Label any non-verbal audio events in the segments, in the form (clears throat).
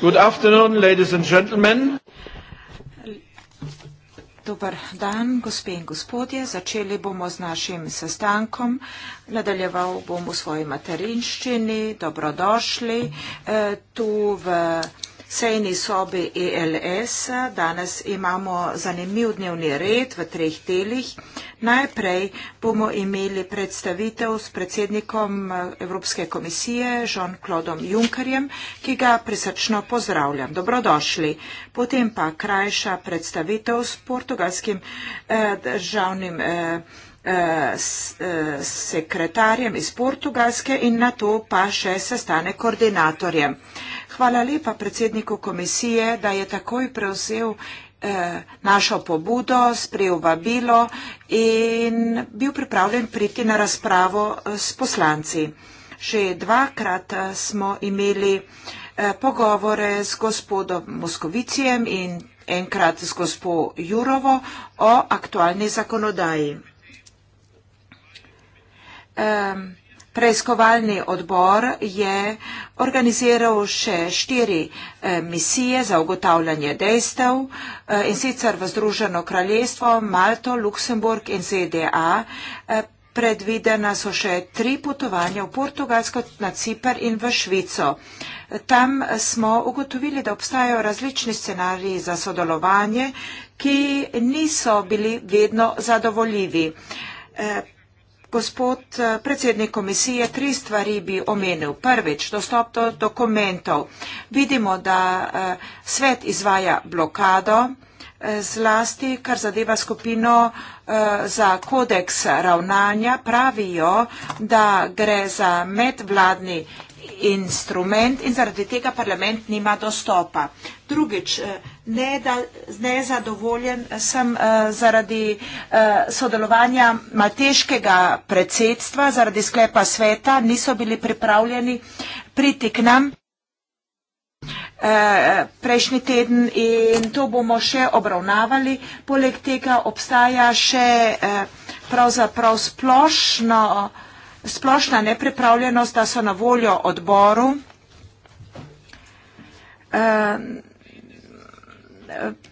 Good afternoon, ladies and gentlemen. Dobar dan, gospe in gospodje. Začeli bomo z našim sestankom. Nadaljeval bom v svoji materinščini. Dobrodošli eh, tu v eh, sejni sobi ELS. Danes imamo zanimiv dnevni red v treh telih. Najprej bomo imeli predstavitev s predsednikom eh, Evropske komisije Jean-Claude Junckerjem, ki ga prisrčno pozdravljam. Dobrodošli. Potem pa krajša predstavitev s portugalskim eh, državnim. Eh, eh, eh sekretarjem iz Portugalske in na to pa še sestane koordinatorjem. Hvala lepa predsedniku komisije, da je takoj prevzel eh, našo pobudo, sprejel vabilo in bil pripravljen priti na razpravo eh, s poslanci. Že dvakrat eh, smo imeli eh, pogovore s gospodom Moskovicijem in enkrat s gospod Jurovo o aktualni zakonodaji. Eh, Preiskovalni odbor je organiziral še štiri eh, misije za ugotavljanje dejstev eh, in sicer v Združeno kraljestvo, Malto, Luksemburg in ZDA. Eh, predvidena so še tri potovanja v Portugalsko, na Cipr in v Švico. Tam smo ugotovili, da obstajajo različni scenariji za sodelovanje, ki niso bili vedno zadovoljivi. Gospod eh, predsednik komisije, tri stvari bi omenil. Prvič, dostop do dokumentov. Vidimo, da eh, svet izvaja blokado eh, zlasti, kar zadeva skupino za kodeks ravnanja. Pravijo, da gre za medvladni instrument in zaradi tega parlament nima dostopa. Drugič, ne, da nezadovoljen sem uh, zaradi uh, sodelovanja mateškega predsedstva, zaradi sklepa sveta, niso bili pripravljeni priti k nam eh, prejšnji teden in to bomo še obravnavali. Poleg tega obstaja še pravzaprav splošno, splošna nepripravljenost, da so na voljo odboru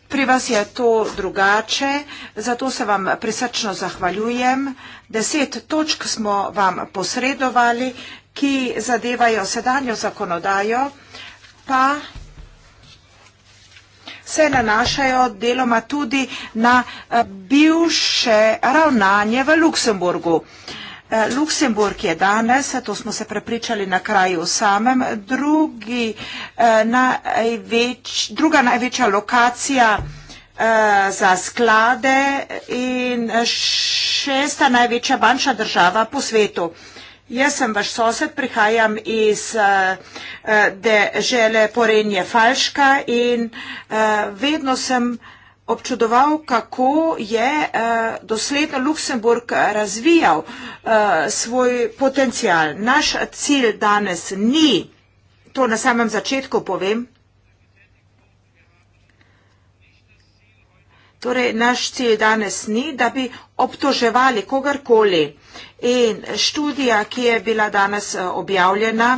pri vas je to drugače, zato se vam prisrčno zahvaljujem. Deset točk smo vam posredovali, ki zadevajo sedanjo zakonodajo, pa se nanašajo deloma tudi na eh, bivše ravnanje v Luksemburgu. Uh, Eh, Luksemburg je danes, to smo se prepričali na kraju samem, drugi, eh, največ, druga največja lokacija eh, za sklade in šesta največja bančna država po svetu. Jaz sem vaš sosed, prihajam iz dežele Porenje Falška in vedno sem občudoval, kako je eh, dosledno Luksemburg razvijal eh, svoj potencijal. Naš cilj danes ni, to na samem začetku povem, Torej, naš cilj danes ni, da bi obtoževali kogarkoli in študija, ki je bila danes eh, objavljena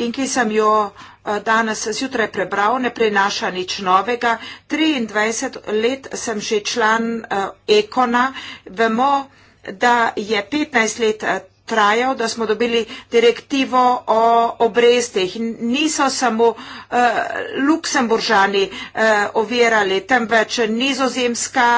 in ki sem jo uh, Eh, danes zjutraj prebral, ne prinaša nič novega. 23 let sem že član eh, Ekona. Vemo, da je 15 let eh, trajal, da smo dobili direktivo o obrestih. Niso samo uh, luksemburžani uh, ovirali, temveč nizozemska,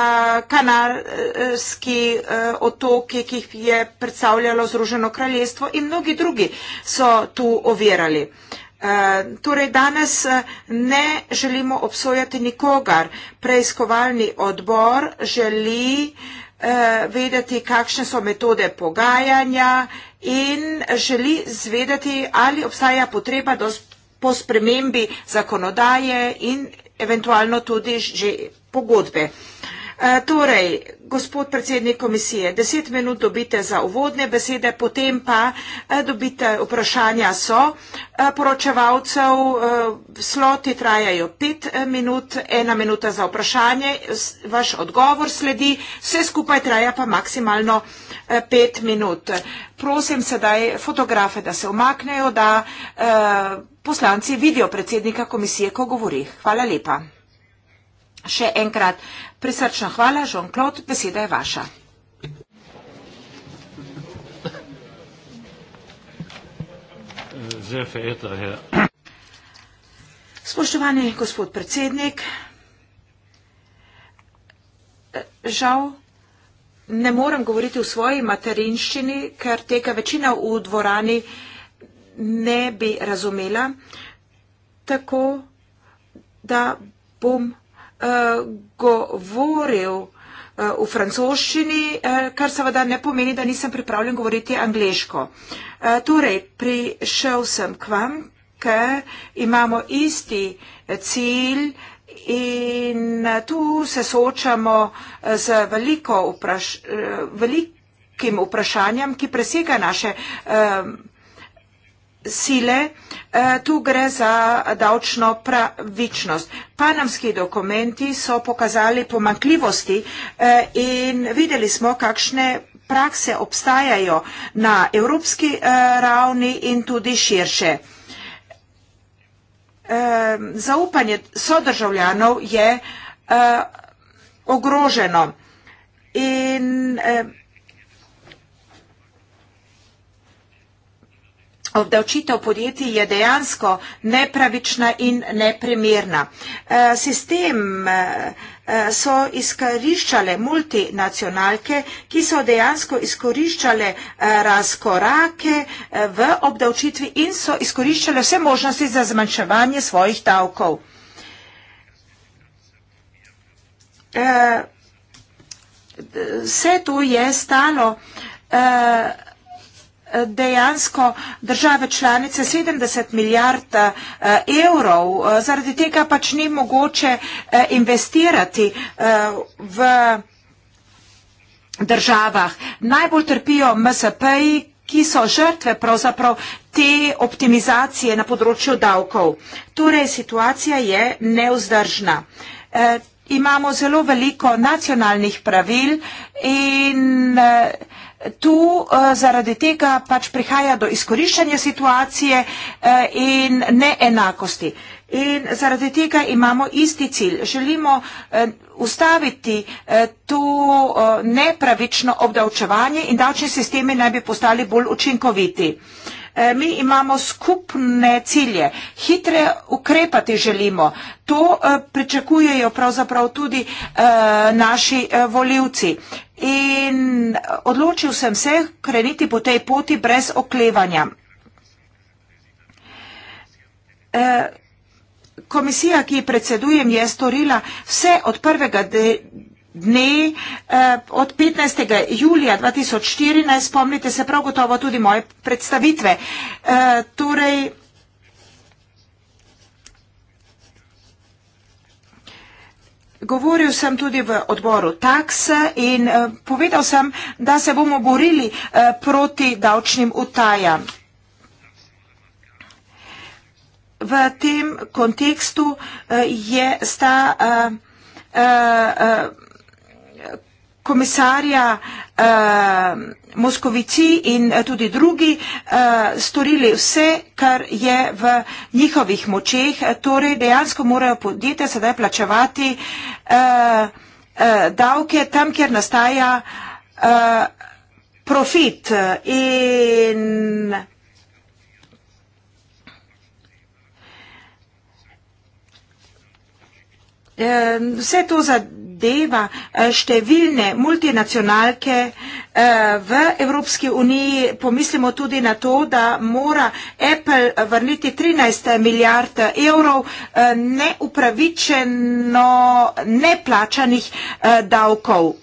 kanarski uh, otoki, ki jih je predstavljalo Združeno kraljestvo in mnogi drugi so tu ovirali. Uh, Eh, torej danes eh, ne želimo obsojati nikogar. Preiskovalni odbor želi eh, vedeti, kakšne so metode pogajanja in želi zvedeti, ali obstaja potreba po spremembi zakonodaje in eventualno tudi že pogodbe. Uh, E, torej, gospod predsednik komisije, deset minut dobite za uvodne besede, potem pa e, dobite vprašanja so e, poročevalcev, sloti trajajo pet minut, ena minuta za vprašanje, vaš odgovor sledi, vse skupaj traja pa maksimalno pet minut. Prosim sedaj fotografe, da se omaknejo, da poslanci vidijo predsednika komisije, ko govori. Hvala lepa. Še enkrat prisrčna hvala, Jean-Claude, beseda je vaša. Spoštovani gospod predsednik, žal ne morem govoriti v svoji materinščini, ker tega večina v dvorani ne bi razumela, tako da bom Eh, govoril eh, v francoščini, eh, kar seveda ne pomeni, da nisem pripravljen govoriti angliško. Torej, prišel sem k vam, ker imamo isti cilj in tu se soočamo z veliko vpraš velikim vprašanjem, ki presega naše sile, eh, tu gre za davčno pravičnost. Panamski dokumenti so pokazali pomakljivosti eh, in videli smo, kakšne prakse obstajajo na evropski eh, ravni in tudi širše. Ehm, zaupanje sodržavljanov je ogroženo in obdavčitev podjetij je dejansko nepravična in neprimerna. Eh, sistem eh, eh, so izkoriščale multinacionalke, ki so dejansko izkoriščale razkorake v obdavčitvi in so izkoriščale vse možnosti za zmanjševanje svojih davkov. Vse to je stalo dejansko države članice 70 milijard eh, evrov, eh, zaradi tega pač ni mogoče eh, investirati v državah. Najbolj trpijo MSP-ji, ki so žrtve pravzaprav te optimizacije na področju davkov. Torej, situacija je neuzdržna. E, imamo zelo veliko nacionalnih pravil in e, tu eh, zaradi tega pač prihaja do izkoriščanja situacije eh, in neenakosti. In zaradi tega imamo isti cilj. Želimo eh, ustaviti to nepravično obdavčevanje in davčni sistemi naj bi postali bolj učinkoviti. Mi imamo skupne cilje, hitre ukrepati želimo. To pričakujejo pravzaprav tudi naši voljivci. In odločil sem se kreniti po tej poti brez oklevanja. E, komisija, ki jih predsedujem, je storila vse od prvega dne, e, od 15. julija 2014, spomnite se prav gotovo tudi moje predstavitve. E, torej, Govoril sem tudi v odboru takse in eh, povedal sem, da se bomo borili eh, proti davčnim utajam. V tem kontekstu eh, je sta uh, uh, uh, komisarja uh, eh, Moskovici in eh, tudi drugi uh, storili vse, kar je v njihovih močeh. Torej, dejansko morajo podjetja sedaj plačevati uh, uh, davke tam, kjer nastaja uh, profit. In Vse to za predvideva eh, številne multinacionalke eh, v Evropski uniji. Pomislimo tudi na to, da mora Apple vrniti 13 milijard evrov eh, neupravičeno neplačanih davkov.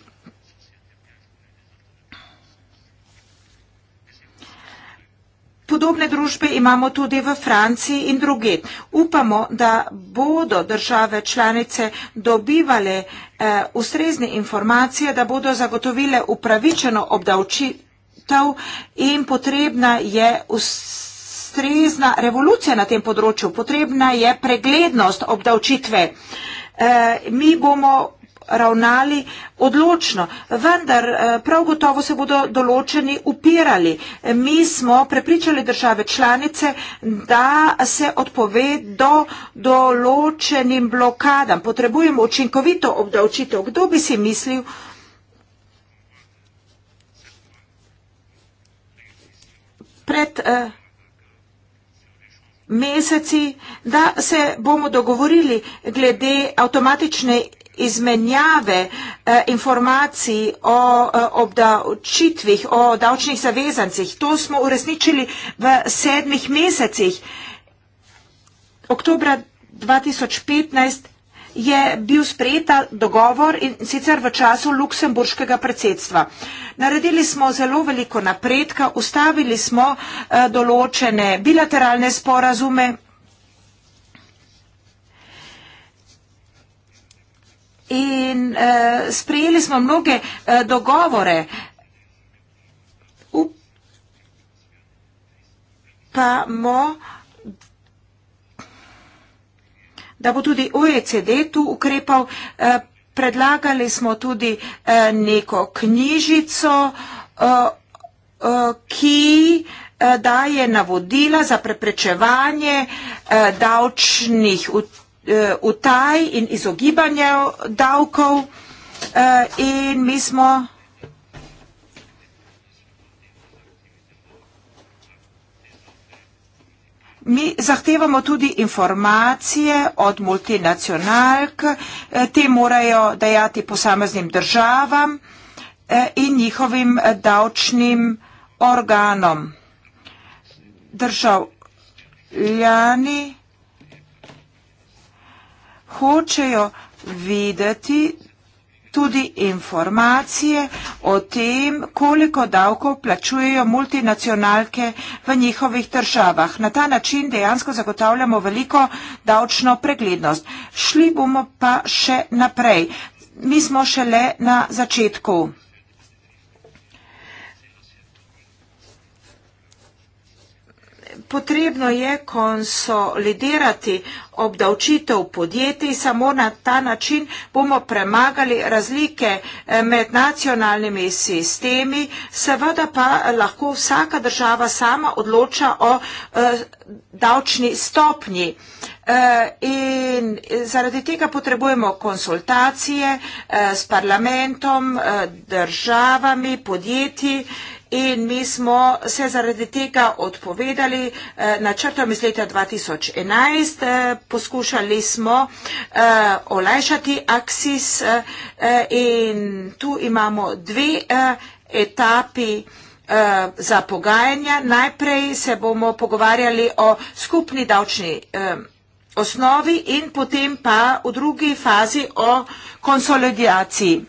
Podobne družbe imamo tudi v Franciji in druge. Upamo, da bodo države članice dobivale eh, ustrezne informacije, da bodo zagotovile upravičeno obdavčitev in potrebna je ustrezna revolucija na tem področju. Potrebna je preglednost obdavčitve. Eh, mi bomo ravnali odločno. Vendar eh, prav gotovo se bodo določeni upirali. Mi smo prepričali države članice, da se odpove do določenim blokadam. Potrebujemo učinkovito obdavčitev. Kdo bi si mislil? pred eh, meseci, da se bomo dogovorili glede avtomatične izmenjave eh, informacij o eh, obdavčitvih, o davčnih zavezancih. To smo uresničili v sedmih mesecih. Oktober 2015 je bil sprejeta dogovor in sicer v času luksemburškega predsedstva. Naredili smo zelo veliko napredka, ustavili smo eh, določene bilateralne sporazume in uh, sprejeli smo mnoge uh, dogovore. Upamo, da bo tudi OECD tu ukrepal. Uh, predlagali smo tudi uh, neko knjižico, uh, uh, ki uh, daje navodila za preprečevanje uh, davčnih utrpitev Eh, utaj in izogibanje davkov eh, in mi smo Mi zahtevamo tudi informacije od multinacionalk, eh, te morajo dajati posameznim državam in njihovim davčnim organom. Državljani hočejo videti tudi informacije o tem, koliko davkov plačujejo multinacionalke v njihovih državah. Na ta način dejansko zagotavljamo veliko davčno preglednost. Šli bomo pa še naprej. Mi smo šele na začetku. potrebno je konsolidirati obdavčitev podjetij, samo na ta način bomo premagali razlike eh, med nacionalnimi sistemi, seveda pa lahko vsaka država sama odloča o eh, davčni stopnji. Eh, in zaradi tega potrebujemo konsultacije s parlamentom, državami, podjetji in mi smo se zaradi tega odpovedali eh, načrtom iz leta 2011. Eh, poskušali smo eh, olajšati aksis in tu imamo dve etapi za pogajanja. Najprej se bomo pogovarjali o skupni davčni osnovi in potem pa v drugi fazi o konsolidaciji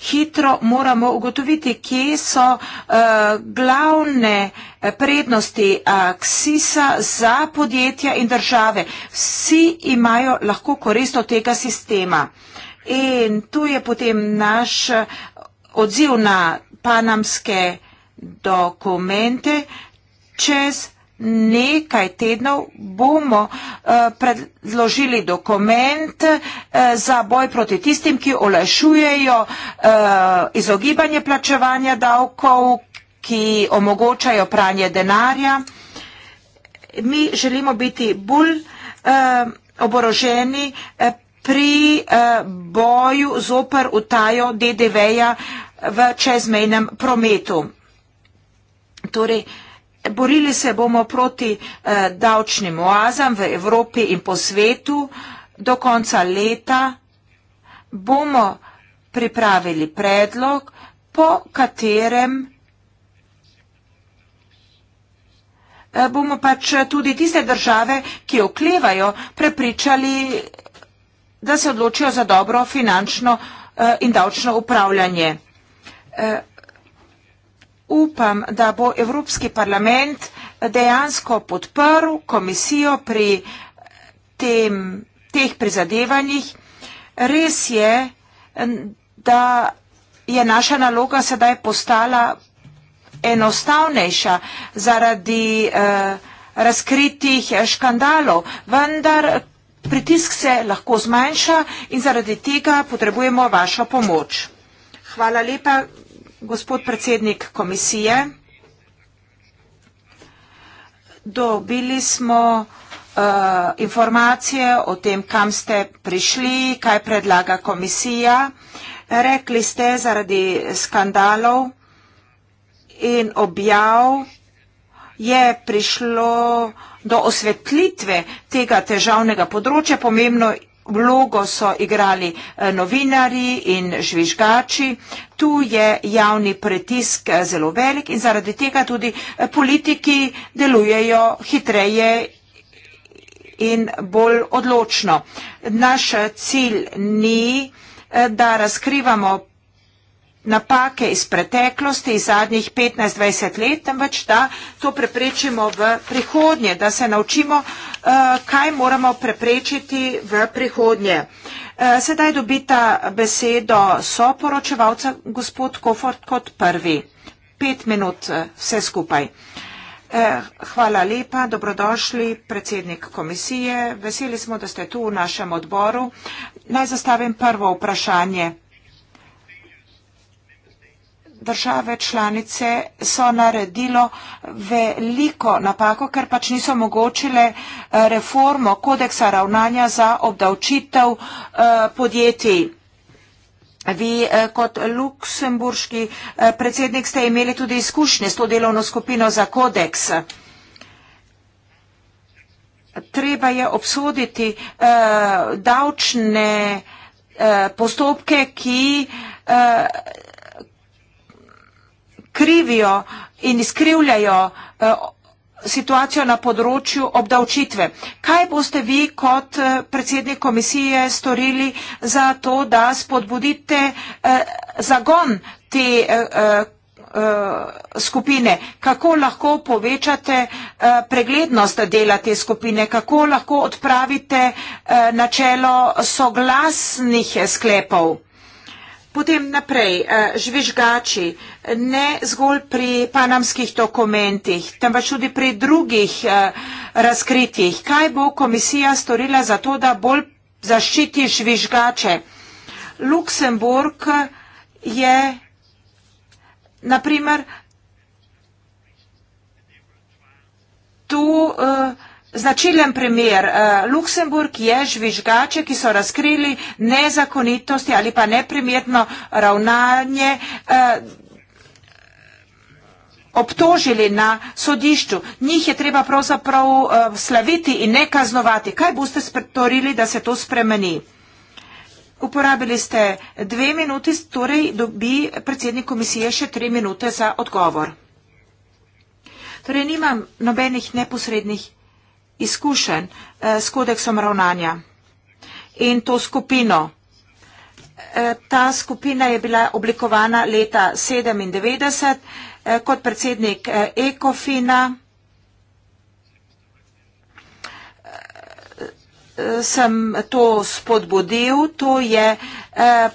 hitro moramo ugotoviti, kje so uh, glavne eh, prednosti aksisa eh, za podjetja in države. Vsi imajo lahko korist od tega sistema. In tu je potem naš odziv na panamske dokumente čez nekaj tednov bomo eh, predložili dokument eh, za boj proti tistim, ki olajšujejo eh, izogibanje plačevanja davkov, ki omogočajo pranje denarja. Mi želimo biti bolj oboroženi pri boju zoper utajo DDV-ja v čezmejnem prometu. Torej, Borili se bomo proti eh, davčnim oazam v Evropi in po svetu. Do konca leta bomo pripravili predlog, po katerem eh, bomo pač tudi tiste države, ki oklevajo, prepričali, da se odločijo za dobro finančno eh, in davčno upravljanje. Eh, upam, da bo Evropski parlament dejansko podprl komisijo pri tem, teh prizadevanjih. Res je, da je naša naloga sedaj postala enostavnejša zaradi eh, razkritih škandalov, vendar pritisk se lahko zmanjša in zaradi tega potrebujemo vašo pomoč. Hvala lepa gospod predsednik komisije. Dobili smo uh, informacije o tem, kam ste prišli, kaj predlaga komisija. Rekli ste zaradi skandalov in objav je prišlo do osvetlitve tega težavnega področja. Pomembno vlogo so igrali eh, novinari in žvižgači. Tu je javni pritisk eh, zelo velik in zaradi tega tudi eh, politiki delujejo hitreje in bolj odločno. Naš cilj ni, da razkrivamo napake iz preteklosti, iz zadnjih 15-20 let, temveč da to preprečimo v prihodnje, da se naučimo, eh, kaj moramo preprečiti v prihodnje. Eh, sedaj dobita besedo soporočevalca gospod Kofort kot prvi. Pet minut eh, vse skupaj. Hvala lepa, dobrodošli, predsednik komisije. Veseli smo, da ste tu v našem odboru. Naj zastavim prvo vprašanje države članice so naredilo veliko napako, ker pač niso omogočile eh, reformo kodeksa ravnanja za obdavčitev eh, podjetij. Vi eh, kot luksemburški predsednik ste imeli tudi izkušnje s to delovno skupino za kodeks. Treba je obsoditi davčne postopke, ki krivijo in izkrivljajo eh, situacijo na področju obdavčitve. Kaj boste vi kot eh, predsednik komisije storili za to, da spodbudite eh, zagon te skupine? Kako lahko povečate preglednost dela te skupine? Kako lahko odpravite načelo soglasnih sklepov? Potem naprej, eh, žvižgači, ne zgolj pri panamskih dokumentih, temveč tudi pri drugih eh, razkritjih. Kaj bo komisija storila za to, da bolj zaščiti žvižgače? Luksemburg je, naprimer, tu. Uh, Značilen primer, eh, Luksemburg je žvižgače, ki so razkrili nezakonitosti ali pa neprimerno ravnanje, eh, obtožili na sodišču. Njih je treba pravzaprav eh, slaviti in ne kaznovati. Kaj boste storili, da se to spremeni? Uporabili ste dve minuti, torej dobi predsednik komisije še tri minute za odgovor. Torej nimam nobenih neposrednih izkušenj eh, s kodeksom ravnanja in to skupino. Eh, ta skupina je bila oblikovana leta 1997 eh, kot predsednik Ekofina. Sem to spodbudil, to je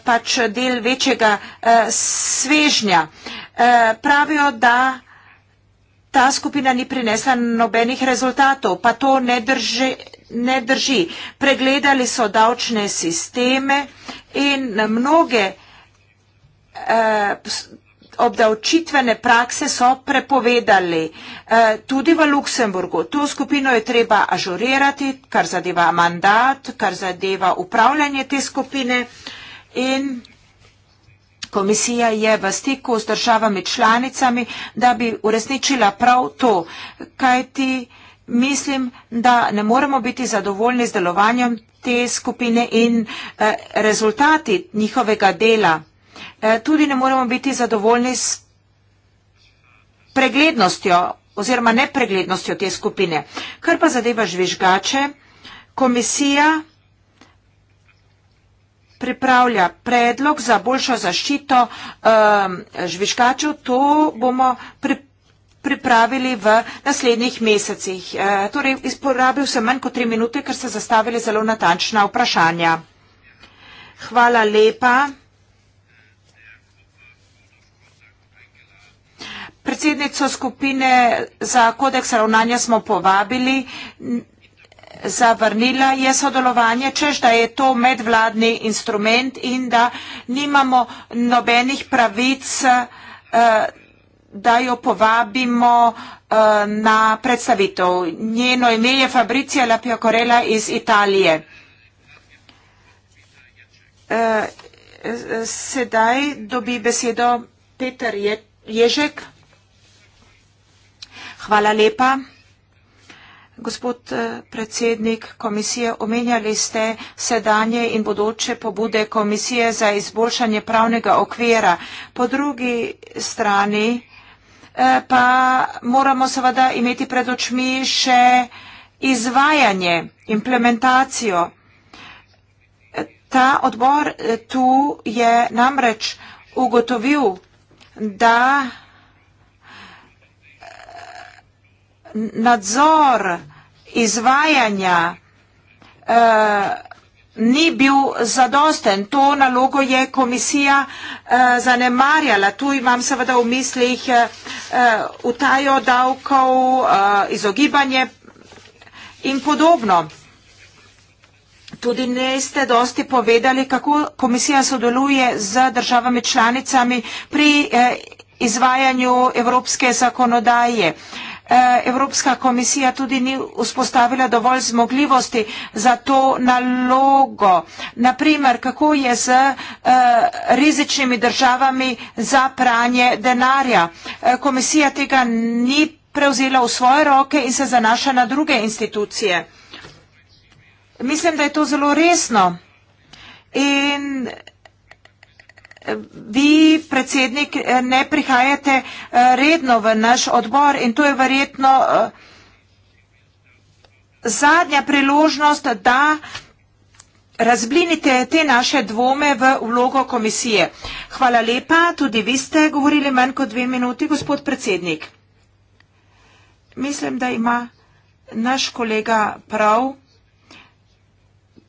pač del večjega svežnja. Pravijo, da ta skupina ni prinesla nobenih rezultatov, pa to ne drži. Ne drži. Pregledali so davčne sisteme in mnoge eh, obdavčitvene prakse so prepovedali. Eh, tudi v Luksemburgu. To skupino je treba ažurirati, kar zadeva mandat, kar zadeva upravljanje te skupine. In Komisija je v stiku z državami članicami, da bi uresničila prav to, kaj ti mislim, da ne moremo biti zadovoljni z delovanjem te skupine in eh, rezultati njihovega dela. Eh, tudi ne moremo biti zadovoljni s preglednostjo oziroma nepreglednostjo te skupine. Kar pa zadeva žvižgače, komisija pripravlja predlog za boljšo zaščito um, žviškačev, to bomo pri, pripravili v naslednjih mesecih. E, torej, izporabil sem manj kot tri minute, ker ste zastavili zelo natančna vprašanja. Hvala lepa. Predsednico skupine za kodeks ravnanja smo povabili zavrnila je sodelovanje, čež da je to medvladni instrument in da nimamo nobenih pravic, eh, da jo povabimo eh, na predstavitev. Njeno ime je Fabricija Lapiokorela iz Italije. Eh, sedaj dobi besedo Peter Ježek. Hvala lepa. Gospod eh, predsednik komisije, omenjali ste sedanje in bodoče pobude komisije za izboljšanje pravnega okvira. Po drugi strani eh, pa moramo seveda imeti pred očmi še izvajanje, implementacijo. Ta odbor eh, tu je namreč ugotovil, da nadzor izvajanja eh, ni bil zadosten. To nalogo je komisija eh, zanemarjala. Tu imam seveda v mislih eh, utajo davkov, izogibanje in podobno. Tudi niste dosti povedali, kako komisija sodeluje z državami članicami pri izvajanju evropske zakonodaje. Eh, Evropska komisija tudi ni vzpostavila dovolj zmogljivosti za to nalogo. Naprimer, kako je z eh, rizičnimi državami za pranje denarja. Eh, komisija tega ni prevzela v svoje roke in se zanaša na druge institucije. Mislim, da je to zelo resno. In vi, predsednik, ne prihajate eh, redno v naš odbor in to je verjetno eh, zadnja priložnost, da razblinite te naše dvome v vlogo komisije. Hvala lepa, tudi vi ste govorili manj kot dve minuti, gospod predsednik. Mislim, da ima naš kolega prav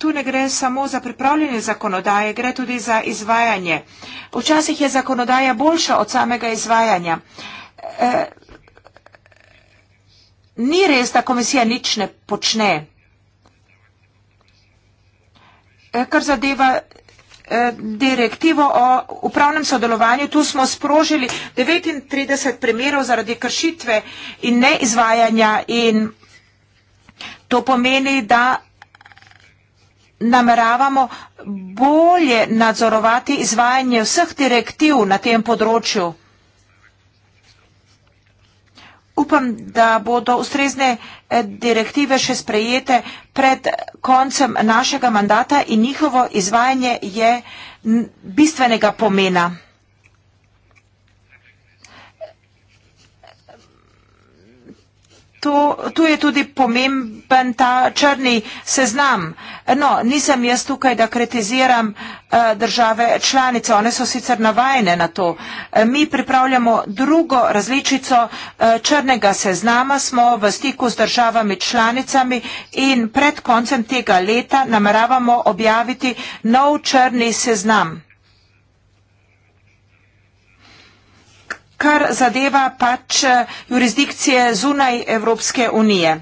tu ne gre samo za pripravljanje zakonodaje, gre tudi za izvajanje. Včasih je zakonodaja boljša od samega izvajanja. E, ni res, da komisija nič ne počne. E, kar zadeva e, direktivo o upravnem sodelovanju, tu smo sprožili 39 primerov zaradi kršitve in neizvajanja in to pomeni, da nameravamo bolje nadzorovati izvajanje vseh direktiv na tem področju. Upam, da bodo ustrezne eh, direktive še sprejete pred koncem našega mandata in njihovo izvajanje je bistvenega pomena. to, tu je tudi pomemben ta črni seznam. No, nisem jaz tukaj, da kritiziram eh, države članice. One so sicer navajene na to. Eh, mi pripravljamo drugo različico eh, črnega seznama, smo v stiku z državami članicami in pred koncem tega leta nameravamo objaviti nov črni seznam. kar zadeva pač eh, jurisdikcije zunaj Evropske unije.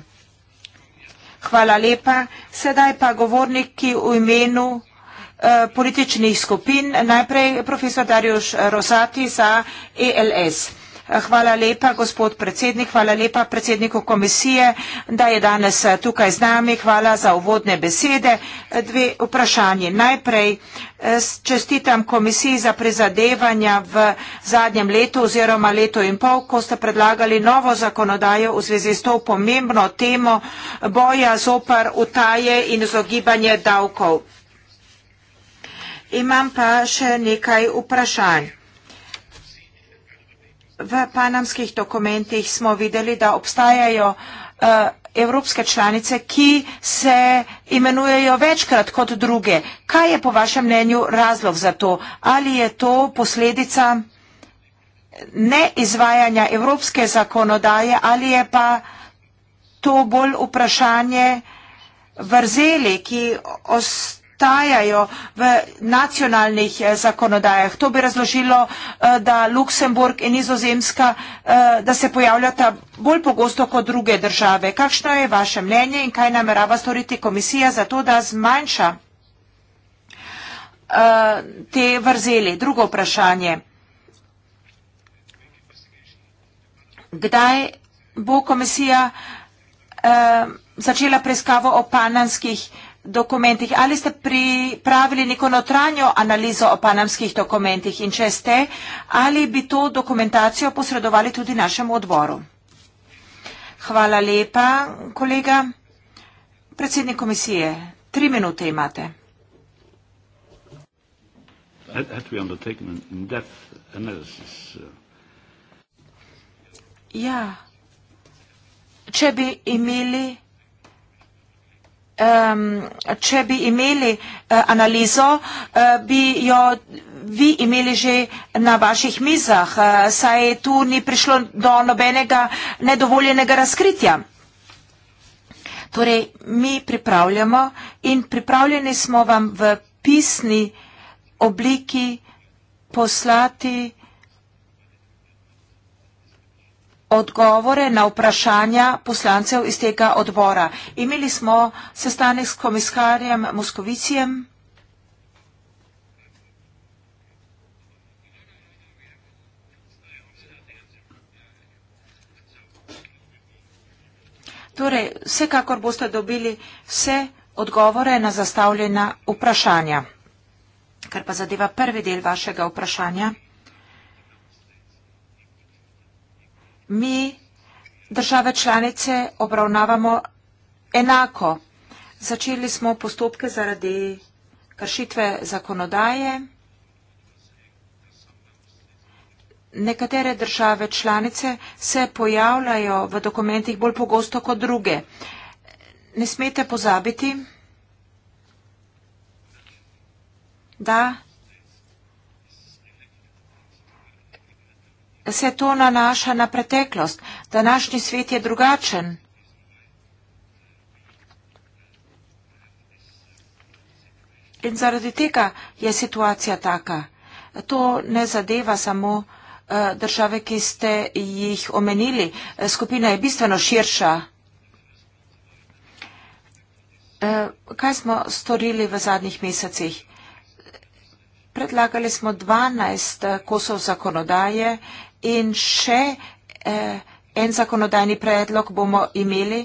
Hvala lepa. Sedaj pa govorniki v imenu eh, političnih skupin. Najprej profesor Darjoš Rosati za ELS. Hvala lepa, gospod predsednik. Hvala lepa predsedniku komisije, da je danes eh, tukaj z nami. Hvala za uvodne besede. Dve vprašanje. Najprej eh, čestitam komisiji za prizadevanja v zadnjem letu oziroma letu in pol, ko ste predlagali novo zakonodajo v zvezi s to pomembno temo boja zopr utaje in zogibanje davkov. Imam pa še nekaj vprašanj v panamskih dokumentih smo videli, da obstajajo uh, evropske članice, ki se imenujejo večkrat kot druge. Kaj je po vašem mnenju razlog za to? Ali je to posledica neizvajanja evropske zakonodaje ali je pa to bolj vprašanje vrzeli, ki ostaja obstajajo v nacionalnih eh, zakonodajah. To bi razložilo, eh, da Luksemburg in Nizozemska, eh, da se pojavljata bolj pogosto kot druge države. Kakšno je vaše mnenje in kaj namerava storiti komisija za to, da zmanjša te vrzeli? Drugo vprašanje. Kdaj bo komisija eh, začela preiskavo o panamskih eh, dokumentih. Ali ste pripravili neko notranjo analizo o panamskih dokumentih in če ste, ali bi to dokumentacijo posredovali tudi našemu odboru? Hvala lepa, kolega. Predsednik komisije, tri minute imate. Uh? Ja, če bi imeli um, če bi imeli uh, analizo, uh, bi jo vi imeli že na vaših mizah, uh, saj tu ni prišlo do nobenega nedovoljenega razkritja. Torej, mi pripravljamo in pripravljeni smo vam v pisni obliki poslati uh, odgovore na vprašanja poslancev iz tega odbora. Imeli smo sestanek s komiskarjem Moskovicijem. Torej, vsekakor boste dobili vse odgovore na zastavljena vprašanja. Kar pa zadeva prvi del vašega vprašanja. mi države članice obravnavamo enako. Začeli smo postopke zaradi kršitve zakonodaje. Nekatere države članice se pojavljajo v dokumentih bolj pogosto kot druge. Ne smete pozabiti, da se to nanaša na preteklost. Današnji svet je drugačen. In zaradi tega je situacija taka. To ne zadeva samo eh, države, ki ste jih omenili. Skupina je bistveno širša. Eh, kaj smo storili v zadnjih mesecih? predlagali smo 12 eh, kosov zakonodaje in še eh, en zakonodajni predlog bomo imeli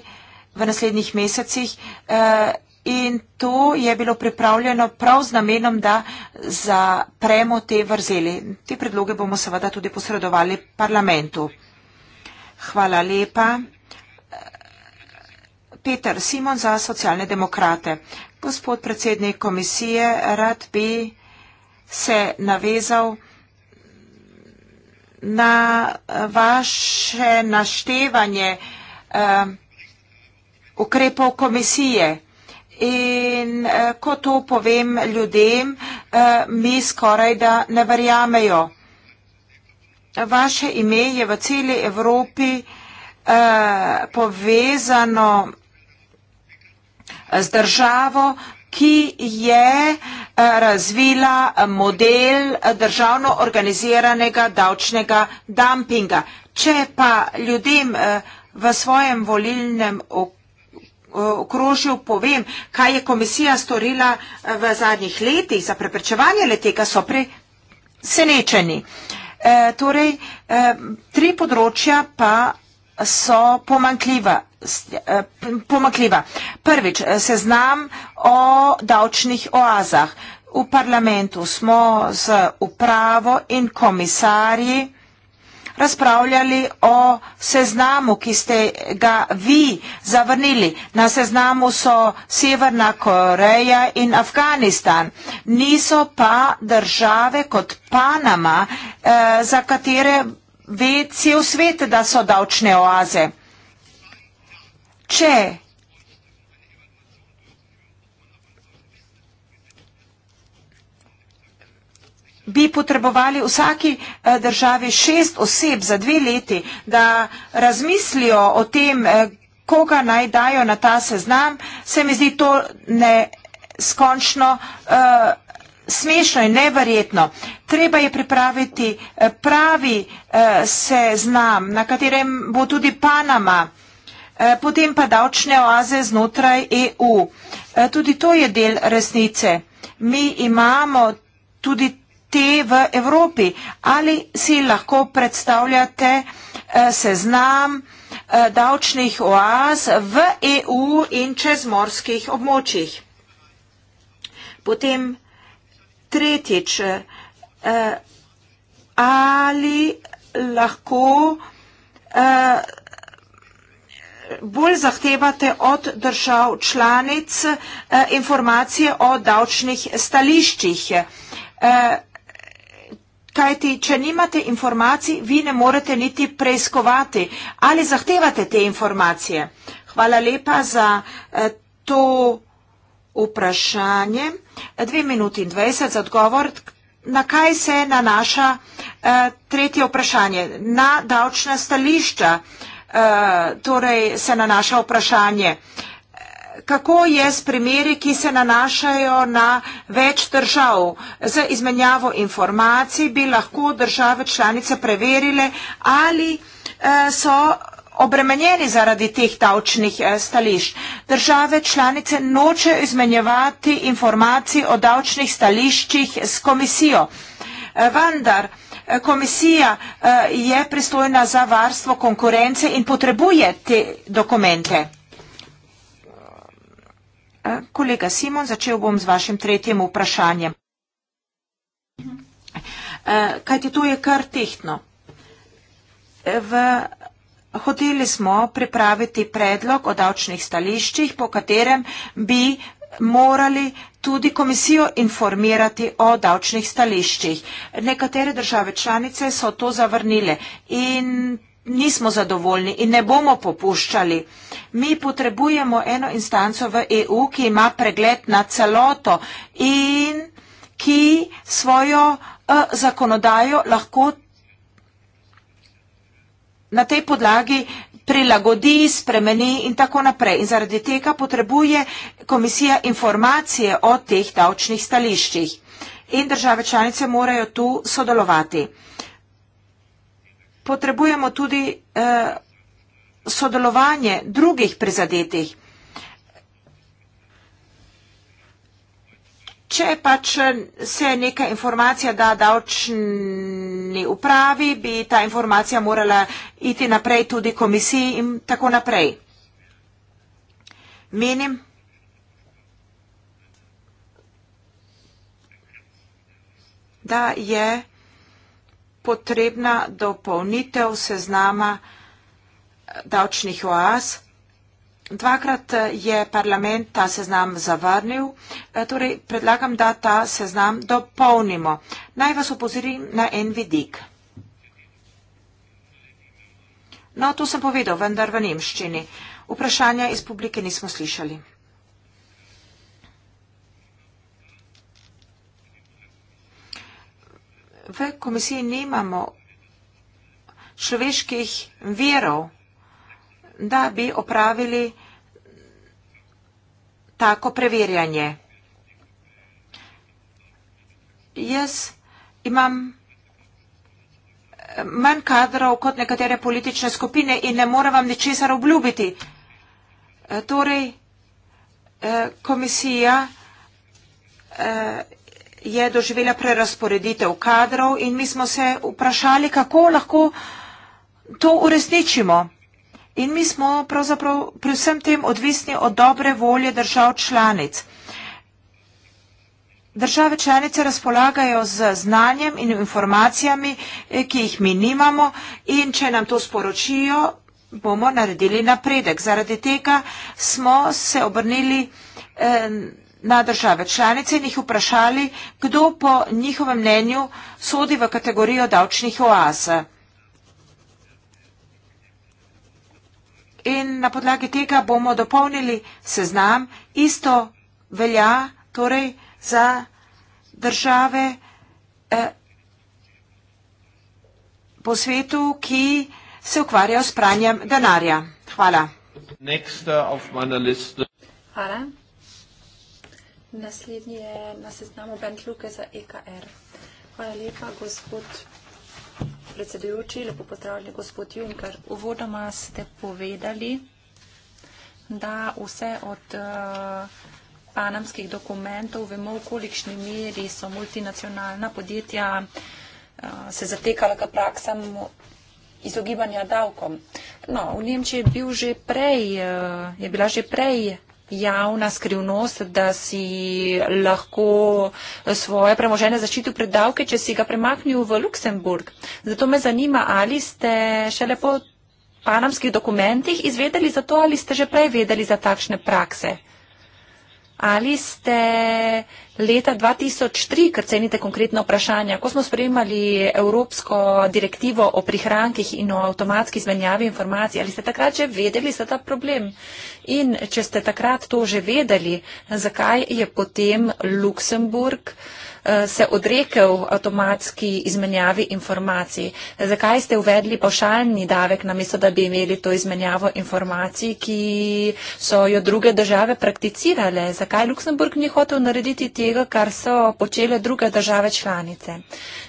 v naslednjih mesecih. Eh, In to je bilo pripravljeno prav z namenom, da zapremo te vrzeli. Te predloge bomo seveda tudi posredovali parlamentu. Hvala lepa. Peter Simon za socialne demokrate. Gospod predsednik komisije, rad bi se navezal na vaše naštevanje uh, ukrepov komisije. In uh, ko to povem ljudem, uh, mi skoraj da ne verjamejo. Vaše ime je v celi Evropi uh, povezano z državo, ki je eh, razvila model državno organiziranega davčnega dumpinga. Če pa ljudem eh, v svojem volilnem okrožju povem, kaj je komisija storila eh, v zadnjih letih za preprečevanje letega, so presenečeni. Torej, tri področja pa so pomankljiva. Eh, pomakljiva. Prvič, eh, seznam o davčnih oazah. V parlamentu smo z upravo in komisarji razpravljali o seznamu, ki ste ga vi zavrnili. Na seznamu so Severna Koreja in Afganistan. Niso pa države kot Panama, eh, za katere ve cel svet, da so davčne oaze. Če bi potrebovali vsaki eh, državi šest oseb za dve leti, da razmislijo o tem, eh, koga naj dajo na ta seznam, se mi zdi to neskončno eh, smešno in neverjetno. Treba je pripraviti pravi seznam, na katerem bo tudi Panama vsega. Eh, potem pa davčne oaze znotraj EU. Eh, tudi to je del resnice. Mi imamo tudi te v Evropi. Ali si lahko predstavljate eh, seznam davčnih oaz v EU in čez morskih območjih? Potem tretjič, ali lahko bolj zahtevate od držav članic eh, informacije o davčnih stališčih. Eh, kajti, če nimate informacij, vi ne morete niti preiskovati ali zahtevate te informacije. Hvala lepa za eh, to vprašanje. 2 minuti in 20 za odgovor. Na kaj se nanaša eh, tretje vprašanje? Na davčna stališča. Eh, Eh, torej se nanaša vprašanje. Kako je s primeri, ki se nanašajo na več držav? Z izmenjavo informacij bi lahko države članice preverile, ali eh, so obremenjeni zaradi teh davčnih eh, stališč. Države članice nočejo izmenjevati informacij o davčnih stališčih s komisijo. Vendar, komisija eh, je pristojna za varstvo konkurence in potrebuje te dokumente. Eh, kolega Simon, začel bom z vašim tretjem vprašanjem. Eh, Kaj ti to je kar tehtno? V hoteli smo pripraviti predlog o davčnih stališčih, po katerem bi morali tudi komisijo informirati o davčnih stališčih. Nekatere države članice so to zavrnile in nismo zadovoljni in ne bomo popuščali. Mi potrebujemo eno instanco v EU, ki ima pregled na celoto in ki svojo eh, zakonodajo lahko na tej podlagi prilagodi, spremeni in tako naprej. In zaradi tega potrebuje komisija informacije o teh davčnih stališčih. In države članice morajo tu sodelovati. Potrebujemo tudi eh, sodelovanje drugih prizadetih. Če pač se neka informacija da davčni upravi, bi ta informacija morala iti naprej tudi komisiji in tako naprej. Menim, da je potrebna dopolnitev seznama davčnih oaz, Dvakrat eh, je parlament ta seznam zavrnil, eh, torej predlagam, da ta seznam dopolnimo. Naj vas opozorim na en vidik. No, to sem povedal, vendar v nemščini. Vprašanja iz publike nismo slišali. V komisiji nimamo človeških verov da bi opravili tako preverjanje. Jaz imam eh, manj kadrov kot nekatere politične skupine in ne morem vam ničesar obljubiti. Eh, torej, eh, komisija je doživela prerasporeditev kadrov in mi smo se vprašali, kako lahko to uresničimo. In mi smo pravzaprav pri vsem tem odvisni od dobre volje držav članic. Države članice razpolagajo z znanjem in informacijami, eh, ki jih mi nimamo in če nam to sporočijo, bomo naredili napredek. Zaradi tega smo se obrnili eh, na države članice in jih vprašali, kdo po njihovem mnenju sodi v kategorijo davčnih oaze. in na podlagi tega bomo dopolnili seznam. Isto velja torej za države eh, po svetu, ki se ukvarjajo s pranjem denarja. Hvala. Uh, Hvala. Naslednji je na seznamu Bent Luke za EKR. Hvala lepa, gospod predsedujoči, lepo pozdravljen gospod Junker. Uvodoma ste povedali, da vse od eh, panamskih dokumentov vemo, v kolikšni meri so multinacionalna podjetja eh, se zatekala k praksam izogibanja davkom. No, v Nemčiji je, bil že prej, eh, je bila že prej javna skrivnost, da si lahko svoje premoženje zaščitil pred davke, če si ga premaknil v Luksemburg. Zato me zanima, ali ste šele po panamskih dokumentih izvedeli za to, ali ste že prej vedeli za takšne prakse. Ali ste leta 2003, ker cenite konkretno vprašanje, ko smo sprejemali Evropsko direktivo o prihrankih in o avtomatski zmenjavi informacij, ali ste takrat že vedeli za ta problem? In če ste takrat to že vedeli, zakaj je potem Luksemburg eh, se odrekel avtomatski izmenjavi informacij? Zakaj ste uvedli pavšalni davek, namesto da bi imeli to izmenjavo informacij, ki so jo druge države prakticirale? Zakaj Luksemburg ni hotel narediti tega, kar so počele druge države članice?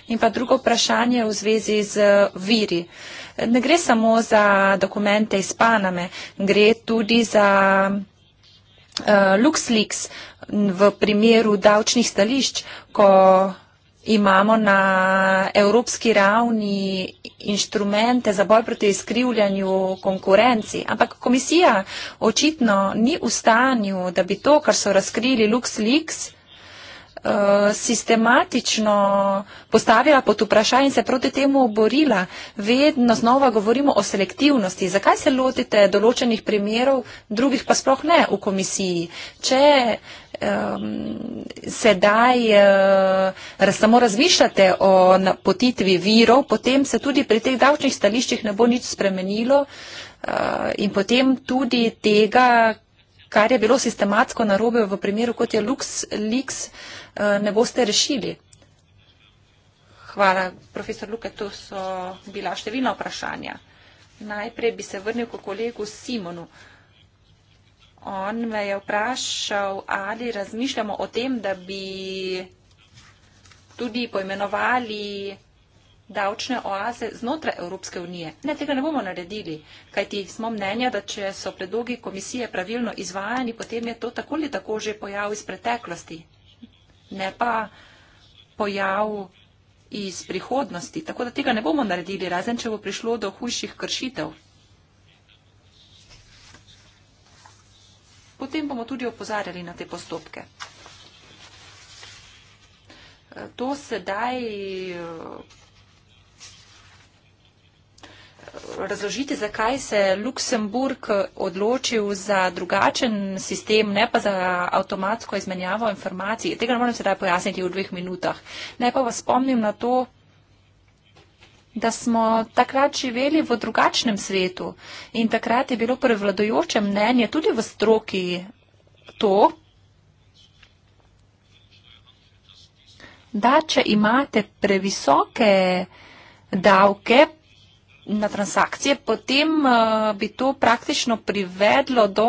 In pa drugo vprašanje v zvezi z viri. Uh, ne gre samo za dokumente iz Paname, gre tudi za uh, LuxLeaks v primeru davčnih stališč, ko imamo na evropski ravni inštrumente za boj proti izkrivljanju konkurenci. Ampak komisija očitno ni v stanju, da bi to, kar so razkrili LuxLeaks, uh, sistematično postavila pod vprašanje in se proti temu oborila. Vedno znova govorimo o selektivnosti. Zakaj se lotite določenih primerov, drugih pa sploh ne v komisiji? Če um, sedaj uh, samo razmišljate o napotitvi virov, potem se tudi pri teh davčnih stališčih ne bo nič spremenilo. Uh, in potem tudi tega, kar je bilo sistematsko narobe v primeru, kot je LuxLeaks, eh, ne boste rešili? Hvala, profesor Luke, to so bila številna vprašanja. Najprej bi se vrnil k kolegu Simonu. On me je vprašal, ali razmišljamo o tem, da bi tudi poimenovali davčne oaze znotraj Evropske unije. Ne, tega ne bomo naredili, kajti smo mnenja, da če so predlogi komisije pravilno izvajani, potem je to tako ali tako že pojav iz preteklosti, ne pa pojav iz prihodnosti. Tako da tega ne bomo naredili, razen če bo prišlo do hujših kršitev. Potem bomo tudi opozarjali na te postopke. To sedaj razložiti, zakaj se je Luksemburg odločil za drugačen sistem, ne pa za avtomatsko izmenjavo informacij. Tega ne morem sedaj pojasniti v dveh minutah. Naj pa vas spomnim na to, da smo takrat živeli v drugačnem svetu in takrat je bilo prevladojoče mnenje tudi v stroki to, da če imate previsoke davke, na transakcije, potem eh, bi to praktično privedlo do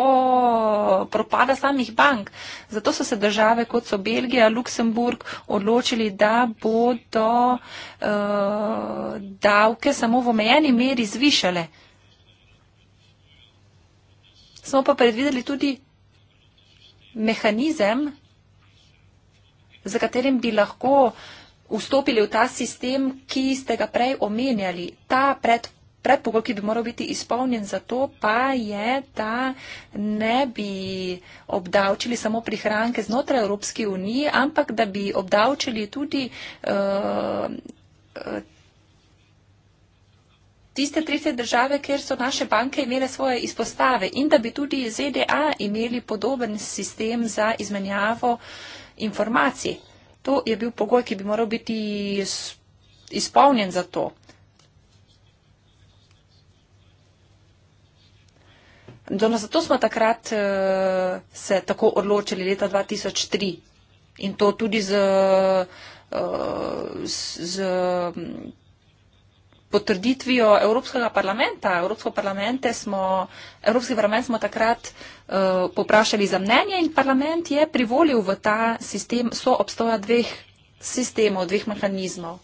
propada samih bank. Zato so se države, kot so Belgija, Luksemburg, odločili, da bodo eh, davke samo v omejeni meri zvišale. Smo pa predvideli tudi mehanizem, za katerim bi lahko uh, vstopili v ta sistem, ki ste ga prej omenjali. Ta pred, predpogoj, ki bi moral biti izpolnjen za to, pa je, da ne bi obdavčili samo prihranke znotraj Evropske unije, ampak da bi obdavčili tudi. Uh, Tiste 30 države, kjer so naše banke imele svoje izpostave in da bi tudi ZDA imeli podoben sistem za izmenjavo informacij. To je bil pogoj, ki bi moral biti izpolnjen za to. Dono, zato smo takrat uh, se tako odločili leta 2003 in to tudi z, uh, z, z potrditvijo Evropskega parlamenta. Evropsko parlament smo, Evropski parlament smo takrat uh, poprašali za mnenje in parlament je privolil v ta sistem soobstoja dveh sistemov, dveh mehanizmov.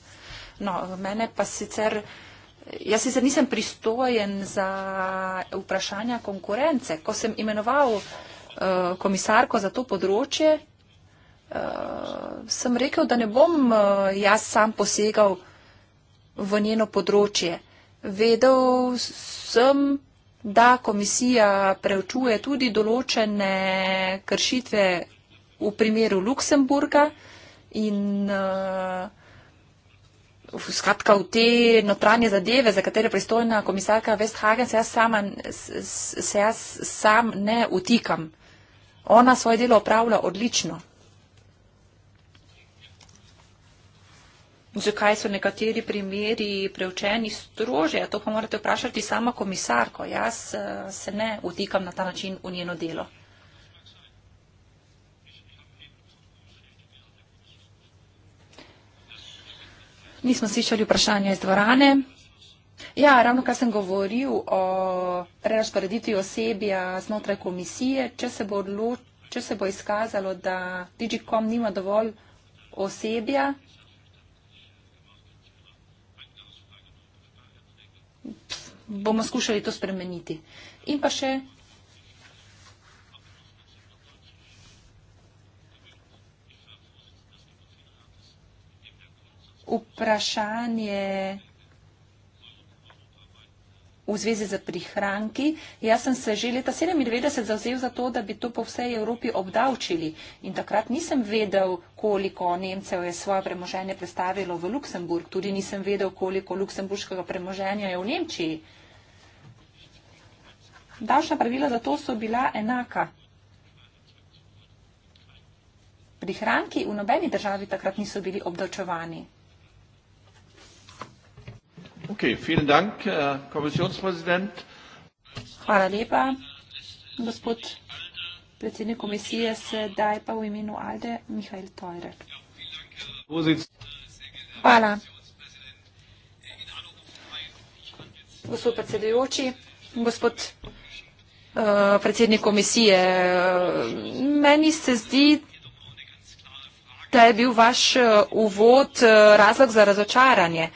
No, mene pa sicer, jaz sicer nisem pristojen za vprašanja konkurence. Ko sem imenoval uh, komisarko za to področje, uh, sem rekel, da ne bom uh, jaz sam posegal v njeno področje. Vedel sem, da komisija preučuje tudi določene kršitve v primeru Luksemburga in uh, skratka v te notranje zadeve, za katere pristojna komisarka Westhagen se jaz, sama, se jaz sam ne utikam. Ona svoje delo opravlja odlično. zakaj so nekateri primeri preučeni strože. To pa morate vprašati sama komisarko. Jaz eh, se ne vtikam na ta način v njeno delo. Nismo slišali vprašanja iz dvorane. Ja, ravno kar sem govoril o prerasporeditvi osebja znotraj komisije, če se bo, odloč, če se bo izkazalo, da DigiCom nima dovolj osebja, bomo skušali to spremeniti. In pa še. Vprašanje v zvezi z prihranki. Jaz sem se že leta 97 zazel za to, da bi to po vsej Evropi obdavčili in takrat nisem vedel, koliko Nemcev je svoje premoženje predstavilo v Luksemburg, tudi nisem vedel, koliko luksemburškega premoženja je v Nemčiji. Davčna pravila za to so bila enaka. Prihranki v nobeni državi takrat niso bili obdavčovani. Hvala lepa, gospod predsednik komisije. Sedaj pa v imenu Alde Mihajl Teurer. Hvala. Gospod predsedujoči, gospod uh, predsednik komisije, meni se zdi, da je bil vaš eh, uvod eh, razlog za razočaranje. Uh,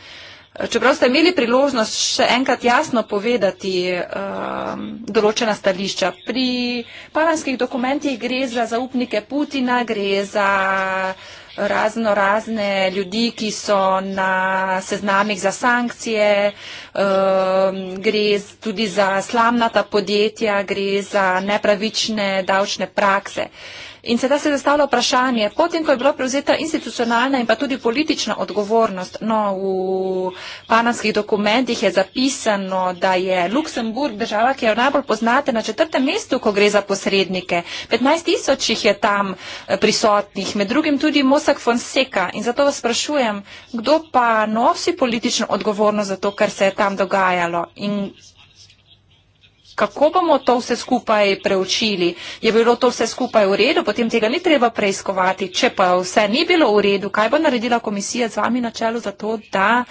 Čeprav ste imeli priložnost še enkrat jasno povedati um, določena stališča, pri panamskih dokumentih gre za zaupnike Putina, gre za razno razne ljudi, ki so na seznamih za sankcije, um, gre tudi za slamnata podjetja, gre za nepravične davčne prakse. Uh, In sedaj se zastavlja vprašanje, potem, ko je bila prevzeta institucionalna in pa tudi politična odgovornost, no, v panamskih dokumentih je zapisano, da je Luksemburg država, ki jo najbolj poznate na četrtem mestu, ko gre za posrednike. 15 tisoč jih je tam eh, prisotnih, med drugim tudi Mosak Fonseca. In zato vas sprašujem, kdo pa nosi politično odgovornost za to, kar se je tam dogajalo? In kako bomo to vse skupaj preučili. Je bilo to vse skupaj v redu, potem tega ni treba preiskovati. Če pa vse ni bilo v redu, kaj bo naredila komisija z vami na čelu za to, da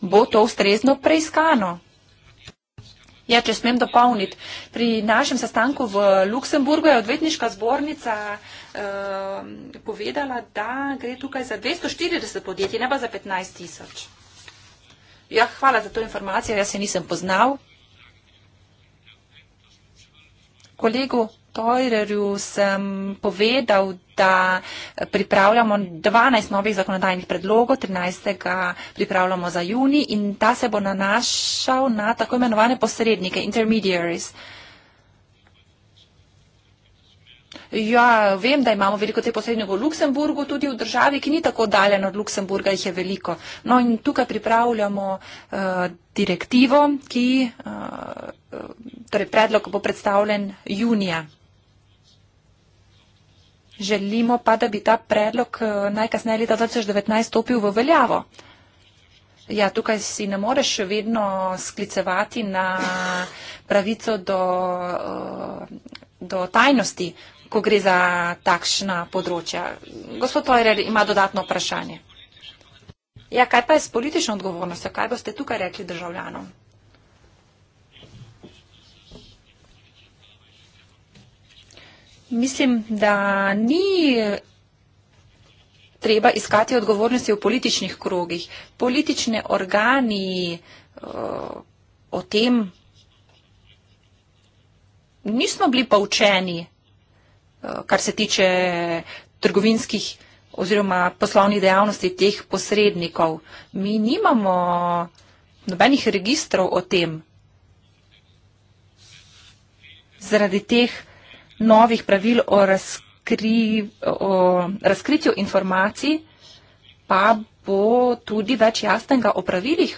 bo to ustrezno preiskano? Ja, če smem dopolniti. Pri našem sestanku v Luksemburgu je odvetniška zbornica eh, povedala, da gre tukaj za 240 podjetij, ne pa za 15 tisoč. Ja, hvala za to informacijo, jaz se nisem poznal. kolegu Teurerju sem povedal, da pripravljamo 12 novih zakonodajnih predlogov, 13. pripravljamo za juni in ta se bo nanašal na tako imenovane posrednike, intermediaries. Ja, vem, da imamo veliko te posrednjega v Luksemburgu, tudi v državi, ki ni tako daljena od Luksemburga, jih je veliko. No in tukaj pripravljamo uh, direktivo, ki uh, torej predlog bo predstavljen junija. Želimo pa, da bi ta predlog eh, najkasneje leta 2019 stopil v veljavo. Ja, tukaj si ne moreš vedno sklicevati na pravico do, eh, do tajnosti, ko gre za takšna področja. Gospod Toirer ima dodatno vprašanje. Ja, kaj pa je s politično odgovornostjo? Kaj boste tukaj rekli državljanom? Mislim, da ni treba iskati odgovornosti v političnih krogih. Politične organi uh, o tem nismo bili poučeni, uh, kar se tiče trgovinskih oziroma poslovnih dejavnosti teh posrednikov. Mi nimamo nobenih registrov o tem. Zaradi teh novih pravil o, razkri, o razkritju informacij, pa bo tudi več jasnega o pravilih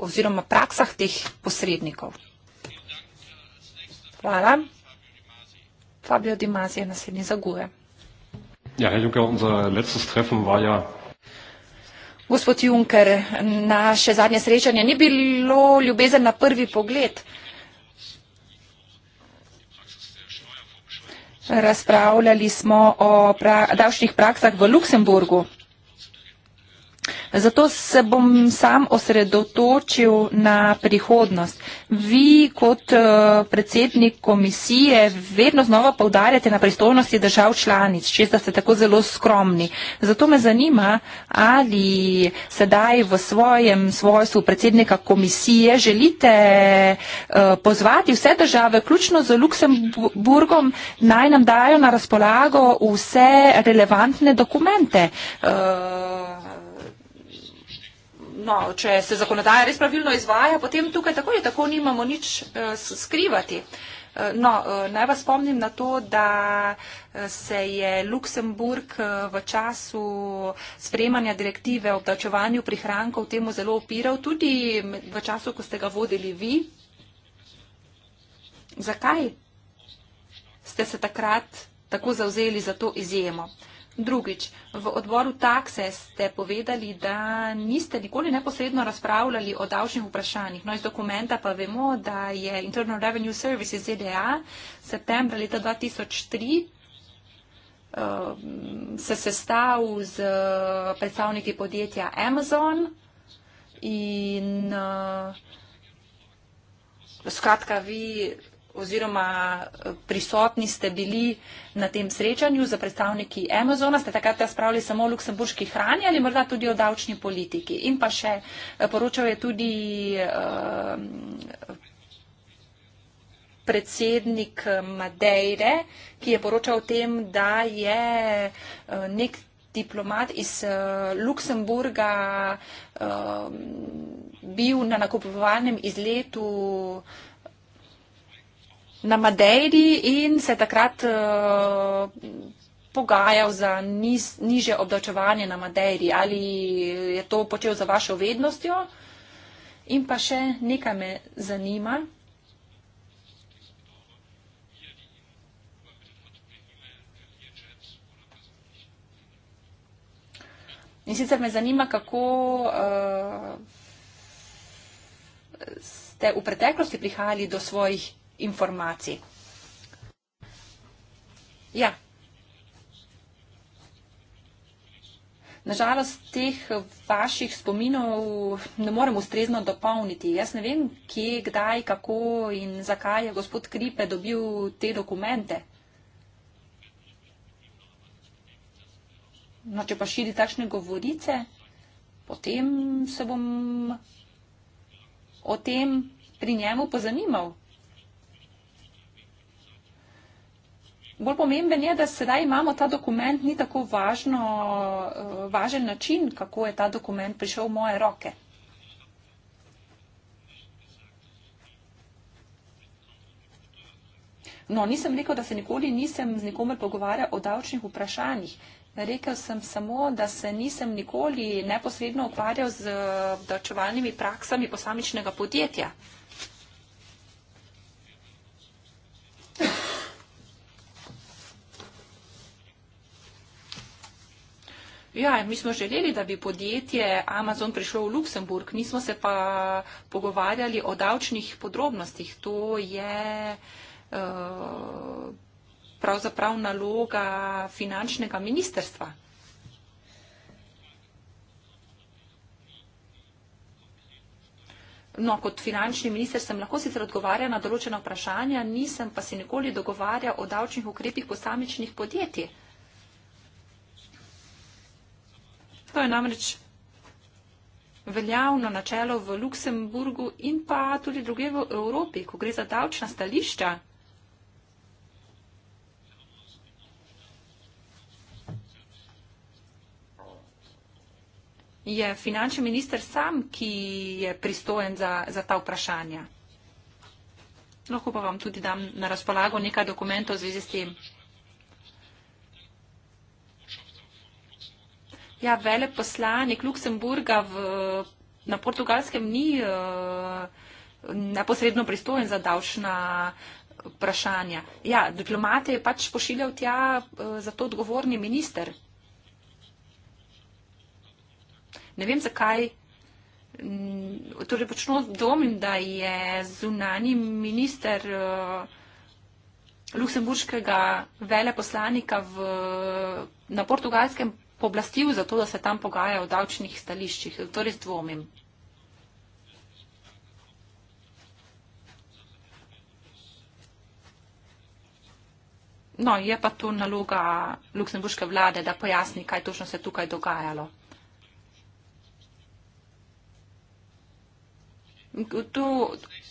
oziroma praksah teh posrednikov. Hvala. Fabio Di Masi je naslednji zaguje. Ja, Herr Juncker, unser letztes Treffen war ja. Gospod Juncker, naše zadnje srečanje ni bilo ljubezen na prvi pogled. Uh, Razpravljali smo o pra davčnih praksah v Luksemburgu. Zato se bom sam osredotočil na prihodnost. Vi kot eh, predsednik komisije vedno znova povdarjate na pristojnosti držav članic, če da ste tako zelo skromni. Zato me zanima, ali sedaj v svojem svojstvu predsednika komisije želite eh, pozvati vse države, ključno za Luksemburgom, naj nam dajo na razpolago vse relevantne dokumente. Uh no, če se zakonodaja res pravilno izvaja, potem tukaj tako ali tako nimamo nič uh, skrivati. Eh, no, eh, naj vas spomnim na to, da se je Luksemburg v času spremanja direktive o obdavčevanju prihrankov temu zelo opiral, tudi v času, ko ste ga vodili vi. Zakaj ste se takrat tako zauzeli za to izjemo? Drugič, v odboru takse ste povedali, da niste nikoli neposredno razpravljali o davčnih vprašanjih. No, iz dokumenta pa vemo, da je Internal Revenue Service iz ZDA septembra leta 2003 uh, eh, se sestavil z eh, predstavniki podjetja Amazon in uh, skratka vi oziroma eh, prisotni ste bili na tem srečanju za predstavniki Amazona, ste takrat razpravljali samo o luksemburški hrani ali morda tudi o davčni politiki. In pa še eh, poročal je tudi eh, predsednik Madeire, ki je poročal o tem, da je nek diplomat iz Luksemburga bil na nakupovalnem izletu na Madeiri in se takrat eh, pogajal za niz, niže obdavčevanje na Madeiri. Ali je to počel za vašo vednostjo? In pa še nekaj me zanima. In sicer me zanima, kako uh, ste v preteklosti prihajali do svojih informacij. Ja. Nažalost, teh vaših spominov ne morem ustrezno dopolniti. Jaz ne vem, kje, kdaj, kako in zakaj je gospod Kripe dobil te dokumente. No, če pa širi takšne govorice, potem se bom o tem pri njemu pozanimal. Bolj pomemben je, da sedaj imamo ta dokument, ni tako važno, eh, važen način, kako je ta dokument prišel v moje roke. No, nisem rekel, da se nikoli nisem z nikomer pogovarjal o davčnih vprašanjih. Rekel sem samo, da se nisem nikoli neposredno ukvarjal z eh, davčevalnimi praksami posamičnega podjetja. Ja, mi smo želeli, da bi podjetje Amazon prišlo v Luksemburg, nismo se pa pogovarjali o davčnih podrobnostih. To je uh, pravzaprav naloga finančnega ministerstva. No, kot finančni minister sem lahko sicer odgovarjal na določena vprašanja, nisem pa se nikoli dogovarjal o davčnih ukrepih posamičnih podjetij. To je namreč veljavno načelo v Luksemburgu in pa tudi druge v Evropi, ko gre za davčna stališča. Je finančni minister sam, ki je pristojen za, za ta vprašanja. Lahko pa vam tudi dam na razpolago nekaj dokumentov v zvezi s tem. Ja, vele poslanik Luksemburga v, na portugalskem ni uh, neposredno pristojen za davčna vprašanja. Ja, diplomate je pač pošiljal tja uh, za to odgovorni minister. Ne vem zakaj. Mm, torej, počno domim, da je zunani minister eh, luksemburškega veleposlanika v, na portugalskem pooblastil za to, da se tam pogaja v davčnih stališčih. To res dvomim. No, je pa tu naloga luksemburške vlade, da pojasni, kaj točno se tukaj dogajalo. Tu,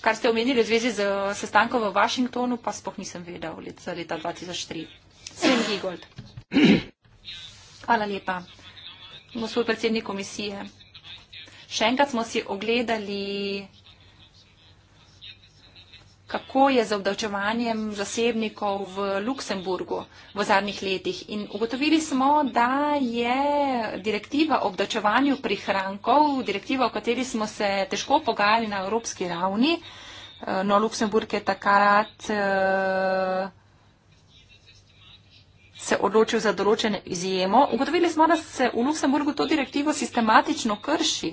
kar ste omenili v zvezi z sestankom v Washingtonu, pa spoh nisem vedel za leta 2003. Sven Giegold. (clears throat) Hvala lepa, gospod predsednik komisije. Še enkrat smo si ogledali, kako je z obdavčevanjem zasebnikov v Luksemburgu v zadnjih letih. In ugotovili smo, da je direktiva o obdavčevanju prihrankov, direktiva, o kateri smo se težko pogajali na evropski ravni, eh, no, Luksemburg je takrat. Uh, se odločil za določene izjemo. Ugotovili smo, da se v Luksemburgu to direktivo sistematično krši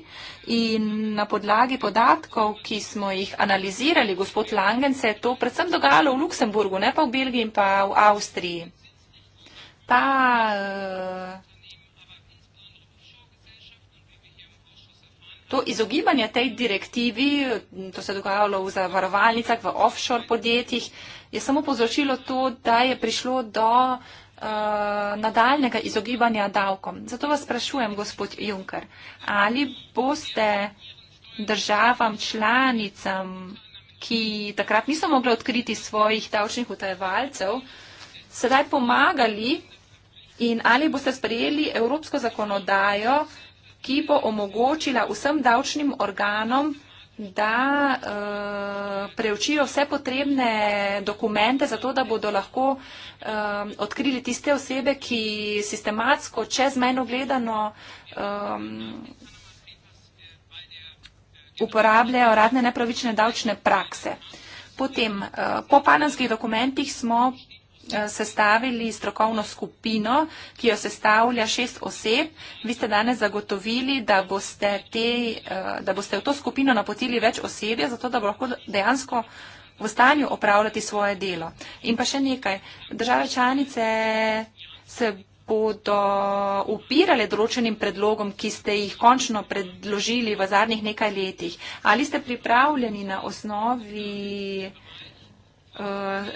in na podlagi podatkov, ki smo jih analizirali, gospod Langen, se je to predvsem dogajalo v Luksemburgu, ne pa v Belgiji in pa v Avstriji. Ta eh, To izogibanje tej direktivi, to se je dogajalo v zavarovalnicah, v offshore podjetjih, je samo povzročilo to, da je prišlo do uh, Eh, nadaljnega izogibanja davkom. Zato vas sprašujem, gospod Juncker, ali boste državam članicam, ki takrat niso mogli odkriti svojih davčnih utajevalcev, sedaj pomagali in ali boste sprejeli evropsko zakonodajo, ki bo omogočila vsem davčnim organom, da uh, preučijo vse potrebne dokumente, zato da bodo lahko uh, odkrili tiste osebe, ki sistematsko, čezmejno gledano, um, uporabljajo radne nepravične davčne prakse. Potem, uh, po panamskih dokumentih smo Eh, sestavili strokovno skupino, ki jo sestavlja šest oseb. Vi ste danes zagotovili, da boste, te, eh, da boste v to skupino napotili več osebja, zato da bo lahko dejansko v stanju opravljati svoje delo. In pa še nekaj. Države članice se bodo upirale določenim predlogom, ki ste jih končno predložili v zadnjih nekaj letih. Ali ste pripravljeni na osnovi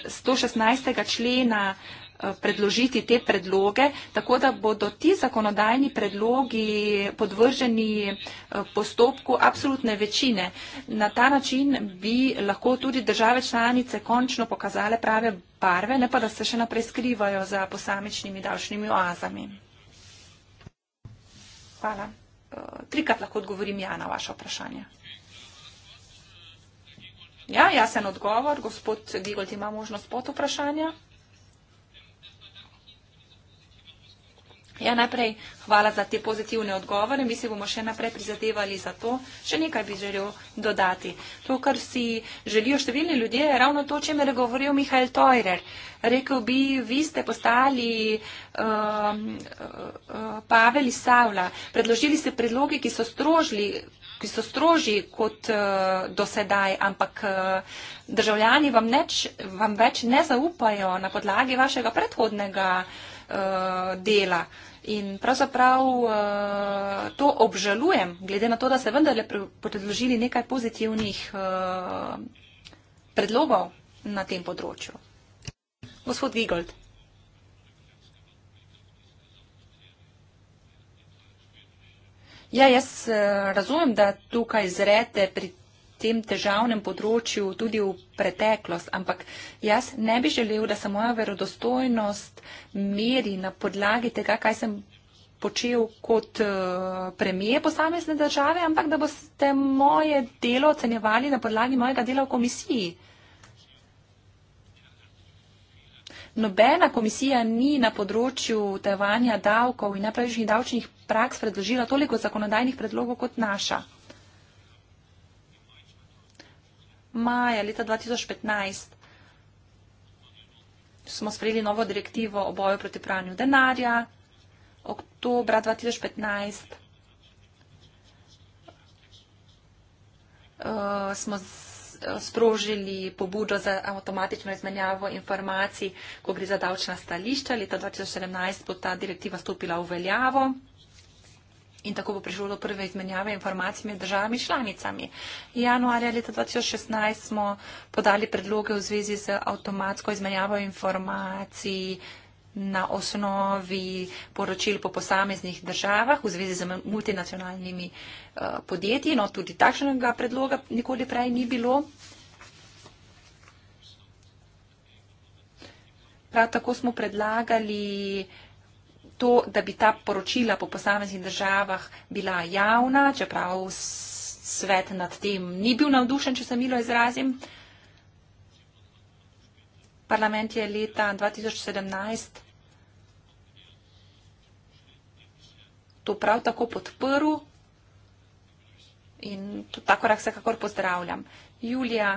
116. člena eh, predložiti te predloge, tako da bodo ti zakonodajni predlogi podvrženi eh, postopku absolutne večine. Na ta način bi lahko tudi države članice končno pokazale prave barve, ne pa da se še naprej skrivajo za posamičnimi davčnimi oazami. Hvala. Eh, trikrat lahko odgovorim ja na vaše vprašanje. Ja, jasen odgovor. Gospod Gigolt ima možnost pod vprašanja. Ja, najprej hvala za te pozitivne odgovore. Mi se bomo še naprej prizadevali za to. Še nekaj bi želel dodati. To, kar si želijo številni ljudje, je ravno to, o čemer je govoril Mihajl Teurer. Rekl bi, vi ste postali um, uh, uh, Pavel iz Savla. Predložili ste predloge, ki so strožili ki so strožji kot uh, eh, dosedaj, ampak uh, državljani vam, neč, vam več ne zaupajo na podlagi vašega predhodnega uh, dela. In pravzaprav uh, to obžalujem, glede na to, da ste vendarle predložili nekaj pozitivnih uh, predlogov na tem področju. Gospod Vigold. Ja, jaz eh, razumem, da tukaj zrete pri tem težavnem področju tudi v preteklost, ampak jaz ne bi želel, da se moja verodostojnost meri na podlagi tega, kaj sem počel kot eh, premije posamezne države, ampak da boste moje delo ocenjevali na podlagi mojega dela v komisiji. nobena komisija ni na področju tevanja davkov in nepravičnih davčnih praks predložila toliko zakonodajnih predlogov kot naša. Maja leta 2015 smo sprejeli novo direktivo o boju proti pranju denarja. Oktobra 2015 uh, eh, smo sprožili pobudo za avtomatično izmenjavo informacij, ko gre za davčna stališča. Leta 2017 bo ta direktiva stopila v veljavo. In tako bo prišlo do prve izmenjave informacij med državami članicami. Januarja leta 2016 smo podali predloge v zvezi z avtomatsko izmenjavo informacij na osnovi poročil po posameznih državah v zvezi z multinacionalnimi eh, podjetji. No, tudi takšnega predloga nikoli prej ni bilo. Prav tako smo predlagali to, da bi ta poročila po posameznih državah bila javna, čeprav svet nad tem ni bil navdušen, če se milo izrazim. Parlament je leta 2017 to prav tako podprl in tudi ta korak vsekakor pozdravljam. Julija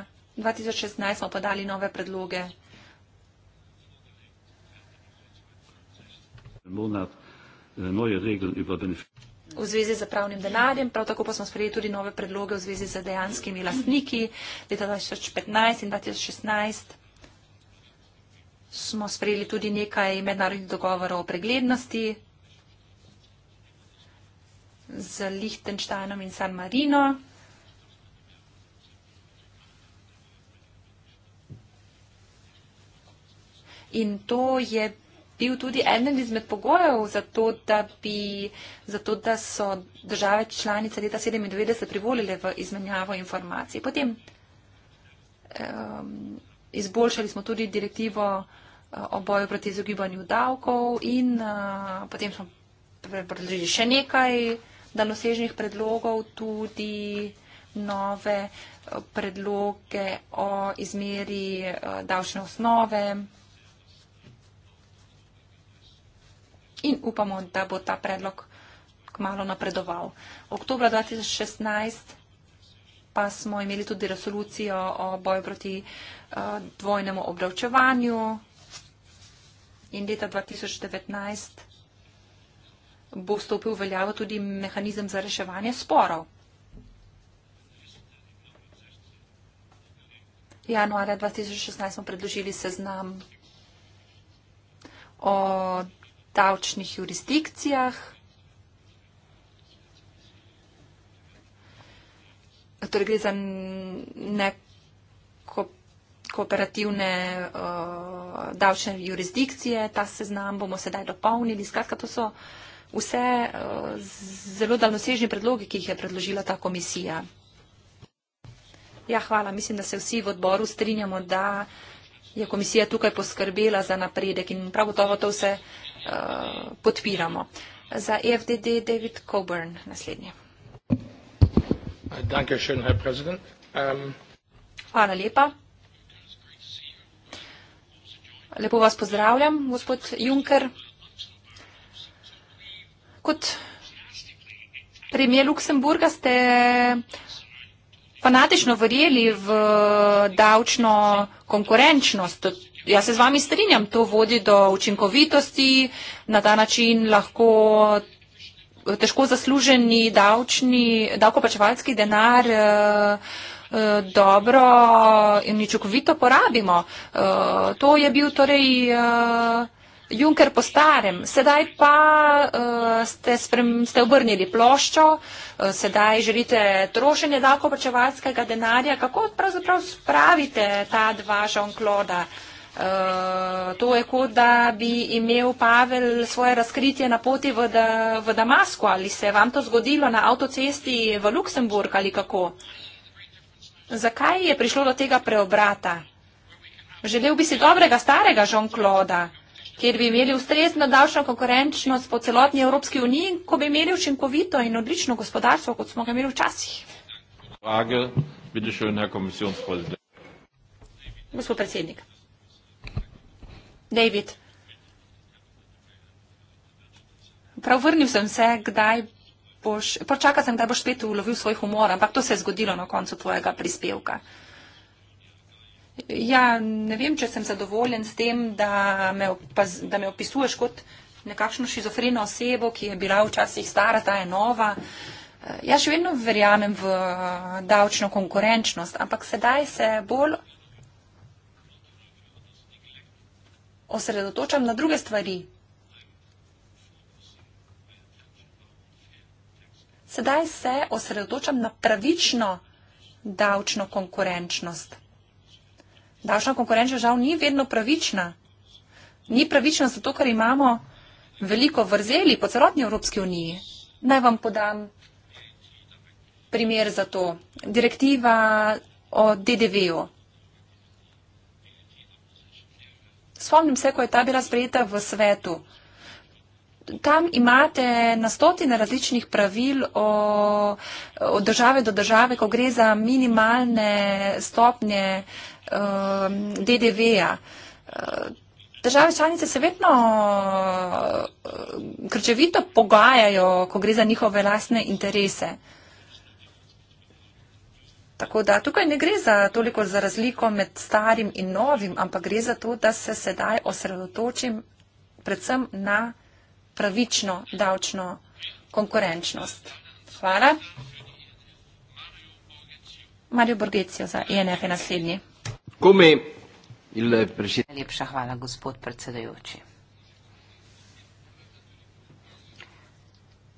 2016 smo podali nove predloge. Eh, v zvezi z pravnim denarjem, prav tako pa smo sprejeli tudi nove predloge v zvezi z dejanskimi lastniki leta 2015 in 2016 smo sprejeli tudi nekaj mednarodnih dogovorov o preglednosti z Lichtensteinom in San Marino. In to je bil tudi eden izmed pogojev za to, da, bi, za to, da so države članice leta 1997 privolile v izmenjavo informacij. Potem um, izboljšali smo tudi direktivo o boju proti izogibanju davkov in uh, potem smo predložili še nekaj danosežnih predlogov, tudi nove eh, predloge o izmeri uh, davčne osnove. In upamo, da bo ta predlog kmalo napredoval. Oktober 2016 pa smo imeli tudi resolucijo o boju proti uh, dvojnemu obdavčevanju, in leta 2019 bo vstopil v veljavo tudi mehanizem za reševanje sporov. Januarja 2016 smo predložili seznam o davčnih jurisdikcijah. Torej gre za nek kooperativne uh, davčne jurisdikcije, ta seznam bomo sedaj dopolnili. Skratka, to so vse uh, zelo daljnosežni predlogi, ki jih je predložila ta komisija. Ja, hvala. Mislim, da se vsi v odboru strinjamo, da je komisija tukaj poskrbela za napredek in prav gotovo to vse uh, podpiramo. Za EFDD David Coburn naslednji. Ähm, hvala lepa. Lepo vas pozdravljam, gospod Juncker. Kot premijer Luksemburga ste fanatično verjeli v davčno konkurenčnost. Jaz se z vami strinjam, to vodi do učinkovitosti, na ta način lahko težko zasluženi davčni, davkoplačevalski denar eh, Eh, dobro in učinkovito porabimo. Eh, to je bil torej eh, Junker po starem. Sedaj pa ste, sprem, ste obrnili ploščo, sedaj želite trošenje davkoplačevalskega denarja. Kako pravzaprav spravite ta dva žonkloda? Uh, to je kot, da bi imel Pavel svoje razkritje na poti v, da, v Damasku ali se je vam to zgodilo na avtocesti v Luksemburg ali kako? Uh, Zakaj je prišlo do tega preobrata? Želel bi si dobrega starega Jean-Claude, kjer bi imeli ustrezno davčno konkurenčnost po celotni Evropski uniji, ko bi imeli učinkovito in odlično gospodarstvo, kot smo ga imeli včasih. Gospod predsednik. David. Prav vrnil sem se, kdaj boš, počaka sem, da boš spet ulovil svoj humor, ampak to se je zgodilo na koncu tvojega prispevka. Ja, ne vem, če sem zadovoljen s tem, da me, opaz, da me opisuješ kot nekakšno šizofreno osebo, ki je bila včasih stara, ta je nova. Jaz še vedno verjamem v eh, davčno konkurenčnost, ampak sedaj se bolj osredotočam na druge stvari, Sedaj se osredotočam na pravično davčno konkurenčnost. Davčna konkurenčnost žal ni vedno pravična. Ni pravična zato, ker imamo veliko vrzeli po celotni Evropski uniji. Naj vam podam primer za to. Direktiva o DDV-u. Spomnim se, ko je ta bila sprejeta v svetu tam imate na stotine različnih pravil o, o države do države, ko gre za minimalne stopnje um, DDV-ja. Uh, države članice se vedno uh, krčevito pogajajo, ko gre za njihove lastne interese. Tako da tukaj ne gre za toliko za razliko med starim in novim, ampak gre za to, da se sedaj osredotočim predvsem na pravično davčno konkurenčnost. Hvala. Mario Borgecio za INF e je naslednji. Kome in le prešite. Najlepša hvala, gospod predsedujoči.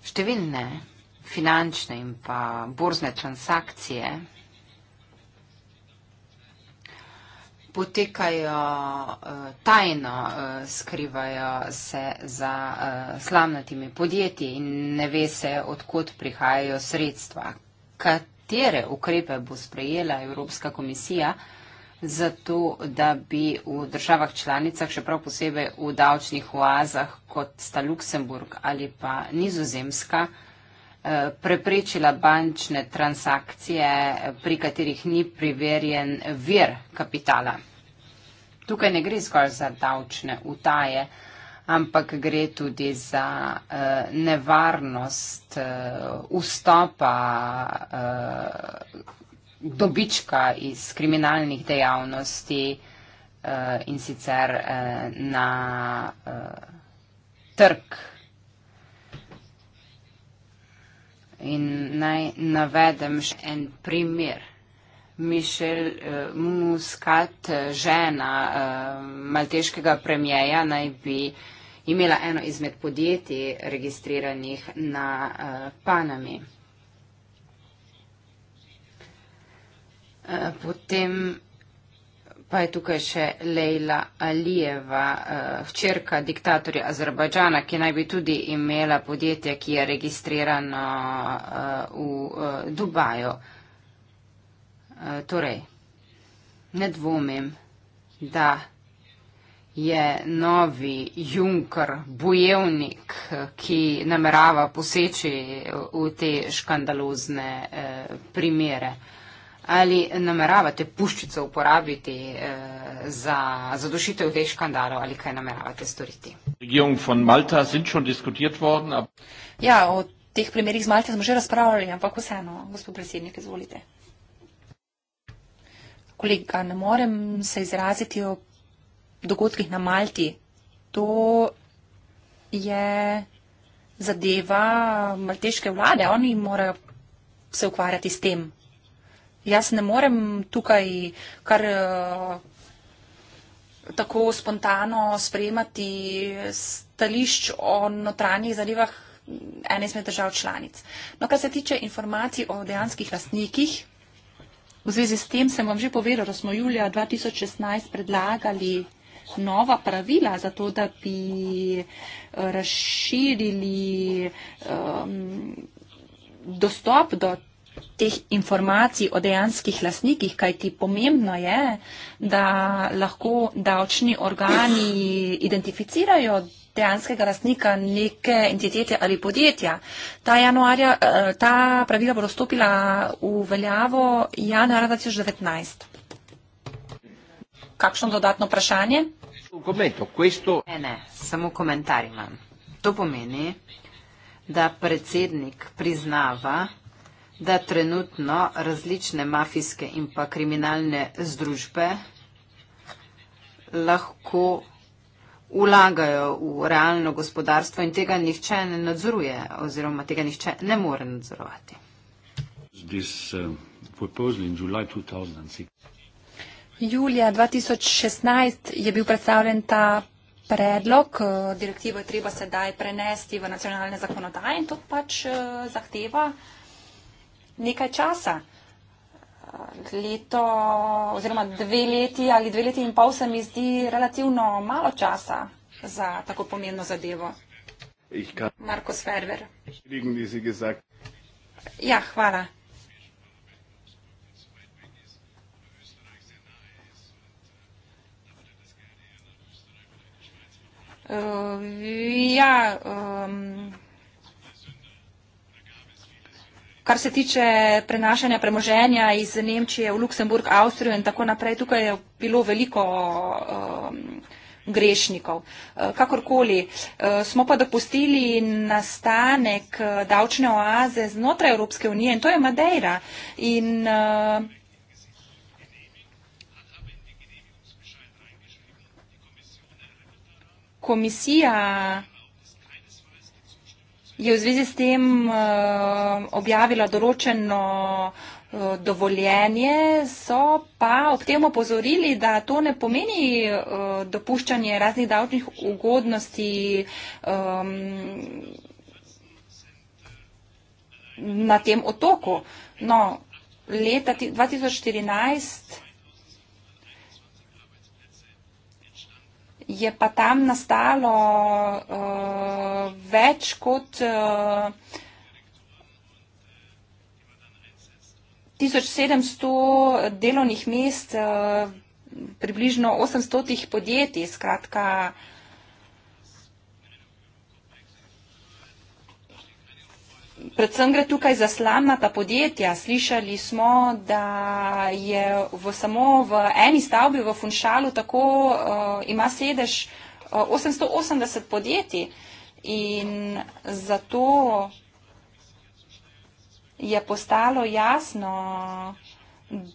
Številne finančne in pa borzne transakcije potekajo eh, tajno, eh, skrivajo se za eh, slamnatimi podjetji in ne ve se, odkot prihajajo sredstva. Katere ukrepe bo sprejela Evropska komisija za to, da bi v državah članicah, še prav posebej v davčnih oazah, kot sta Luksemburg ali pa Nizozemska, Eh, preprečila bančne transakcije, pri katerih ni priverjen vir kapitala. Tukaj ne gre zgolj za davčne utaje, ampak gre tudi za eh, nevarnost eh, vstopa dobička iz kriminalnih dejavnosti in sicer na trg In naj navedem še en primer. Mišel eh, Muskat, žena eh, malteškega premjeja, naj bi imela eno izmed podjetij registriranih na eh, Panami. Potem Pa je tukaj še Leila Alijeva, včerka eh, diktatorja Azerbajdžana, ki naj bi tudi imela podjetje, ki je registrirano eh, v eh, Dubaju. Torej, ne dvomim, da je novi Junker bojevnik, ki namerava poseči v te škandalozne primere. Ali nameravate puščico uporabiti eh, za zadušitev teh škandalov ali kaj nameravate storiti? Malta, worden, ab... Ja, o teh primerih z Malte smo že razpravljali, ampak vseeno, gospod predsednik, izvolite. Kolega, ne morem se izraziti o dogodkih na Malti. To je zadeva malteške vlade. Oni morajo se ukvarjati s tem, jaz ne morem tukaj kar eh, tako spontano sprejemati stališč o notranjih zalivah ene izmed držav članic. No, kar se tiče informacij o dejanskih lastnikih, v zvezi s tem sem vam že povedal, da smo julija 2016 predlagali nova pravila za to, da bi eh, razširili um, dostop do teh informacij o dejanskih lasnikih, kajti pomembno je, da lahko davčni organi identificirajo dejanskega lasnika neke entitete ali podjetja. Ta, januarja, eh, ta pravila bo dostopila v veljavo januarja 2019. Kakšno dodatno vprašanje? Ne, ne, samo komentar imam. To pomeni, da predsednik priznava da trenutno različne mafijske in pa kriminalne združbe lahko vlagajo v realno gospodarstvo in tega nihče ne nadzoruje oziroma tega nihče ne more nadzorovati. Uh, Julija 2016 je bil predstavljen ta predlog, uh, direktivo je treba sedaj prenesti v nacionalne zakonodaje in to pač uh, zahteva uh, nekaj časa. Leto oziroma dve leti ali dve leti in pol se mi zdi relativno malo časa za tako pomembno zadevo. Marko Sferver. Ja, hvala. Uh, ja, um, Kar se tiče prenašanja premoženja iz Nemčije v Luksemburg, Avstrijo in tako naprej, tukaj je bilo veliko um, grešnikov. Uh, kakorkoli, uh, smo pa dopustili nastanek uh, davčne oaze znotraj Evropske unije in to je Madeira. In, uh, Komisija je v zvezi s tem eh, objavila določeno eh, dovoljenje, so pa ob tem opozorili, da to ne pomeni eh, dopuščanje raznih davčnih ugodnosti ehm, na tem otoku. No, leta 2014. je pa tam nastalo uh, več kot uh, eh, 1700 delovnih mest, eh, približno 800 podjetij, skratka, uh, predvsem gre tukaj za slamnata podjetja. Slišali smo, da je v, samo v eni stavbi v Funšalu tako uh, ima sedež uh, eh, 880 podjetij in zato je postalo jasno,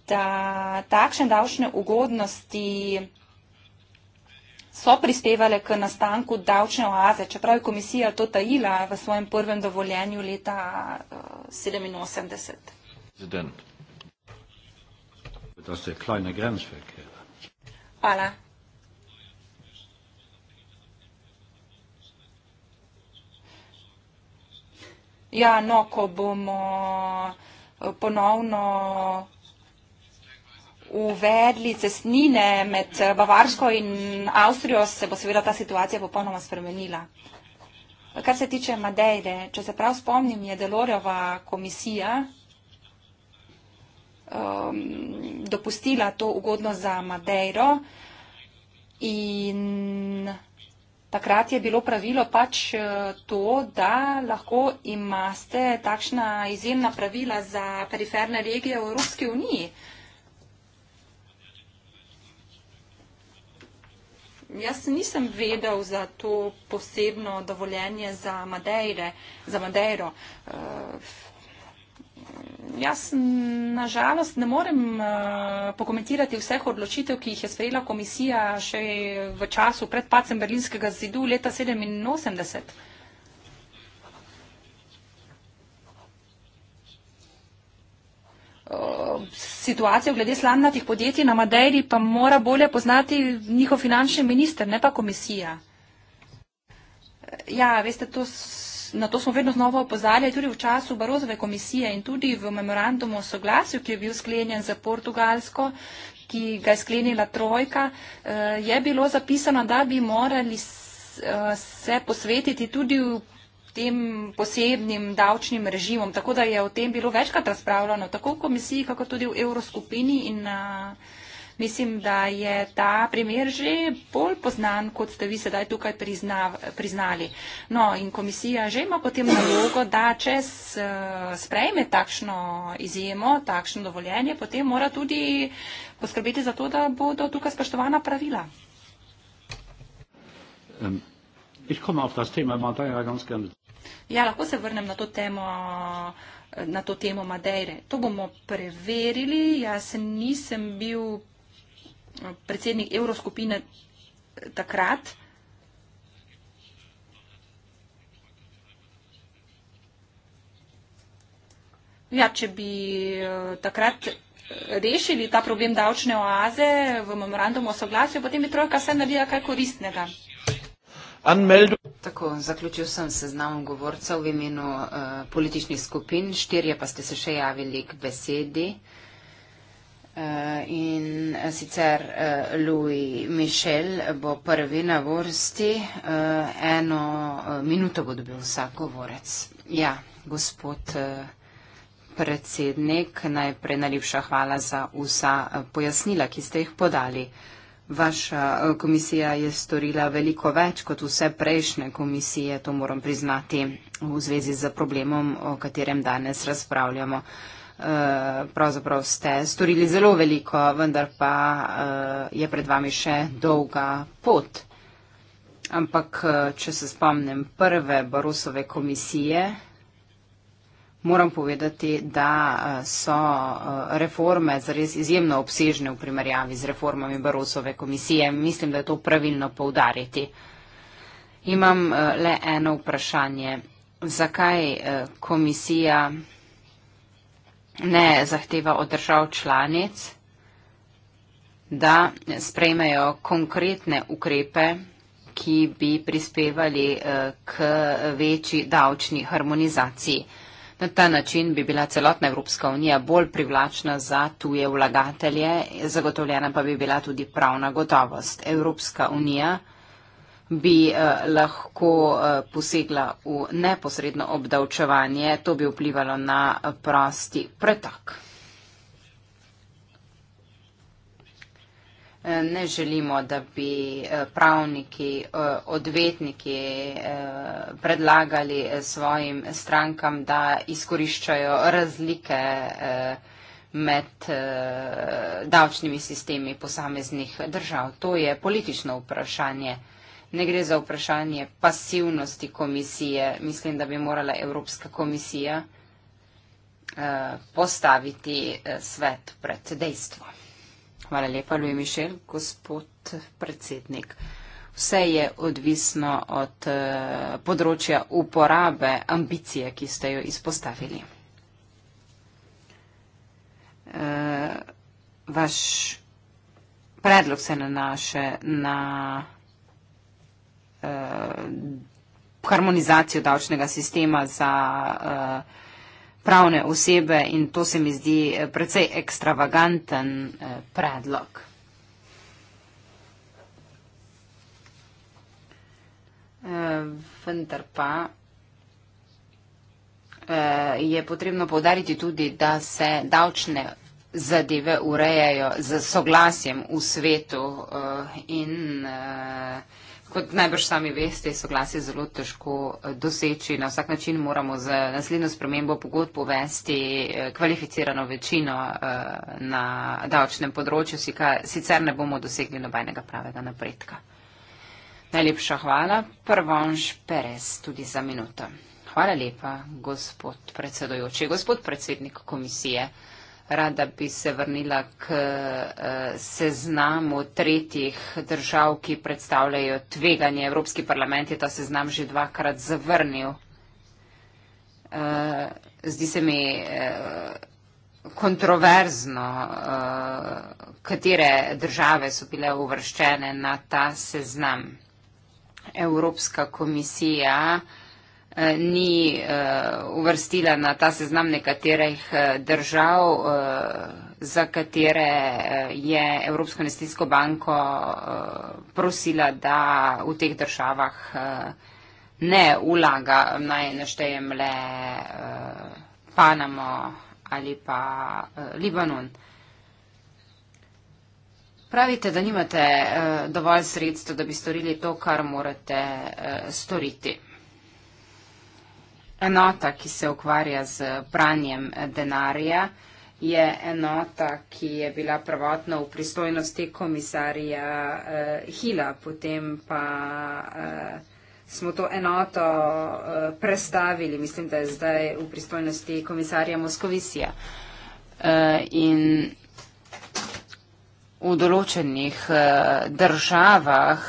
da takšne davčne ugodnosti so prispevale k nastanku davčne oaze, čeprav je komisija to tajila v svojem prvem dovoljenju leta 1987. Eh, Hvala. Ja, no, ko bomo eh, ponovno uvedli cestnine med eh, Bavarsko in Avstrijo, se bo seveda ta situacija popolnoma spremenila. Kar se tiče Madeire, če se prav spomnim, je Delorjeva komisija um, dopustila to ugodno za Madeiro in takrat je bilo pravilo pač eh, to, da lahko imate takšna izjemna pravila za periferne regije v Evropski uniji. Uh, jaz nisem vedel za to posebno dovoljenje za, Madejre, za Madejro. Eh, jaz nažalost ne morem eh, pokomentirati vseh odločitev, ki jih je sprejela komisija še v času pred pacem berlinskega zidu leta 1987. situacijo glede slamnatih podjetij na Madeiri pa mora bolje poznati njihov finančni minister, ne pa komisija. Ja, veste, to, na to smo vedno znova opozarjali tudi v času Barozove komisije in tudi v memorandumu o soglasju, ki je bil sklenjen za Portugalsko, ki ga je sklenila Trojka, eh, je bilo zapisano, da bi morali eh, se posvetiti tudi v tem posebnim davčnim režimom. Tako da je o tem bilo večkrat razpravljeno, tako v komisiji, kako tudi v evroskupini. In, Mislim, da je ta primer že bolj poznan, kot ste vi sedaj tukaj prizna, priznali. No, in komisija že ima potem nalogo, da če sprejme takšno izjemo, takšno dovoljenje, potem mora tudi poskrbeti za to, da bodo tukaj spoštovana pravila. Ich komme auf das Thema Madeira ganz gerne. Ja, lahko se vrnem na to, temo, na to temo Madeire. To bomo preverili. Jaz nisem bil eh, predsednik Evroskupine takrat. Ja, če bi eh, takrat rešili ta problem davčne oaze v memorandumu o soglasju, potem bi trojka vse naredila kaj koristnega. Anmeldu. Tako, zaključil sem seznam govorcev v imenu uh, političnih skupin, štirje pa ste se še javili k besedi. Uh, in sicer uh, Louis Michel bo prvi na vrsti, uh, eno uh, minuto bo dobil vsak govorec. Ja, gospod uh, predsednik, najprej najlepša hvala za vsa uh, pojasnila, ki ste jih podali. Uh, Vaša eh, komisija je storila veliko več kot vse prejšnje komisije, to moram priznati, v zvezi z problemom, o katerem danes razpravljamo. Eh, pravzaprav ste storili zelo veliko, vendar pa eh, je pred vami še dolga pot. Ampak, če se spomnim prve Barosove komisije, Moram povedati, da eh, so eh, reforme zares izjemno obsežne v primerjavi z reformami Barosove komisije. Mislim, da je to pravilno poudariti. Imam eh, le eno vprašanje. Zakaj komisija ne zahteva od držav članic, da sprejmejo konkretne ukrepe, ki bi prispevali k večji davčni harmonizaciji? Na ta način bi bila celotna Evropska unija bolj privlačna za tuje vlagatelje, zagotovljena pa bi bila tudi pravna gotovost. Evropska unija bi eh, lahko eh, posegla v neposredno obdavčevanje, to bi vplivalo na prosti pretok. ne želimo, da bi eh, pravniki, eh, odvetniki eh, predlagali svojim strankam, da izkoriščajo razlike med davčnimi sistemi posameznih držav. To je politično vprašanje. Ne gre za vprašanje pasivnosti komisije. Mislim, da bi morala Evropska komisija postaviti svet pred dejstvom. Hvala lepa, Louis Michel, gospod predsednik. Vse je odvisno od eh, področja uporabe ambicije, ki ste jo izpostavili. Eh, vaš predlog se nanaše na eh, harmonizacijo davčnega sistema za uh, pravne osebe in to se mi zdi eh, precej ekstravaganten eh, predlog. Eh, vendar pa je potrebno povdariti tudi, da se davčne zadeve urejajo z soglasjem v svetu in Kot najbrž sami veste, soglasje je zelo težko eh, doseči. Na vsak način moramo z naslednjo spremembo pogodb uvesti eh, kvalificirano večino eh, na davčnem področju, sicer ne bomo dosegli nobenega pravega napredka. Najlepša hvala. Prvonž Perez, tudi za minuto. Hvala lepa, gospod predsedojoči, gospod predsednik komisije rada bi se vrnila k eh, seznamu tretjih držav, ki predstavljajo tveganje. Evropski parlament je ta seznam že dvakrat zavrnil. Eh, zdi se mi eh, kontroverzno, katere države so bile uvrščene na ta seznam. Evropska komisija Eh, ni eh, uvrstila na ta seznam nekaterih eh, držav, za katere je Evropsko investicijsko banko prosila, da v teh državah ne ulaga, naj naštejem le Panamo ali pa Libanon. Pravite, da nimate dovolj sredstev, da bi storili to, kar morate storiti enota, ki se ukvarja z pranjem denarja, je enota, ki je bila prvotno v pristojnosti komisarja eh, Hila, potem pa eh, smo to enoto eh, prestavili, mislim, da je zdaj v pristojnosti komisarja Moskovisija. In v določenih državah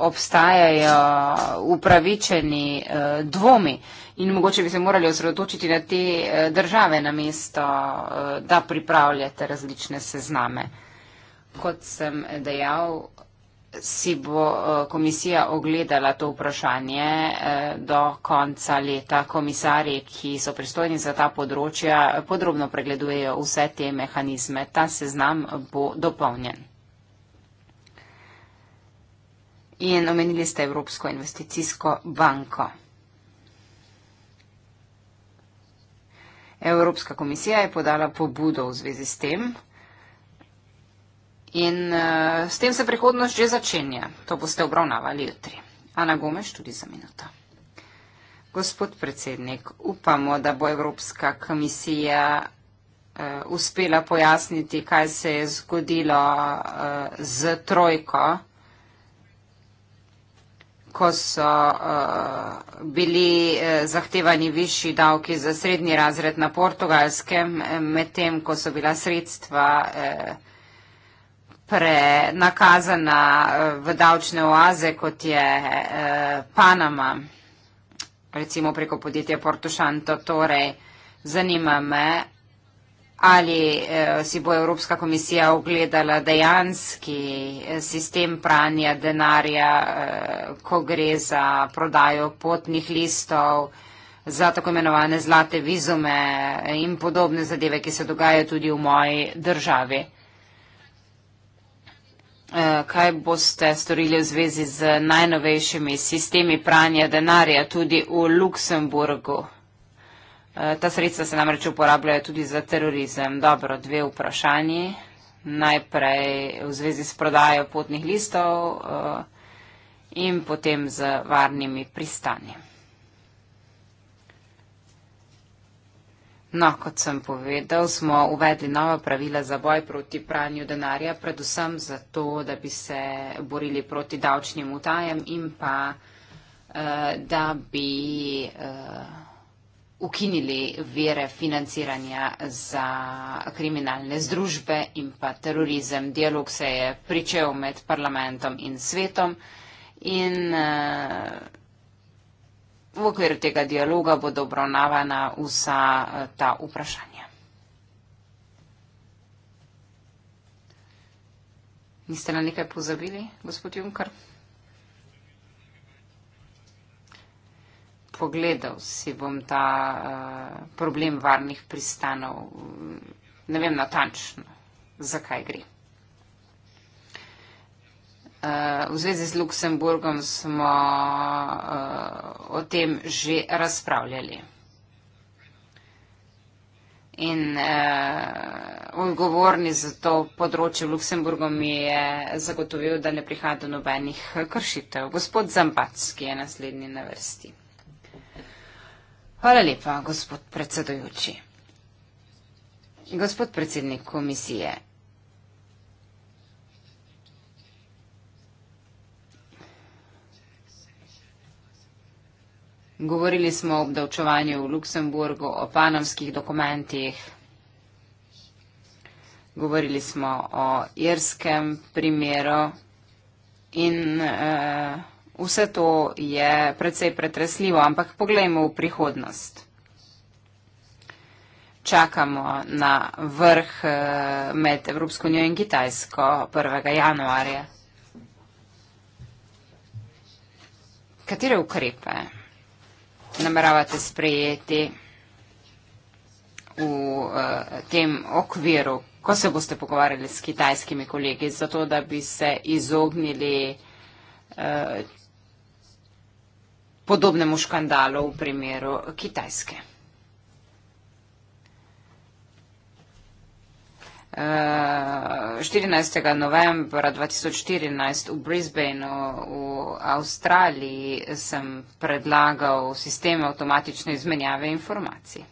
obstajajo upravičeni dvomi in mogoče bi se morali osredotočiti na te eh, države na mesto, eh, da pripravljate različne sezname. Kot sem dejal, si bo eh, komisija ogledala to vprašanje do konca leta. Komisarji, ki so pristojni za ta področja, podrobno pregledujejo vse te mehanizme. Ta seznam bo dopolnjen. In omenili ste Evropsko investicijsko banko. Evropska komisija je podala pobudo v zvezi s tem. In uh, s tem se prihodnost že začenja. To boste obravnavali jutri. Ana Gomeš, tudi za minuto. Gospod predsednik, upamo, da bo Evropska komisija uh, uspela pojasniti, kaj se je zgodilo uh, z trojko ko so eh, bili eh, zahtevani višji davki za srednji razred na portugalskem, eh, medtem ko so bila sredstva prenakazana v davčne oaze, kot je Panama, recimo preko podjetja Portošanto. Torej, zanima me, ali eh, si bo Evropska komisija ogledala dejanski eh, sistem pranja denarja, eh, ko gre za prodajo potnih listov, za tako imenovane zlate vizume in podobne zadeve, ki se dogajajo tudi v moji državi. Eh, kaj boste storili v zvezi z najnovejšimi sistemi pranja denarja tudi v Luksemburgu? Eh, ta sredstva se namreč uporabljajo tudi za terorizem. Dobro, dve vprašanji. Najprej v zvezi s prodajo potnih listov eh, in potem z varnimi pristanji. No, kot sem povedal, smo uvedli nova pravila za boj proti pranju denarja, predvsem zato, da bi se borili proti davčnim utajem in pa eh, da bi. Uh, ukinili vere financiranja za kriminalne združbe in pa terorizem. Dialog se je pričel med parlamentom in svetom in eh, v okviru tega dialoga bodo obravnavana vsa eh, ta vprašanja. Niste na nekaj pozabili, gospod Junkar? pogledal si bom ta uh, problem varnih pristanov, ne vem natančno, zakaj gre. Uh, v zvezi z Luksemburgom smo uh, o tem že razpravljali. In uh, odgovorni za to področje v Luksemburgu mi je zagotovil, da ne prihaja do nobenih kršitev. Gospod Zambac, ki je naslednji na vrsti. Hvala lepa, gospod predsedujoči. Gospod predsednik komisije, govorili smo o obdavčevanju v Luksemburgu, o panamskih dokumentih, govorili smo o irskem primeru in eh, Vse to je precej pretresljivo, ampak poglejmo v prihodnost. Čakamo na vrh eh, med Evropsko unijo in Kitajsko 1. januarja. Katere ukrepe nameravate sprejeti v eh, tem okviru, ko se boste pogovarjali s kitajskimi kolegi, zato da bi se izognili eh, podobnemu škandalu v primeru Kitajske. Uh, eh, 14. novembra 2014 v Brisbaneu v Avstraliji sem predlagal sistem avtomatične izmenjave informacij.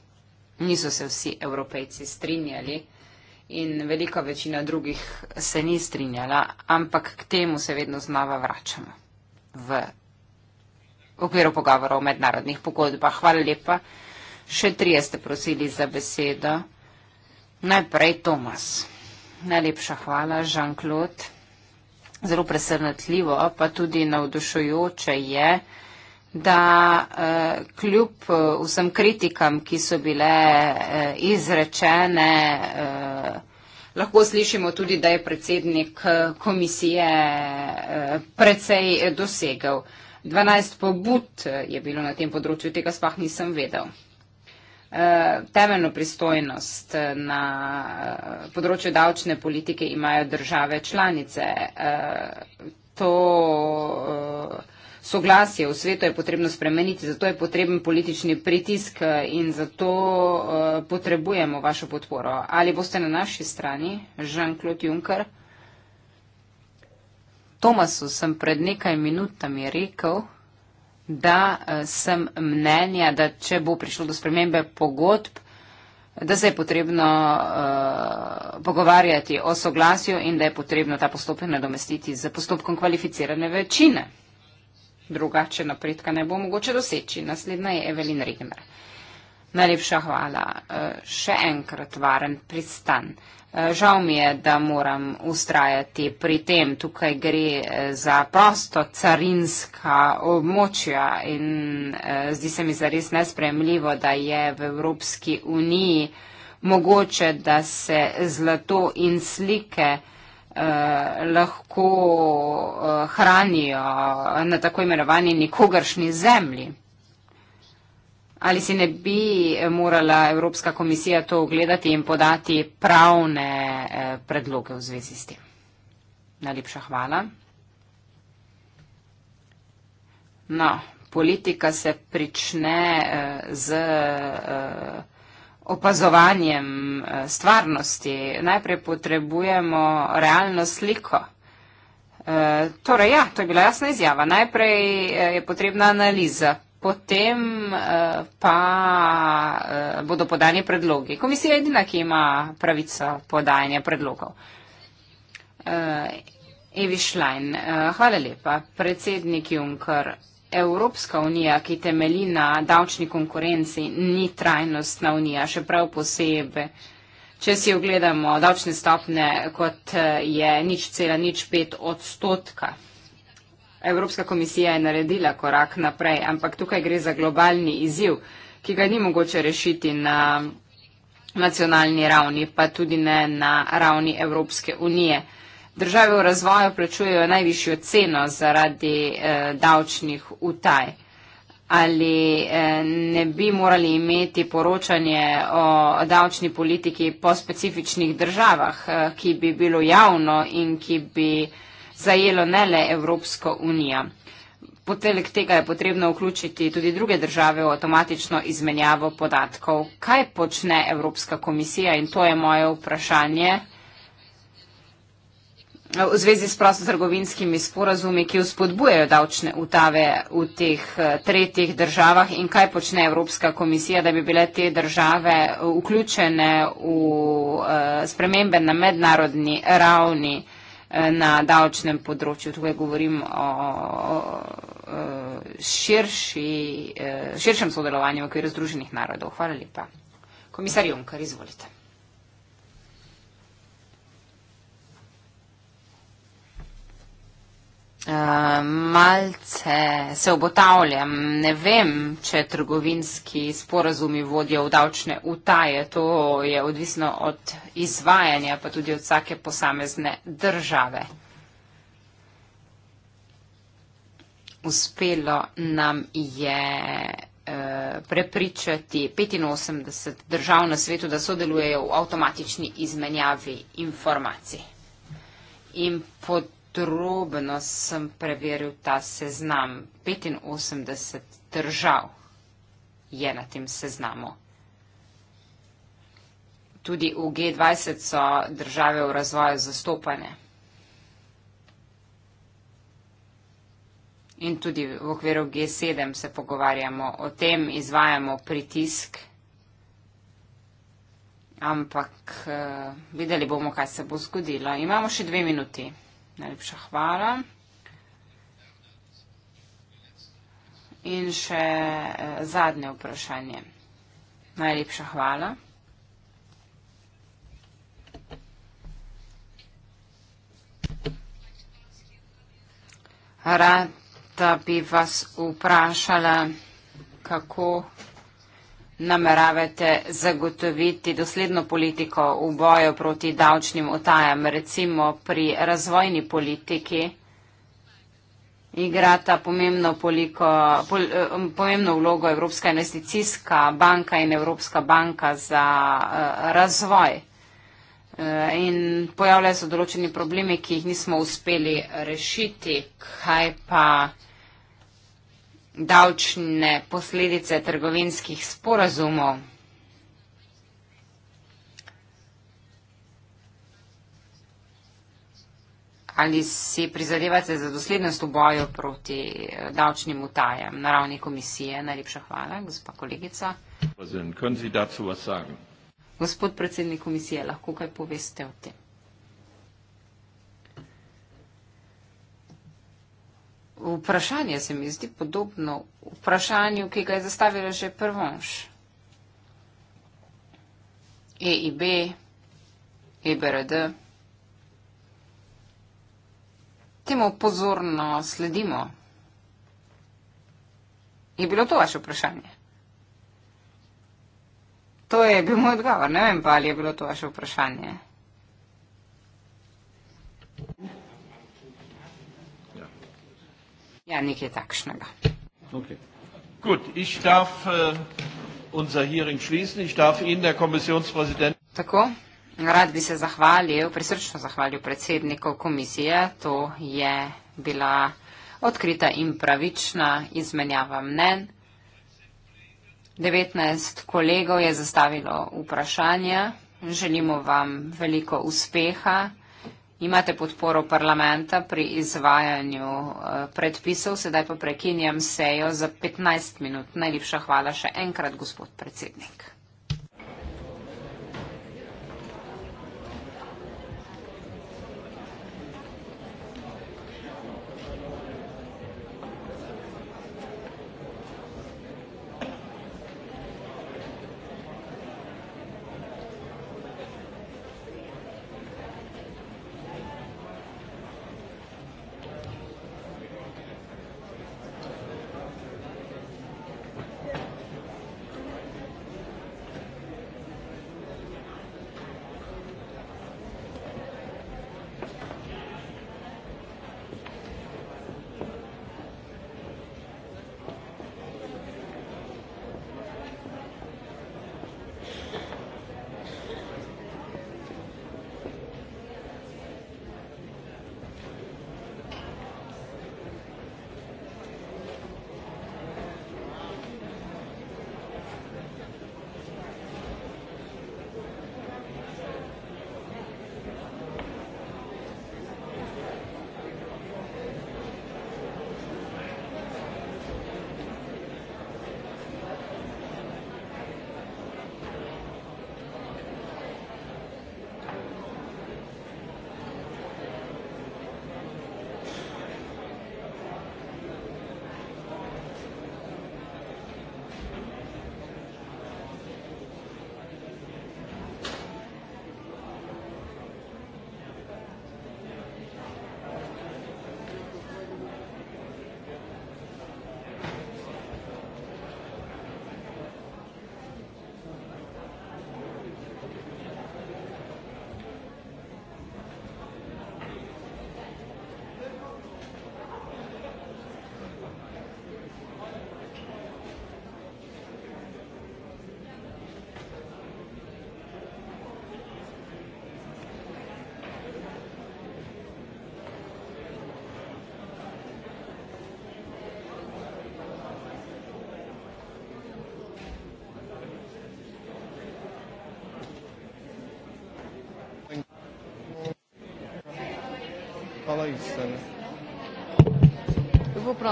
Niso se vsi evropejci strinjali in velika večina drugih se ni strinjala, ampak k temu se vedno znova vračamo. V v okviru pogovora o mednarodnih pogodbah. Hvala lepa. Še trije ste prosili za besedo. Najprej Tomas. Najlepša hvala, Jean-Claude. Zelo presrnatljivo, pa tudi navdušujoče je, da eh, kljub eh, vsem kritikam, ki so bile eh, izrečene, eh, lahko slišimo tudi, da je predsednik eh, komisije eh, precej eh, dosegel. Eh, 12 pobud eh, je bilo na tem področju, tega sploh nisem vedel. Eh, temeljno pristojnost eh, na področju davčne politike imajo države članice. To soglasje v svetu je potrebno spremeniti, zato je potreben politični pritisk in zato potrebujemo vašo podporo. Ali boste na naši strani, Jean-Claude Juncker? Tomasu sem pred nekaj minutami rekel, da eh, sem mnenja, da če bo prišlo do spremembe pogodb, da se je potrebno uh, pogovarjati o soglasju in da je potrebno ta postopek nadomestiti z postopkom kvalificirane večine. Drugače napredka ne bo mogoče doseči. Naslednja je Evelin Regner. Najlepša hvala. Uh, še enkrat varen pristan. Eh, žal mi je, da moram ustrajati pri tem. Tukaj gre eh, za prosto carinska območja in eh, zdi se mi zares nespremljivo, da je v Evropski uniji mogoče, da se zlato in slike lahko hranijo na tako imenovani nikogaršni zemlji. Ali si ne bi eh, morala Evropska komisija to ogledati in podati pravne eh, predloge v zvezi s tem? Najlepša hvala. No, politika se prične eh, z opazovanjem stvarnosti. Najprej potrebujemo realno sliko. Torej, ja, to je bila jasna izjava. Najprej je potrebna analiza Potem eh, pa eh, bodo podani predlogi. Komisija je edina, ki ima pravico podajanja predlogov. Eh, Evi Šlajn, hvala lepa. Predsednik Juncker, Evropska unija, ki temeli na davčni konkurenci, ni trajnostna unija, še prav posebej. Če si ogledamo davčne stopne, kot je nič cela nič pet odstotka. Evropska komisija je naredila korak naprej, ampak tukaj gre za globalni izziv, ki ga ni mogoče rešiti na nacionalni ravni, pa tudi ne na ravni Evropske unije. Države v razvoju plačujejo najvišjo ceno zaradi eh, davčnih utaj. Ali eh, ne bi morali imeti poročanje o davčni politiki po specifičnih državah, eh, ki bi bilo javno in ki bi eh, zajelo ne le Evropsko unijo. Poteleg tega je potrebno vključiti tudi druge države v avtomatično izmenjavo podatkov. Kaj počne Evropska komisija in to je moje vprašanje v zvezi s prostotrgovinskimi sporazumi, ki vzpodbujajo davčne utave v teh tretjih državah in kaj počne Evropska komisija, da bi bile te države vključene v eh, spremembe na mednarodni ravni na davčnem področju. Tukaj govorim o, o, o širši, eh, širšem sodelovanju v okviru Združenih narodov. Hvala lepa. Komisar Junkar, izvolite. Eh, malce se obotavljam, ne vem, če trgovinski sporazumi vodijo v davčne utaje. To je odvisno od izvajanja, pa tudi od vsake posamezne države. Uspelo nam je eh, prepričati 85 držav na svetu, da sodelujejo v avtomatični izmenjavi informacij. In potem podrobno sem preveril ta seznam. 85 držav je na tem seznamu. Tudi v G20 so države v razvoju zastopane. In tudi v okviru G7 se pogovarjamo o tem, izvajamo pritisk. Ampak eh, videli bomo, kaj se bo zgodilo. Imamo še dve minuti. Najlepša hvala. In še eh, zadnje vprašanje. Najlepša hvala. Rada bi vas vprašala, kako nameravate zagotoviti dosledno politiko v boju proti davčnim otajam, recimo pri razvojni politiki, igra ta pomembno, poliko, pol, eh, um, pomembno vlogo Evropska investicijska banka in Evropska banka za eh, razvoj. Eh, in pojavljajo se določeni problemi, ki jih nismo uspeli rešiti. Kaj pa? davčne posledice trgovinskih sporazumov. Ali si prizadevate za doslednost v boju proti eh, davčnim utajam na ravni komisije? Najlepša hvala, gospa kolegica. Gospod predsednik komisije, lahko kaj poveste o tem? vprašanje se mi zdi podobno vprašanju, ki ga je zastavila že prvonš. EIB, EBRD. Temu pozorno sledimo. Je bilo to vaše vprašanje? To je bil moj odgovor. Ne vem pa, ali je bilo to vaše vprašanje. Ja, nekaj takšnega. Okay. Gut, ich darf uh, unser Hearing schließen. Ich darf Ihnen, Herr Kommissionspräsident. Tako, rad bi se zahvalil, prisrčno zahvalil predsedniku komisije. To je bila odkrita in pravična izmenjava mnen. 19 kolegov je zastavilo vprašanja. Želimo vam veliko uspeha. Imate podporo parlamenta pri izvajanju eh, predpisov, sedaj pa prekinjam sejo za 15 minut. Najlepša hvala še enkrat, gospod predsednik.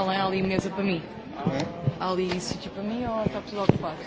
qual é ali mesa para mim? É? Há ali sítio para mim ou está tudo ocupado?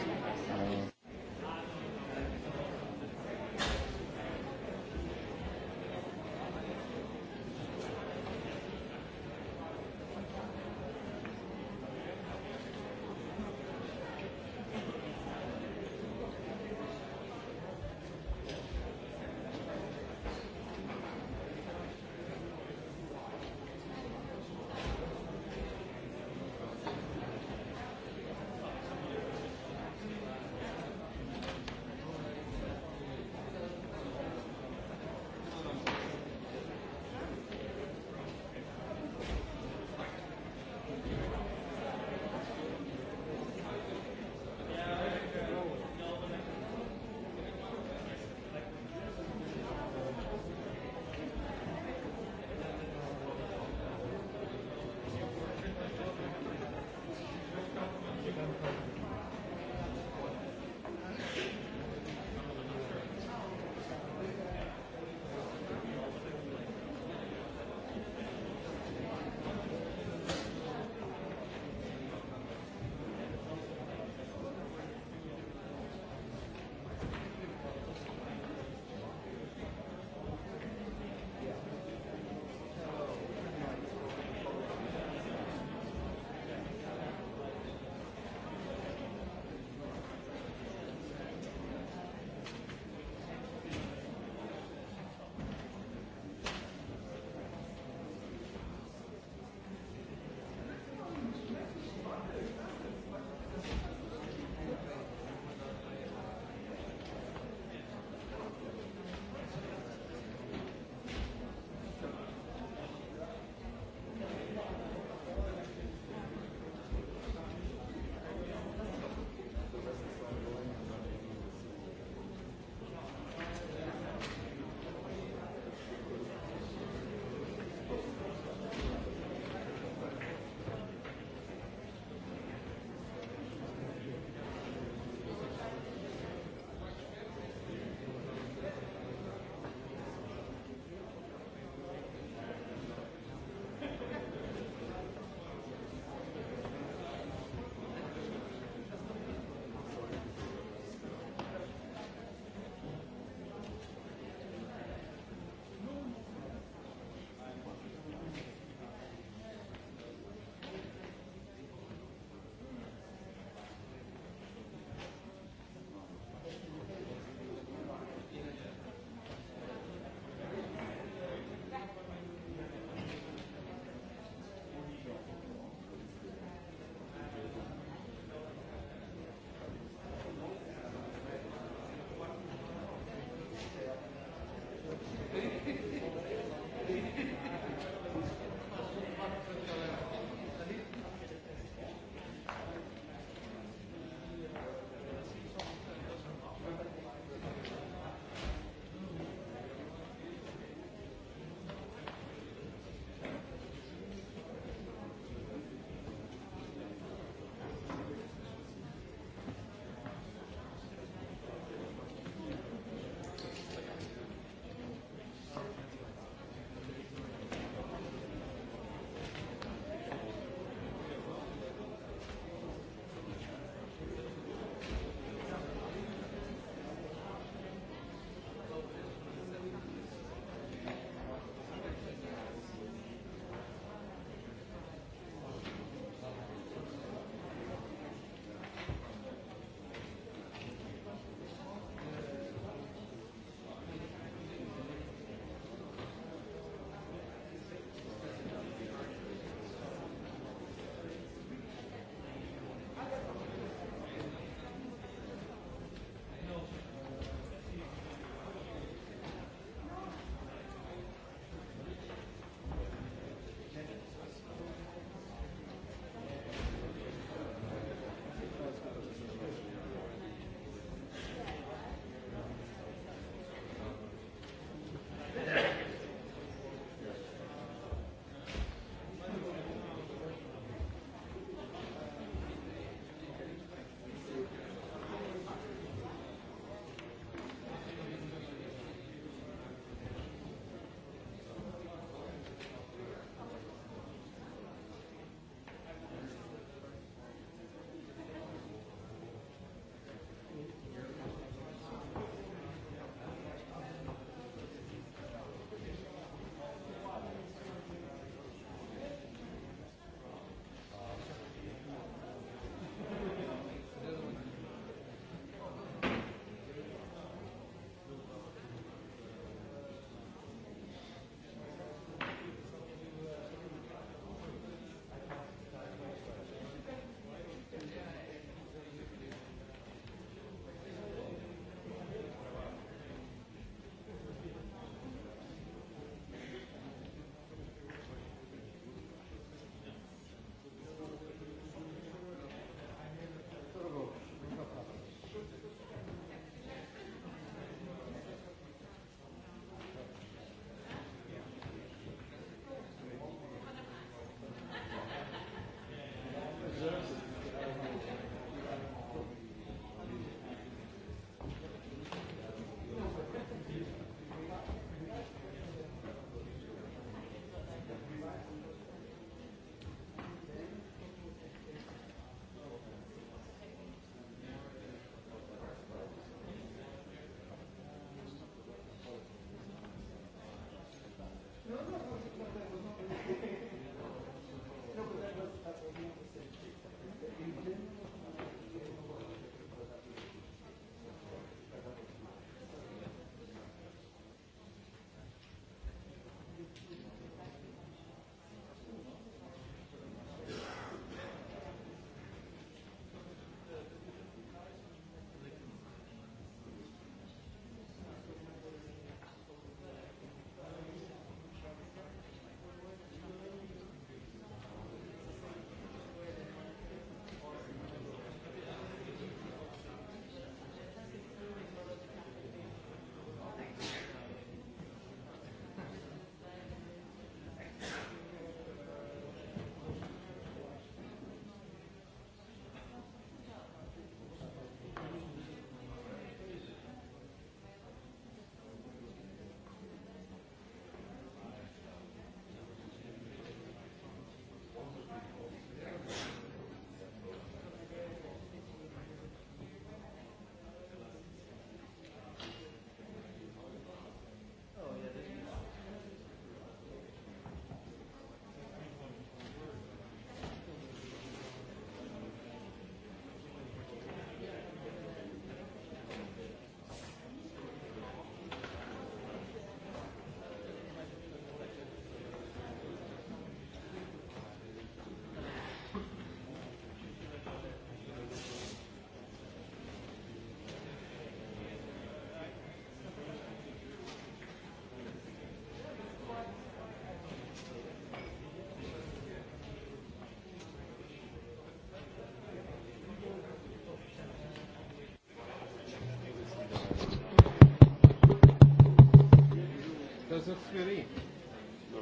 zasveri.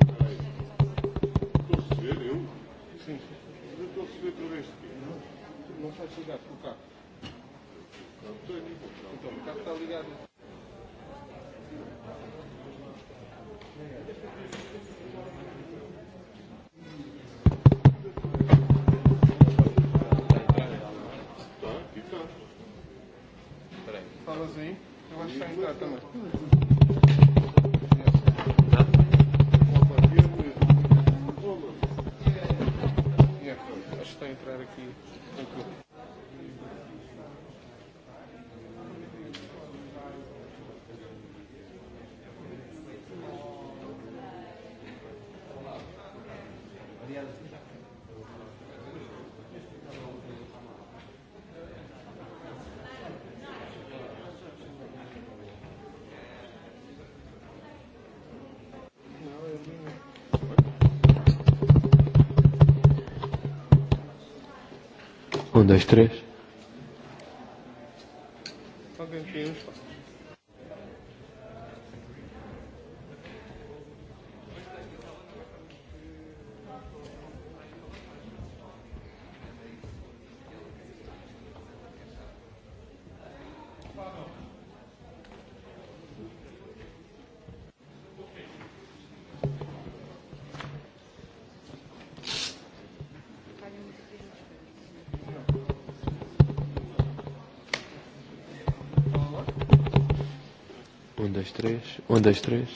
Okay. To si svedil? Sim. To si svedil reski. No, pa če ga, kako? To je niko. Kako ta ligarja? Ne, ne, ne. Um, dois, três. Alguém tem um um, dois, três.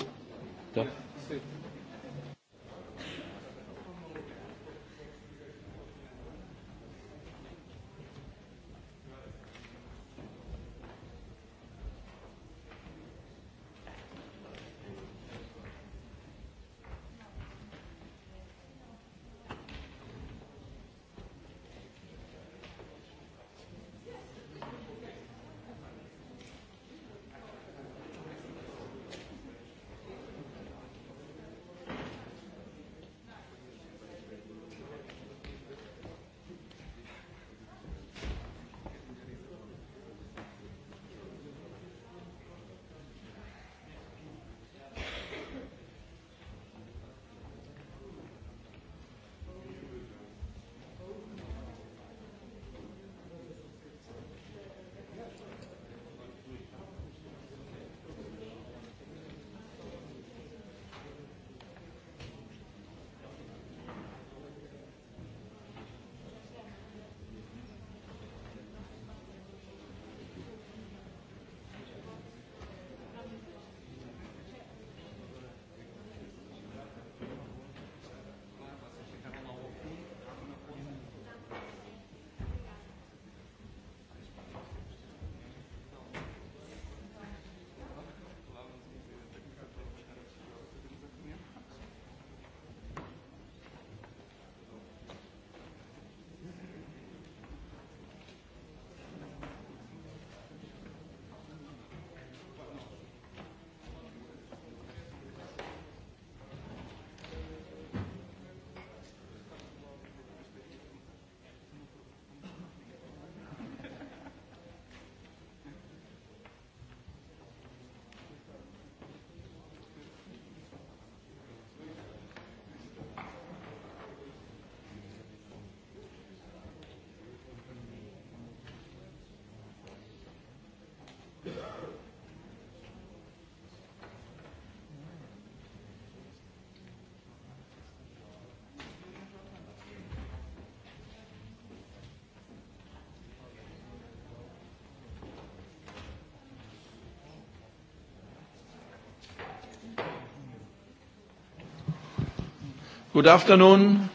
Good afternoon.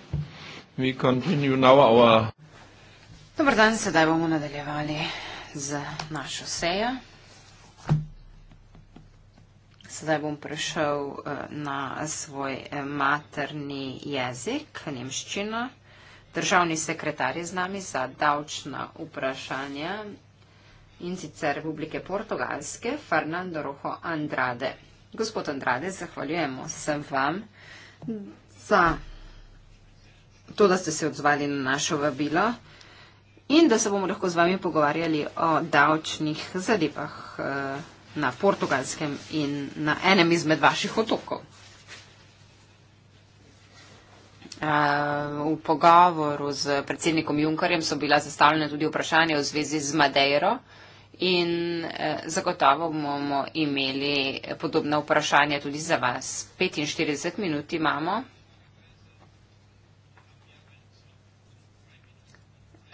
We continue now our... Dobar dan, sedaj bomo nadaljevali z našo sejo. Sedaj bom prešel eh, na svoj eh, materni jezik, nemščino. Državni sekretar je z nami za davčna vprašanja in sicer Republike Portugalske, Fernando Rojo Andrade. Gospod Andrade, zahvaljujemo se vam, za to, da ste se odzvali na našo vabilo in da se bomo lahko z vami pogovarjali o davčnih zadevah eh, na portugalskem in na enem izmed vaših otokov. Eh, v pogovoru z predsednikom Junkarjem so bila zastavljena tudi vprašanja v zvezi z Madeiro in eh, zagotovo bomo imeli podobna vprašanja tudi za vas. 45 minut imamo.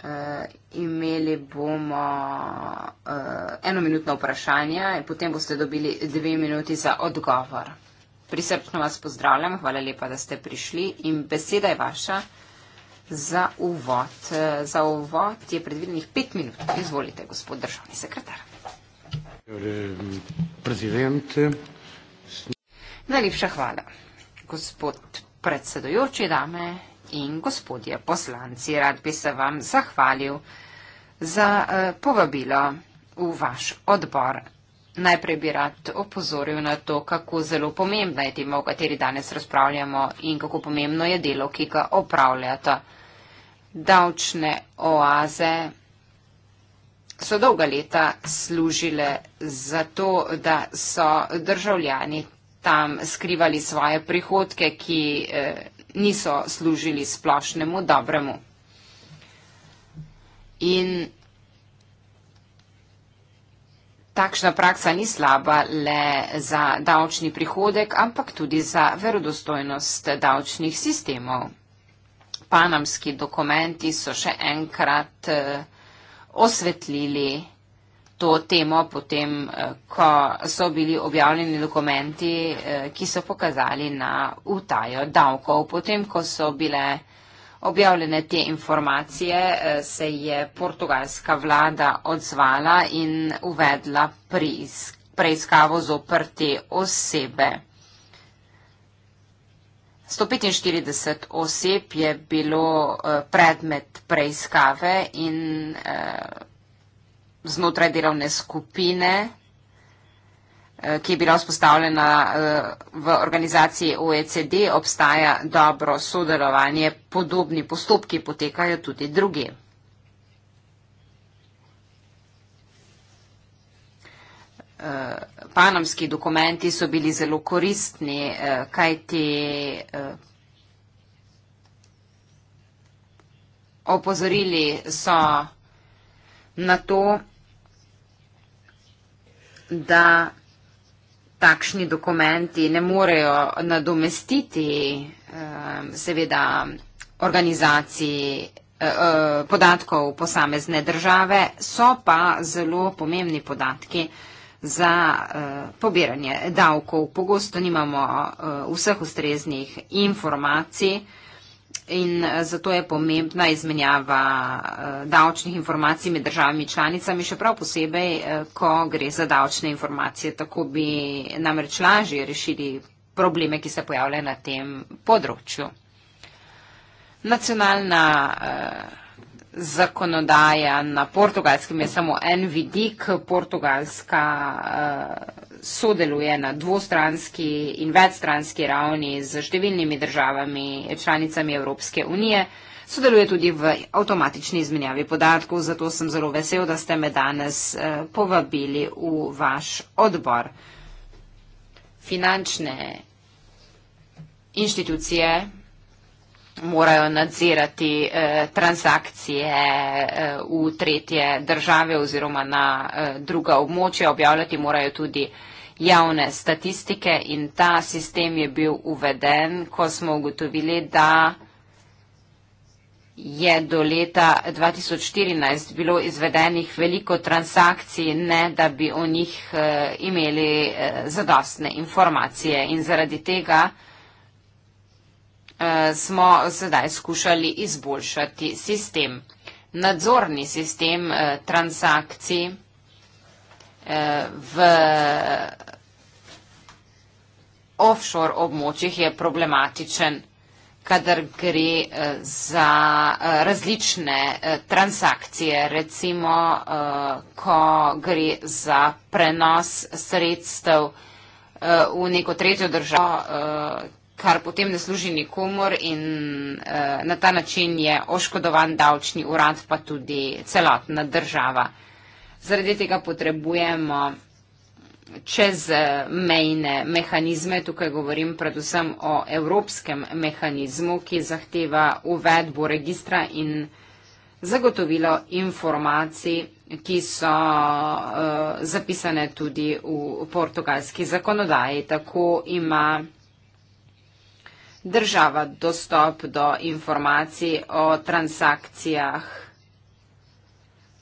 Uh, imeli bomo uh, eh, eno minutno vprašanje in potem boste dobili dve minuti za odgovor. Prisrčno vas pozdravljam, hvala lepa, da ste prišli in beseda je vaša za uvod. Uh, za uvod je predvidenih pet minut. Izvolite, gospod državni sekretar. Najlepša hvala, gospod predsedojoči dame in gospodje poslanci, rad bi se vam zahvalil za eh, povabilo v vaš odbor. Najprej bi rad opozoril na to, kako zelo pomembna je tema, o kateri danes razpravljamo in kako pomembno je delo, ki ga opravljata. Davčne oaze so dolga leta služile za to, da so državljani tam skrivali svoje prihodke, ki. Eh, niso služili splošnemu dobremu. In takšna praksa ni slaba le za davčni prihodek, ampak tudi za verodostojnost davčnih sistemov. Panamski dokumenti so še enkrat eh, osvetlili to temo potem, eh, ko so bili objavljeni dokumenti, eh, ki so pokazali na utajo davkov. Potem, ko so bile objavljene te informacije, eh, se je portugalska vlada odzvala in uvedla preiskavo zopr te osebe. 145 oseb je bilo predmet preiskave in znotraj delovne skupine, eh, ki je bila vzpostavljena eh, v organizaciji OECD, obstaja dobro sodelovanje, podobni postopki potekajo tudi drugi. Eh, Panamski dokumenti so bili zelo koristni, kaj ti opozorili so na to, da je to, da takšni dokumenti ne morejo nadomestiti eh, seveda organizaciji eh, eh, podatkov posamezne države, so pa zelo pomembni podatki za pobiranje davkov. Pogosto nimamo vseh ustreznih informacij, In eh, zato je pomembna izmenjava eh, davčnih informacij med državami članicami, še prav posebej, eh, ko gre za davčne informacije. Tako bi namreč lažje rešili probleme, ki se pojavljajo na tem področju. Nacionalna eh, zakonodaja na portugalskem je samo en vidik. Portugalska. Eh, sodeluje na dvostranski in večstranski ravni z številnimi državami članicami Evropske unije. Sodeluje tudi v avtomatični izmenjavi podatkov, zato sem zelo vesel, da ste me danes eh, povabili v vaš odbor. Finančne inštitucije morajo nadzirati eh, transakcije eh, v tretje države oziroma na eh, druga območja, objavljati morajo tudi javne statistike in ta sistem je bil uveden, ko smo ugotovili, da je do leta 2014 bilo izvedenih veliko transakcij, ne da bi o njih eh, imeli eh, zadostne informacije in zaradi tega Eh, smo sedaj skušali izboljšati sistem. Nadzorni sistem eh, transakcij eh, v offshore območjih je problematičen, kadar gre za različne transakcije, recimo, ko gre za prenos sredstev v neko tretjo državo, kar potem ne služi nikomor in uh, na ta način je oškodovan davčni urad, pa tudi celotna država. Zaradi tega potrebujemo čezmejne eh, mehanizme, tukaj govorim predvsem o evropskem mehanizmu, ki zahteva uvedbo registra in zagotovilo informacij, ki so uh, zapisane tudi v portugalski zakonodaji. Tako ima država dostop do informacij o transakcijah,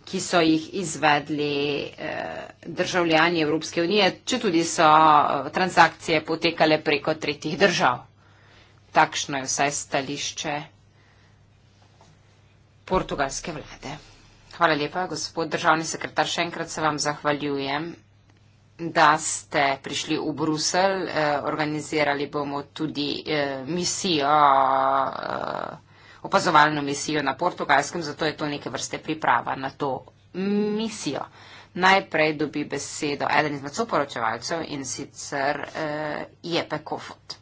ki so jih izvedli eh, državljani Evropske unije, če tudi so eh, transakcije potekale preko tretjih držav. Takšno je vsaj stališče portugalske vlade. Hvala lepa, gospod državni sekretar, še enkrat se vam zahvaljujem da ste prišli v Bruselj, eh, organizirali bomo tudi eh, misijo, eh, opazovalno misijo na portugalskem, zato je to neke vrste priprava na to misijo. Najprej dobi besedo eden izmed soporočevalcev in sicer Jepe Kofot.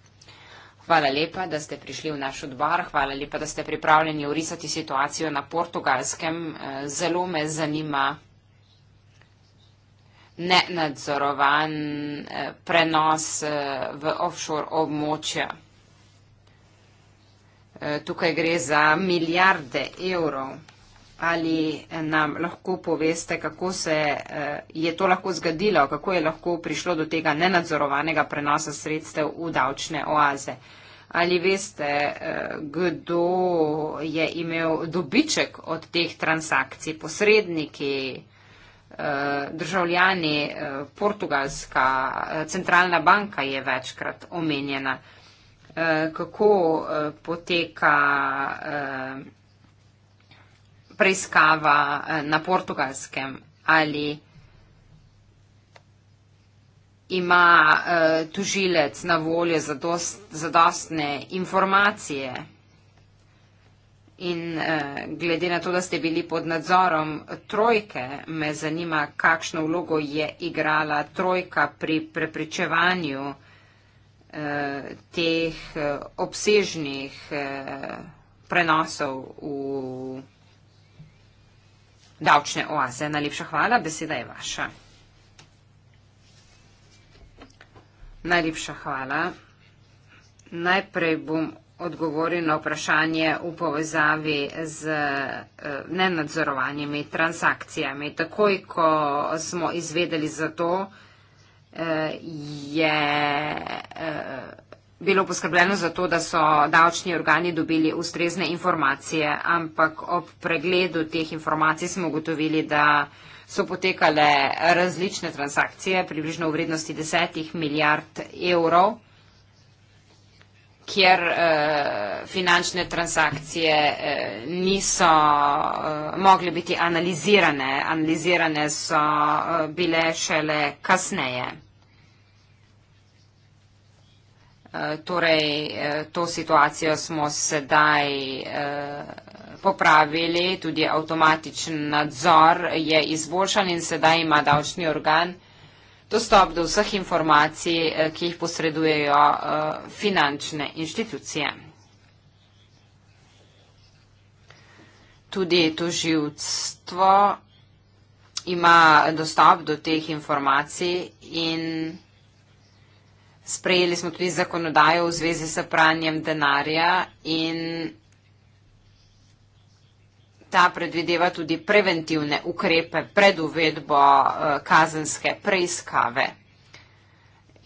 Hvala lepa, da ste prišli v naš odbar, hvala lepa, da ste pripravljeni urisati situacijo na portugalskem. Zelo me zanima nenadzorovan eh, prenos eh, v offshore območja. Eh, tukaj gre za milijarde evrov. Ali nam lahko poveste, kako se je to lahko zgodilo, kako je lahko prišlo do tega nenadzorovanega prenosa sredstev v davčne oaze? Ali veste, kdo je imel dobiček od teh transakcij, posredniki, Eh, državljani, eh, portugalska eh, centralna banka je večkrat omenjena. Kako poteka preiskava na portugalskem? Ali ima tužilec na voljo zadostne informacije? In uh, glede na to, da ste bili pod nadzorom trojke, me zanima, kakšno vlogo je igrala trojka pri prepričevanju uh, eh, teh uh, obsežnih uh, prenosov v davčne oaze. Najlepša hvala, beseda je vaša. Najlepša hvala. Najprej bom odgovori na vprašanje v povezavi z eh, nenadzorovanjimi transakcijami. Takoj, ko smo izvedeli za to, eh, je eh, bilo poskrbljeno za to, da so davčni organi dobili ustrezne informacije, ampak ob pregledu teh informacij smo ugotovili, da so potekale različne transakcije, približno v vrednosti desetih milijard evrov kjer uh, finančne transakcije uh, niso uh, eh, mogli biti analizirane. Analizirane so uh, bile šele kasneje. Torej, to situacijo smo sedaj popravili, tudi avtomatičen nadzor je izboljšan in sedaj ima davčni organ dostop do vseh informacij, eh, ki jih posredujejo eh, finančne inštitucije. Tudi toživstvo ima dostop do teh informacij in sprejeli smo tudi zakonodajo v zvezi s pranjem denarja in vsega. Ta predvideva tudi preventivne ukrepe pred uvedbo eh, kazenske preiskave.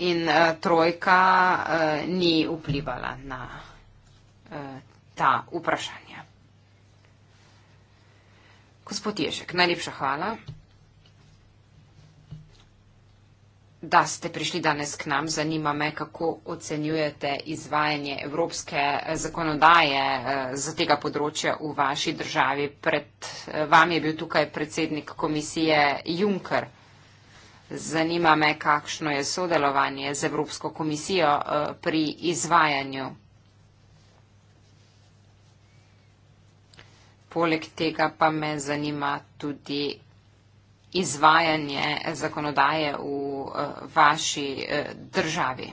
In eh, trojka eh, ni vplivala na ta vprašanja. Gospod Ježek, najlepša hvala. da ste prišli danes k nam. Zanima me, kako ocenjujete izvajanje evropske eh, zakonodaje eh, za tega področja v vaši državi. Pred eh, vami je bil tukaj predsednik komisije Juncker. Zanima me, kakšno je sodelovanje z Evropsko komisijo pri izvajanju. Poleg tega pa me zanima tudi izvajanje zakonodaje v eh, vaši eh, državi?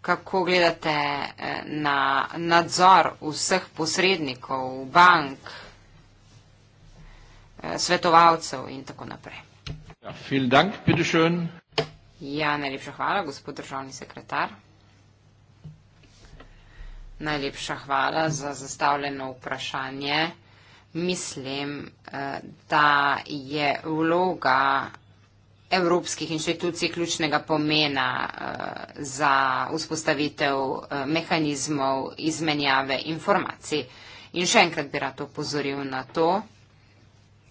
Kako gledate eh, na nadzor vseh posrednikov, bank, svetovalcev in tako naprej? Ja, dank, ja, najlepša hvala, gospod državni sekretar. Najlepša hvala za zastavljeno vprašanje. Mislim, eh, da je vloga evropskih inštitucij ključnega pomena eh, za vzpostavitev eh, mehanizmov izmenjave informacij. In še enkrat bi rad opozoril na to,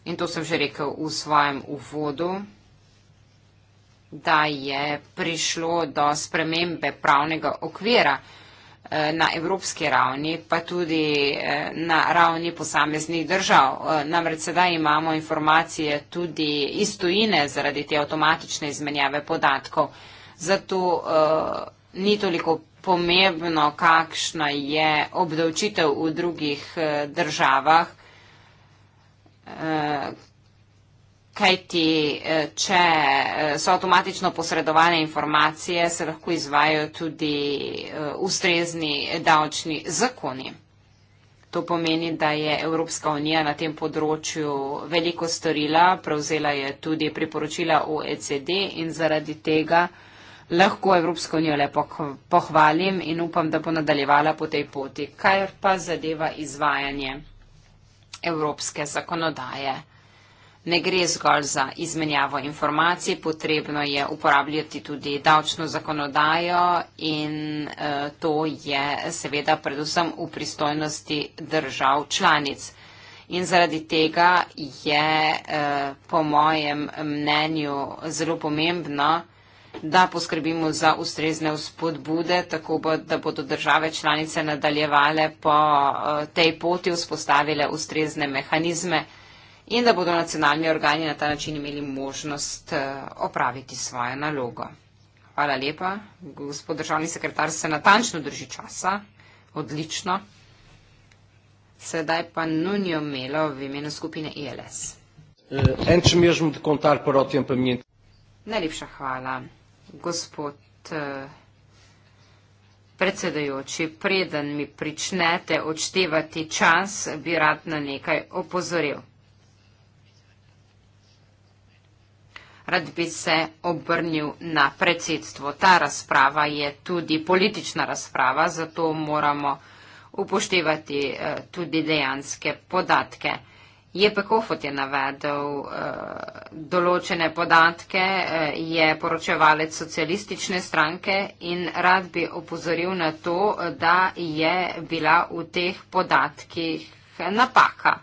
in to sem že rekel v svojem uvodu, da je prišlo do spremembe pravnega okvira Eh, na evropski ravni, pa tudi eh, na ravni posameznih držav. Eh, namreč sedaj imamo informacije tudi iz tujine zaradi te avtomatične izmenjave podatkov. Zato ni toliko pomembno, kakšna je obdavčitev v drugih državah, kajti eh, če eh, so avtomatično posredovane informacije, se lahko izvajo tudi eh, ustrezni davčni zakoni. To pomeni, da je Evropska unija na tem področju veliko storila, prevzela je tudi priporočila OECD in zaradi tega lahko Evropsko unijo le pohvalim in upam, da bo nadaljevala po tej poti, kar pa zadeva izvajanje evropske zakonodaje ne gre zgolj za izmenjavo informacij, potrebno je uporabljati tudi davčno zakonodajo in eh, to je seveda predvsem v pristojnosti držav članic. In zaradi tega je eh, po mojem mnenju zelo pomembno, da poskrbimo za ustrezne vzpodbude, tako bo, da bodo države članice nadaljevale po eh, tej poti, vzpostavile ustrezne mehanizme in da bodo nacionalni organi na ta način imeli možnost eh, opraviti svojo nalogo. Hvala lepa. Gospod državni sekretar se natančno drži časa. Odlično. Sedaj pa Nunjo Melo v imenu skupine ILS. E eh, Najlepša hvala. Gospod eh, predsedajoči, preden mi pričnete odštevati čas, bi rad na nekaj opozoril. rad bi se obrnil na predsedstvo. Ta razprava je tudi politična razprava, zato moramo upoštevati eh, tudi dejanske podatke. Jepekofot je navedel eh, določene podatke, eh, je poročevalec socialistične stranke in rad bi opozoril na to, da je bila v teh podatkih napaka.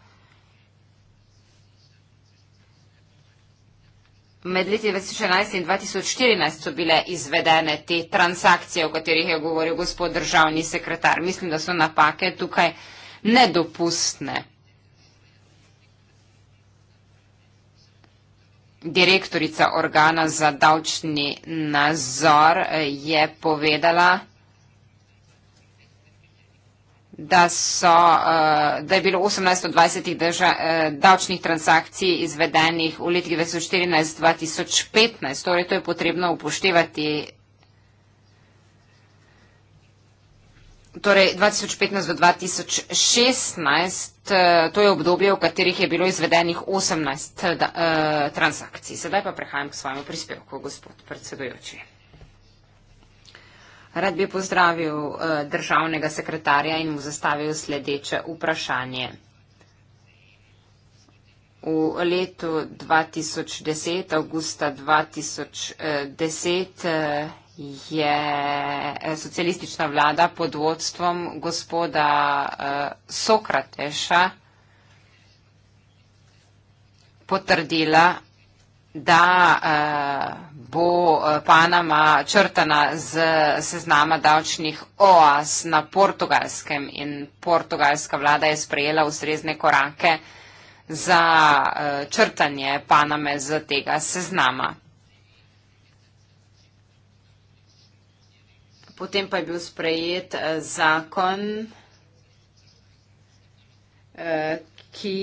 Med leti 2016 in 2014 so bile izvedene te transakcije, o katerih je govoril gospod državni sekretar. Mislim, da so napake tukaj nedopustne. Direktorica organa za davčni nazor je povedala, da je da, so, eh, da je bilo 18 od 20 drža, eh, davčnih transakcij izvedenih v letih 2014-2015. Torej, to je potrebno upoštevati. Torej, 2015 do 2016, eh, to je obdobje, v katerih je bilo izvedenih 18 da, uh, transakcij. Sedaj pa prehajam k svojemu prispevku, gospod predsedujoči. Rad bi pozdravil eh, državnega sekretarja in mu zastavil sledeče vprašanje. V letu 2010, augusta 2010, je socialistična vlada pod vodstvom gospoda eh, Sokrateša potrdila da eh, bo eh, Panama črtana z seznama davčnih oas na portugalskem in portugalska vlada je sprejela ustrezne korake za eh, črtanje Paname z tega seznama. Potem pa je bil sprejet zakon, ki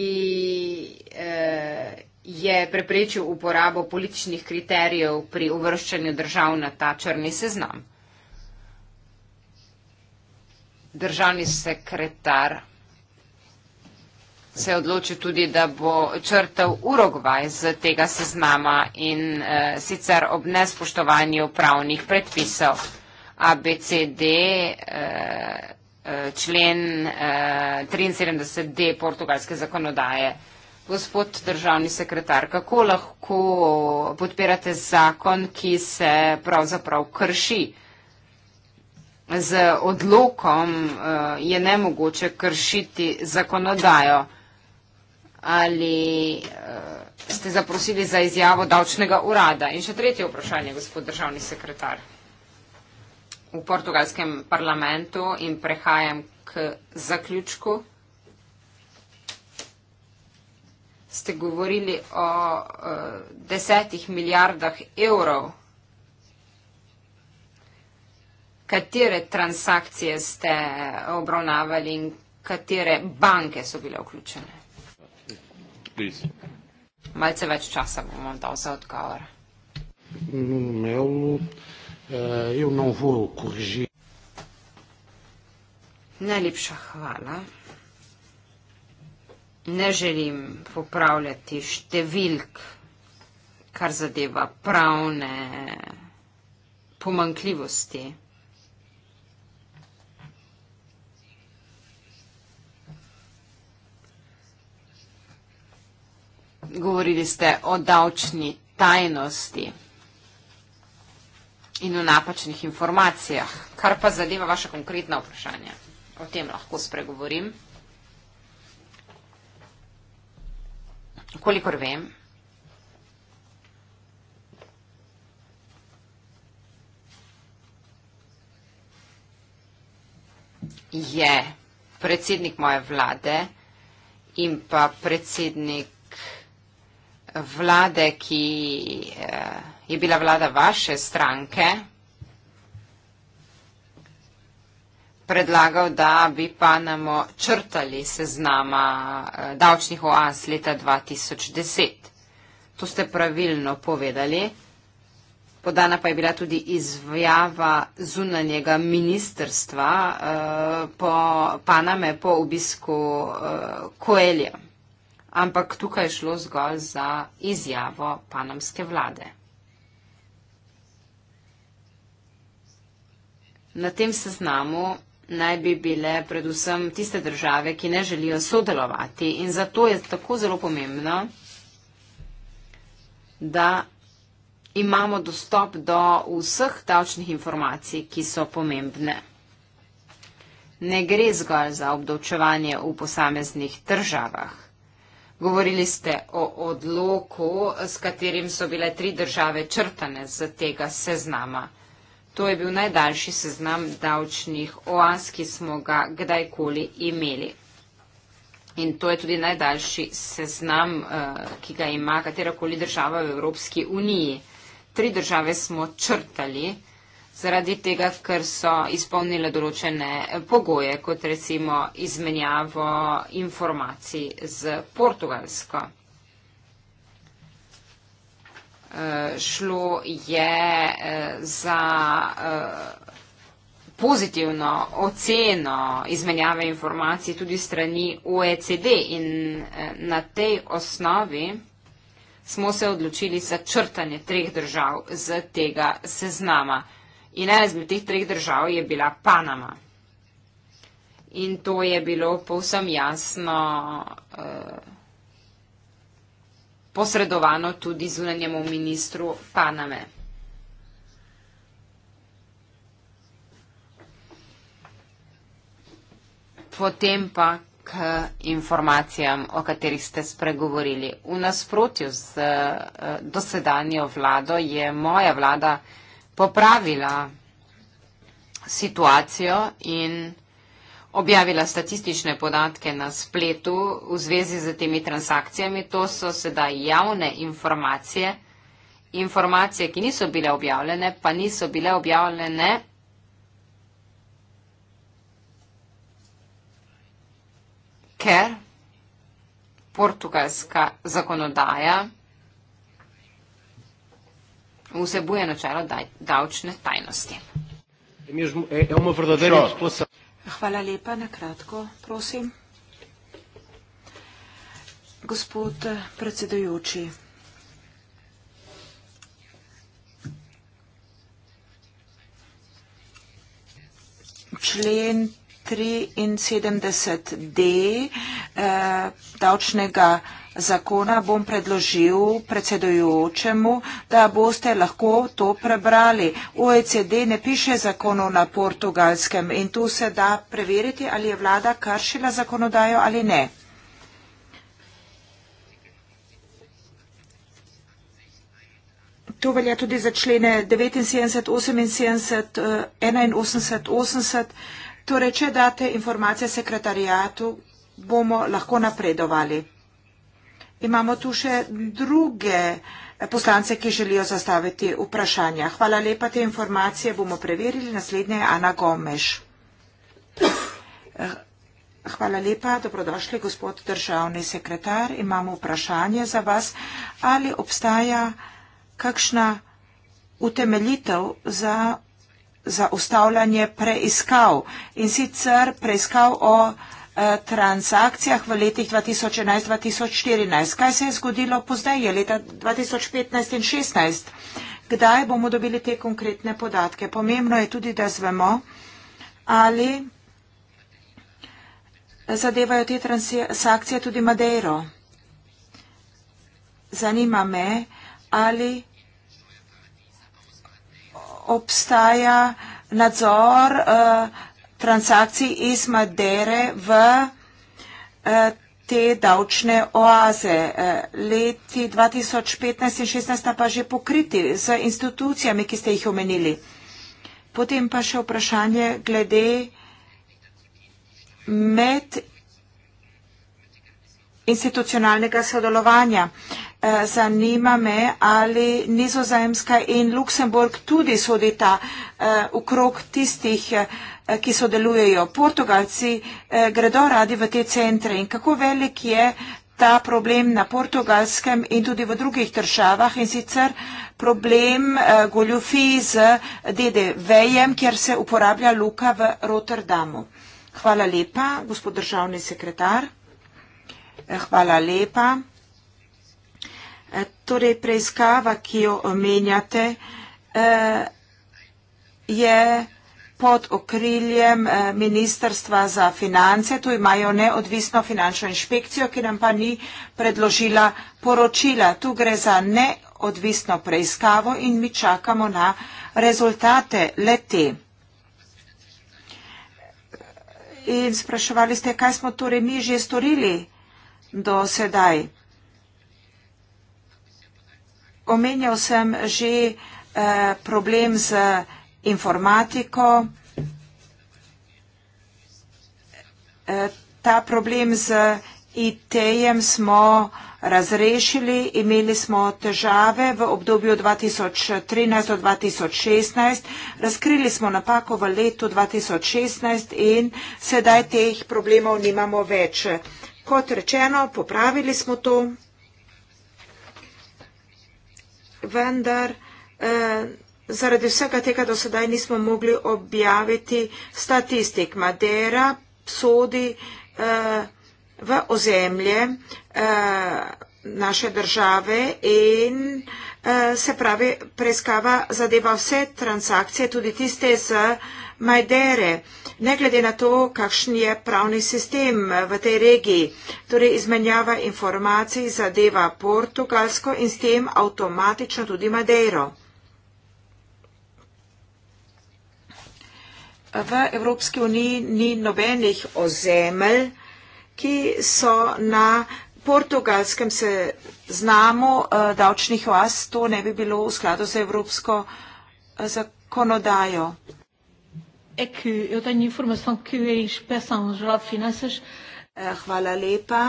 je je preprečil uporabo političnih kriterijev pri uvrščanju držav na ta črni seznam. Državni sekretar se je odločil tudi, da bo črtav Urugvaj z tega seznama in e, sicer ob nespoštovanju pravnih predpisov. ABCD e, eh, eh, člen e, 73D portugalske zakonodaje. E, Gospod državni sekretar, kako lahko podpirate zakon, ki se pravzaprav krši? Z odlokom eh, je nemogoče kršiti zakonodajo. Ali eh, ste zaprosili za izjavo davčnega urada? In še tretje vprašanje, gospod državni sekretar. V portugalskem parlamentu in prehajam k zaključku. ste govorili o uh, desetih milijardah evrov. Katere transakcije ste obravnavali in katere banke so bile vključene? Please. Malce več časa bom vam dal za odgovor. No, eh, Najlepša hvala ne želim popravljati številk, kar zadeva pravne pomankljivosti. Govorili ste o davčni tajnosti in o napačnih informacijah. Kar pa zadeva vaše konkretno vprašanje? O tem lahko spregovorim. Kolikor vem. Je predsednik moje vlade in pa predsednik vlade, ki eh, je bila vlada vaše stranke, predlagal, da bi pa nam črtali seznama eh, davčnih oaz leta 2010. To ste pravilno povedali. Podana pa je bila tudi izvjava zunanjega ministrstva eh, po Paname po obisku eh, Koelja. Ampak tukaj je šlo zgolj za izjavo panamske vlade. Na tem seznamu naj bi bile predvsem tiste države, ki ne želijo sodelovati. In zato je tako zelo pomembno, da imamo dostop do vseh davčnih informacij, ki so pomembne. Ne gre zgolj za obdavčevanje v posameznih državah. Govorili ste o odloku, s katerim so bile tri države črtane z tega seznama. To je bil najdaljši seznam davčnih oaz, ki smo ga kdajkoli imeli. In to je tudi najdaljši seznam, eh, ki ga ima katerakoli država v Evropski uniji. Tri države smo črtali zaradi tega, ker so izpolnile določene pogoje, kot recimo izmenjavo informacij z portugalsko. Eh, šlo je eh, za eh, pozitivno oceno izmenjave informacij tudi strani OECD in na tej osnovi smo se odločili za črtanje treh držav z tega seznama. In ena izmed teh treh držav je bila Panama. In to je bilo povsem jasno. Uh, posredovano tudi zunanjemu ministru Paname. Potem pa k informacijam, o katerih ste spregovorili. V nasprotju z eh, dosedanjo vlado je moja vlada popravila situacijo in vsega, objavila statistične podatke na spletu v zvezi z temi transakcijami. To so sedaj javne informacije, informacije, ki niso bile objavljene, pa niso bile objavljene ker portugalska zakonodaja vsebuje načelo davčne tajnosti. Je, je, je Hvala lepa, na kratko, prosim. Gospod predsedujoči, člen 73d eh, davčnega zakona bom predložil predsedujočemu, da boste lahko to prebrali. OECD ne piše zakonu na portugalskem in tu se da preveriti, ali je vlada kršila zakonodajo ali ne. To velja tudi za člene 79, 78, 81, 80. Torej, če date informacije sekretarijatu, bomo lahko napredovali. Imamo tu še druge poslance, ki želijo zastaviti vprašanja. Hvala lepa, te informacije bomo preverili. Naslednja je Ana Gomeš. Eh, hvala lepa, dobrodošli, gospod državni sekretar. Imamo vprašanje za vas. Ali obstaja kakšna utemeljitev za, za ustavljanje preiskav in sicer preiskav o transakcijah v letih 2011-2014. Kaj se je zgodilo pozdaj, je leta 2015 in 2016? Kdaj bomo dobili te konkretne podatke? Pomembno je tudi, da zvemo, ali zadevajo te transakcije tudi Madeiro. Zanima me, ali obstaja nadzor uh, transakcij iz Madere v eh, te davčne oaze. Eh, leti 2015 in 2016 sta pa že pokriti z institucijami, ki ste jih omenili. Potem pa še vprašanje glede med institucionalnega sodelovanja. Eh, zanima me, ali Nizozemska in Luksemburg tudi sodita eh, okrog tistih, eh, ki sodelujejo. Portugalci gredo radi v te centre in kako velik je ta problem na portugalskem in tudi v drugih državah in sicer problem goljufij z DDV-jem, kjer se uporablja luka v Rotterdamu. Hvala lepa, gospod državni sekretar. Hvala lepa. Eh, torej, preiskava, ki jo omenjate, eh, je pod okriljem eh, Ministrstva za finance. Tu imajo neodvisno finančno inšpekcijo, ki nam pa ni predložila poročila. Tu gre za neodvisno preiskavo in mi čakamo na rezultate lete. In spraševali ste, kaj smo torej mi že storili do sedaj. Omenjal sem že eh, problem z informatiko. Eh, ta problem z IT-jem smo razrešili, imeli smo težave v obdobju 2013-2016, razkrili smo napako v letu 2016 in sedaj teh problemov nimamo več. Kot rečeno, popravili smo to vendar eh, zaradi vsega tega do sedaj nismo mogli objaviti statistik. Madera sodi eh, v ozemlje eh, naše države in eh, se pravi preiskava zadeva vse transakcije, tudi tiste z eh, Majdere, ne glede na to, kakšen je pravni sistem v tej regiji, torej izmenjava informacij zadeva Portugalsko in s tem avtomatično tudi Madeiro. V Evropski uniji ni nobenih ozemelj, ki so na portugalskem seznamu eh, davčnih vas, to ne bi bilo v skladu z evropsko eh, zakonodajo é que eu tenho informação que a Inspeção Geral de Finanças. Eh, Hvala lepa.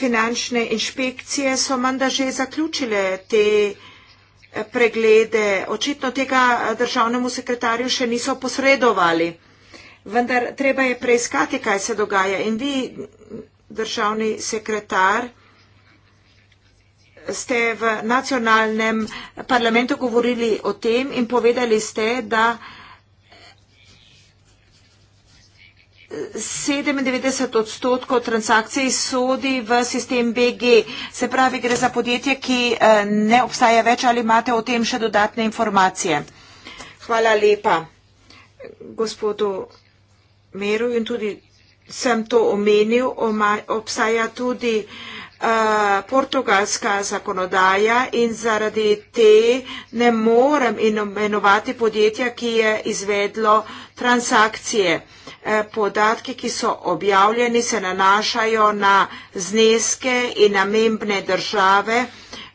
Finančne inšpekcije so manda že zaključile te eh, preglede. Očitno tega eh, državnemu sekretarju še niso posredovali. Vendar treba je preiskati, kaj se dogaja. In vi, državni sekretar, ste v nacionalnem parlamentu govorili o tem in povedali ste, da 97 odstotkov transakcij sodi v sistem BG. Se pravi, gre za podjetje, ki eh, ne obstaja več ali imate o tem še dodatne informacije. Hvala lepa gospodu Meru in tudi sem to omenil, obstaja tudi uh, portugalska zakonodaja in zaradi te ne morem imenovati podjetja, ki je izvedlo transakcije. E, podatki, ki so objavljeni, se nanašajo na zneske in namembne države.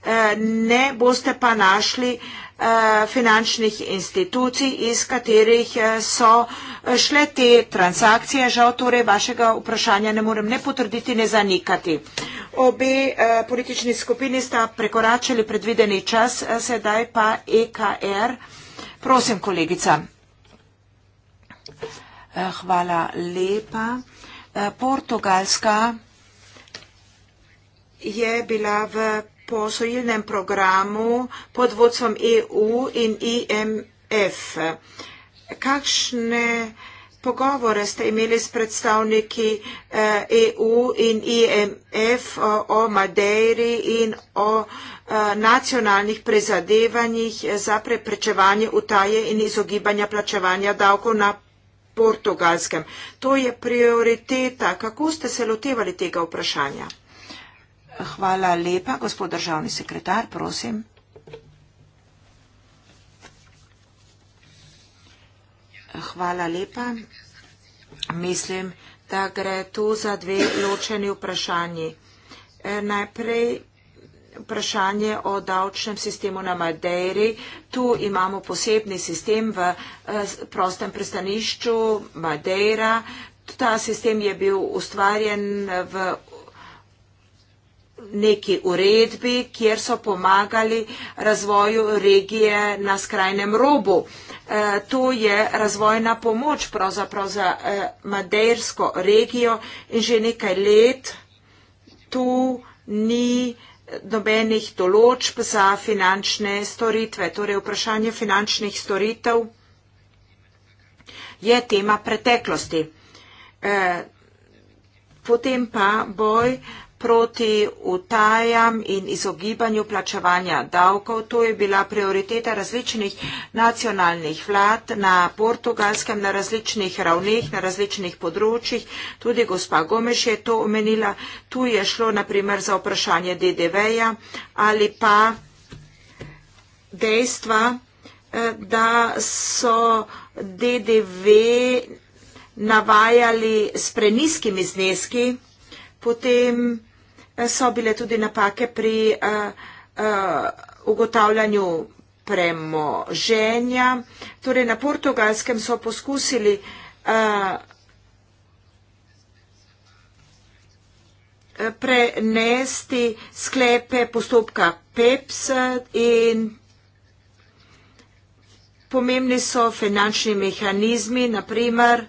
E, ne boste pa našli uh, Eh, finančnih institucij, iz katerih eh, so eh, šle te transakcije. Žal torej vašega vprašanja ne morem ne potrditi, ne zanikati. Obe politični skupini sta prekoračili predvideni čas, sedaj pa EKR. Prosim, kolegica. Hvala lepa. Portugalska je bila v posojilnem programu pod vodstvom EU in IMF. Kakšne pogovore ste imeli s predstavniki EU eh, e in IMF o Madeiri in o eh, nacionalnih prezadevanjih za preprečevanje utaje in izogibanja plačevanja davkov na portugalskem. To je prioriteta. Kako ste se lotevali tega vprašanja? Hvala lepa, gospod državni sekretar, prosim. Hvala lepa. Mislim, da gre tu za dve ločeni vprašanji. E, najprej vprašanje o davčnem sistemu na Madeiri. Tu imamo posebni sistem v e, prostem pristanišču Madeira. Ta sistem je bil ustvarjen v neki uredbi, kjer so pomagali razvoju regije na skrajnem robu. E, to je razvojna pomoč pravzaprav za e, Madejsko regijo in že nekaj let tu ni nobenih določb za finančne storitve. Torej vprašanje finančnih storitev je tema preteklosti. E, potem pa boj proti utajam in izogibanju plačevanja davkov. To je bila prioriteta različnih nacionalnih vlad na portugalskem, na različnih ravneh, na različnih področjih. Tudi gospa Gomeš je to omenila. Tu je šlo naprimer za vprašanje DDV-ja ali pa dejstva, eh, da so DDV navajali s preniskimi zneski, potem so bile tudi napake pri uh, uh, ugotavljanju premoženja. Torej, na portugalskem so poskusili uh, prenesti sklepe postopka PEPS in pomembni so finančni mehanizmi, naprimer,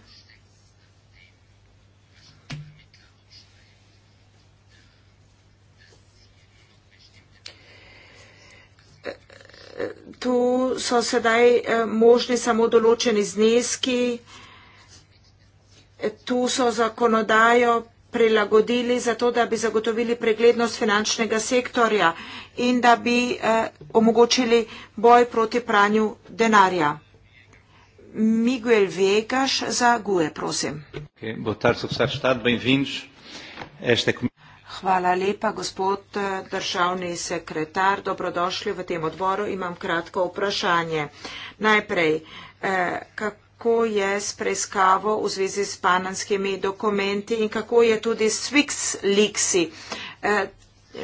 tu so sedaj eh, možni samo določeni zneski, tu so zakonodajo prilagodili zato, da bi zagotovili preglednost finančnega sektorja in da bi eh, omogočili boj proti pranju denarja. Miguel Vegaš za GUE, prosim. Okay, Hvala lepa, gospod eh, državni sekretar. Dobrodošli v tem odboru. Imam kratko vprašanje. Najprej, eh, kako je s preiskavo v zvezi s panamskimi dokumenti in kako je tudi s Fix Lixi?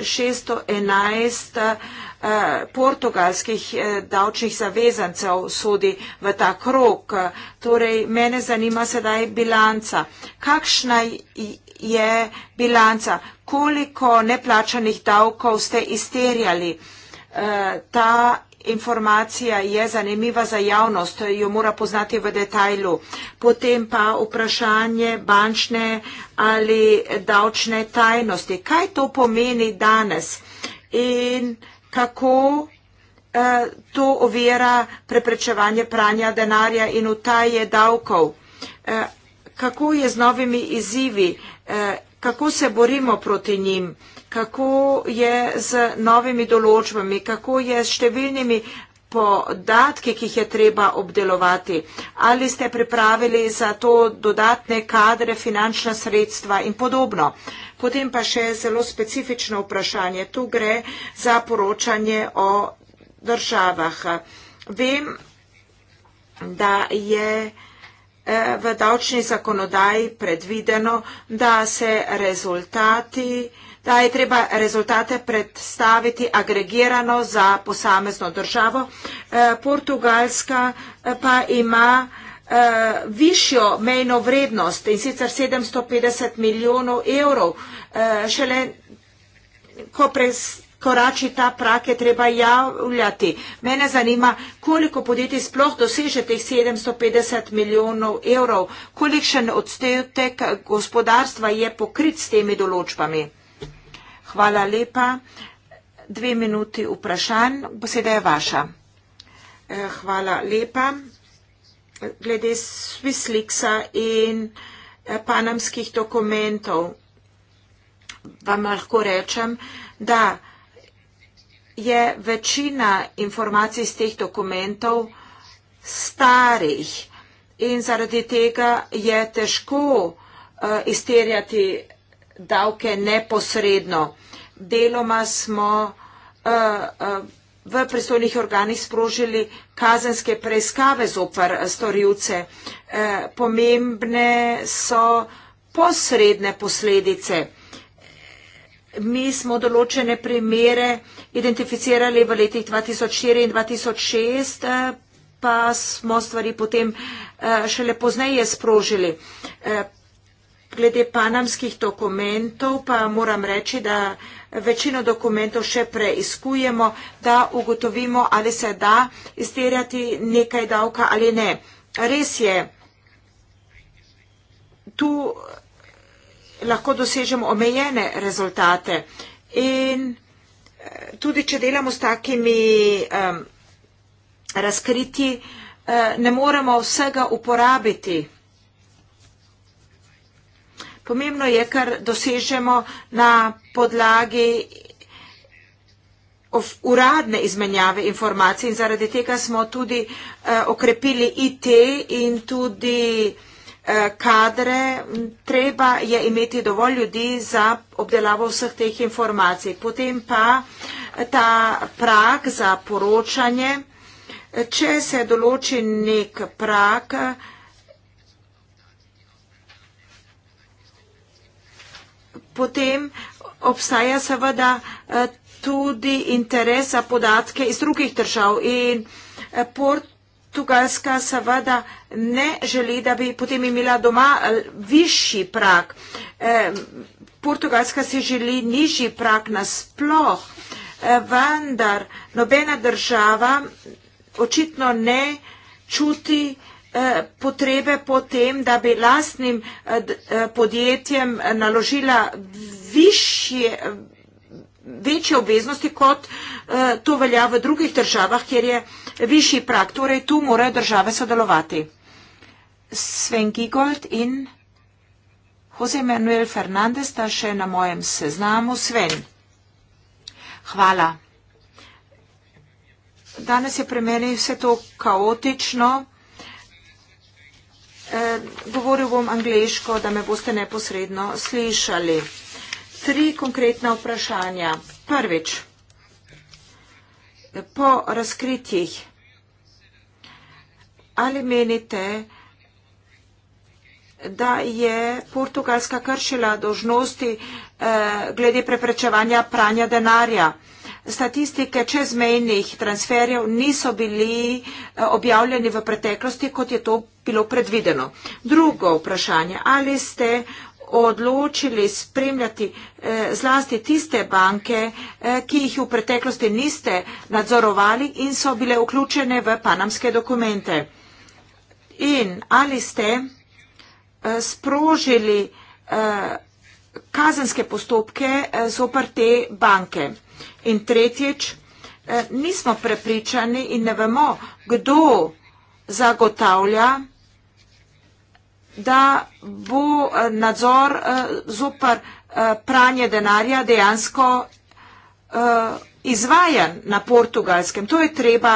611 eh, portugalskih eh, davčnih zavezancev sodi v ta krok. Torej, mene zanima sedaj bilanca. Kakšna je bilanca? Koliko neplačanih davkov ste izterjali? Eh, ta informacija je zanimiva za javnost, jo mora poznati v detajlu. Potem pa vprašanje bančne ali davčne tajnosti. Kaj to pomeni danes in kako eh, to ovira preprečevanje pranja denarja in utaje davkov? Eh, kako je z novimi izzivi eh, kako se borimo proti njim, kako je z novimi določbami, kako je s številnimi podatki, ki jih je treba obdelovati. Ali ste pripravili za to dodatne kadre, finančna sredstva in podobno. Potem pa še zelo specifično vprašanje. Tu gre za poročanje o državah. Vem, da je v davčni zakonodaji predvideno, da se rezultati da je treba rezultate predstaviti agregirano za posamezno državo. E, Portugalska e, pa ima e, višjo mejno vrednost in sicer 750 milijonov evrov. Šele ko prestavljamo korači ta prak je treba javljati. Mene zanima, koliko podjetij sploh doseže teh 750 milijonov evrov, kolikšen odstotek gospodarstva je pokrit s temi določbami. Hvala lepa. Dve minuti vprašanj, beseda je vaša. Eh, hvala lepa. Glede Swissliksa in eh, panamskih dokumentov vam lahko rečem, da je večina informacij iz teh dokumentov starih in zaradi tega je težko uh, izterjati davke neposredno. Deloma smo uh, uh, v pristojnih organih sprožili kazenske preiskave zoper storilce. Uh, pomembne so posredne posledice. Mi smo določene primere identificirali v letih 2004 in 2006, eh, pa smo stvari potem eh, šele pozneje sprožili. Eh, glede panamskih dokumentov pa moram reči, da večino dokumentov še preiskujemo, da ugotovimo, ali se da izterjati nekaj davka ali ne. Res je, tu lahko dosežemo omejene rezultate. In eh, tudi, če delamo s takimi um, razkriti, eh, ne moremo vsega uporabiti. Pomembno je, kar dosežemo na podlagi uradne izmenjave informacij in zaradi tega smo tudi uh, okrepili IT in tudi Eh, kadre, treba je imeti dovolj ljudi za obdelavo vseh teh informacij. Potem pa eh, ta prak za poročanje, eh, če se določi nek prak, potem obstaja seveda tudi interes za podatke iz drugih držav in Porto Portugalska seveda ne želi, da bi potem imela doma eh, višji prak. Portugalska si želi nižji prak nasploh, eh, vendar nobena država očitno ne čuti eh, potrebe potem, da bi lastnim podjetjem naložila višje, večje obveznosti, kot to velja v drugih državah, kjer je eh, višji prak, torej tu morajo države sodelovati. Sven Gigold in Jose Manuel Fernandez sta še na mojem seznamu. Sven, hvala. Danes je pri meni vse to kaotično. E, govoril bom angliško, da me boste neposredno slišali. Tri konkretna vprašanja. Prvič po razkritjih. Ali menite, da je Portugalska kršila dožnosti eh, glede preprečevanja pranja denarja? Statistike čezmejnih transferjev niso bili eh, objavljeni v preteklosti, kot je to bilo predvideno. Drugo vprašanje, ali ste odločili spremljati eh, zlasti tiste banke, eh, ki jih v preteklosti niste nadzorovali in so bile vključene v panamske dokumente. In ali ste eh, sprožili kazenske postopke zopr te banke. In tretjič, nismo prepričani in ne vemo, kdo zagotavlja da bo eh, nadzor eh, zopr eh, pranje denarja dejansko izvajan na portugalskem. To je treba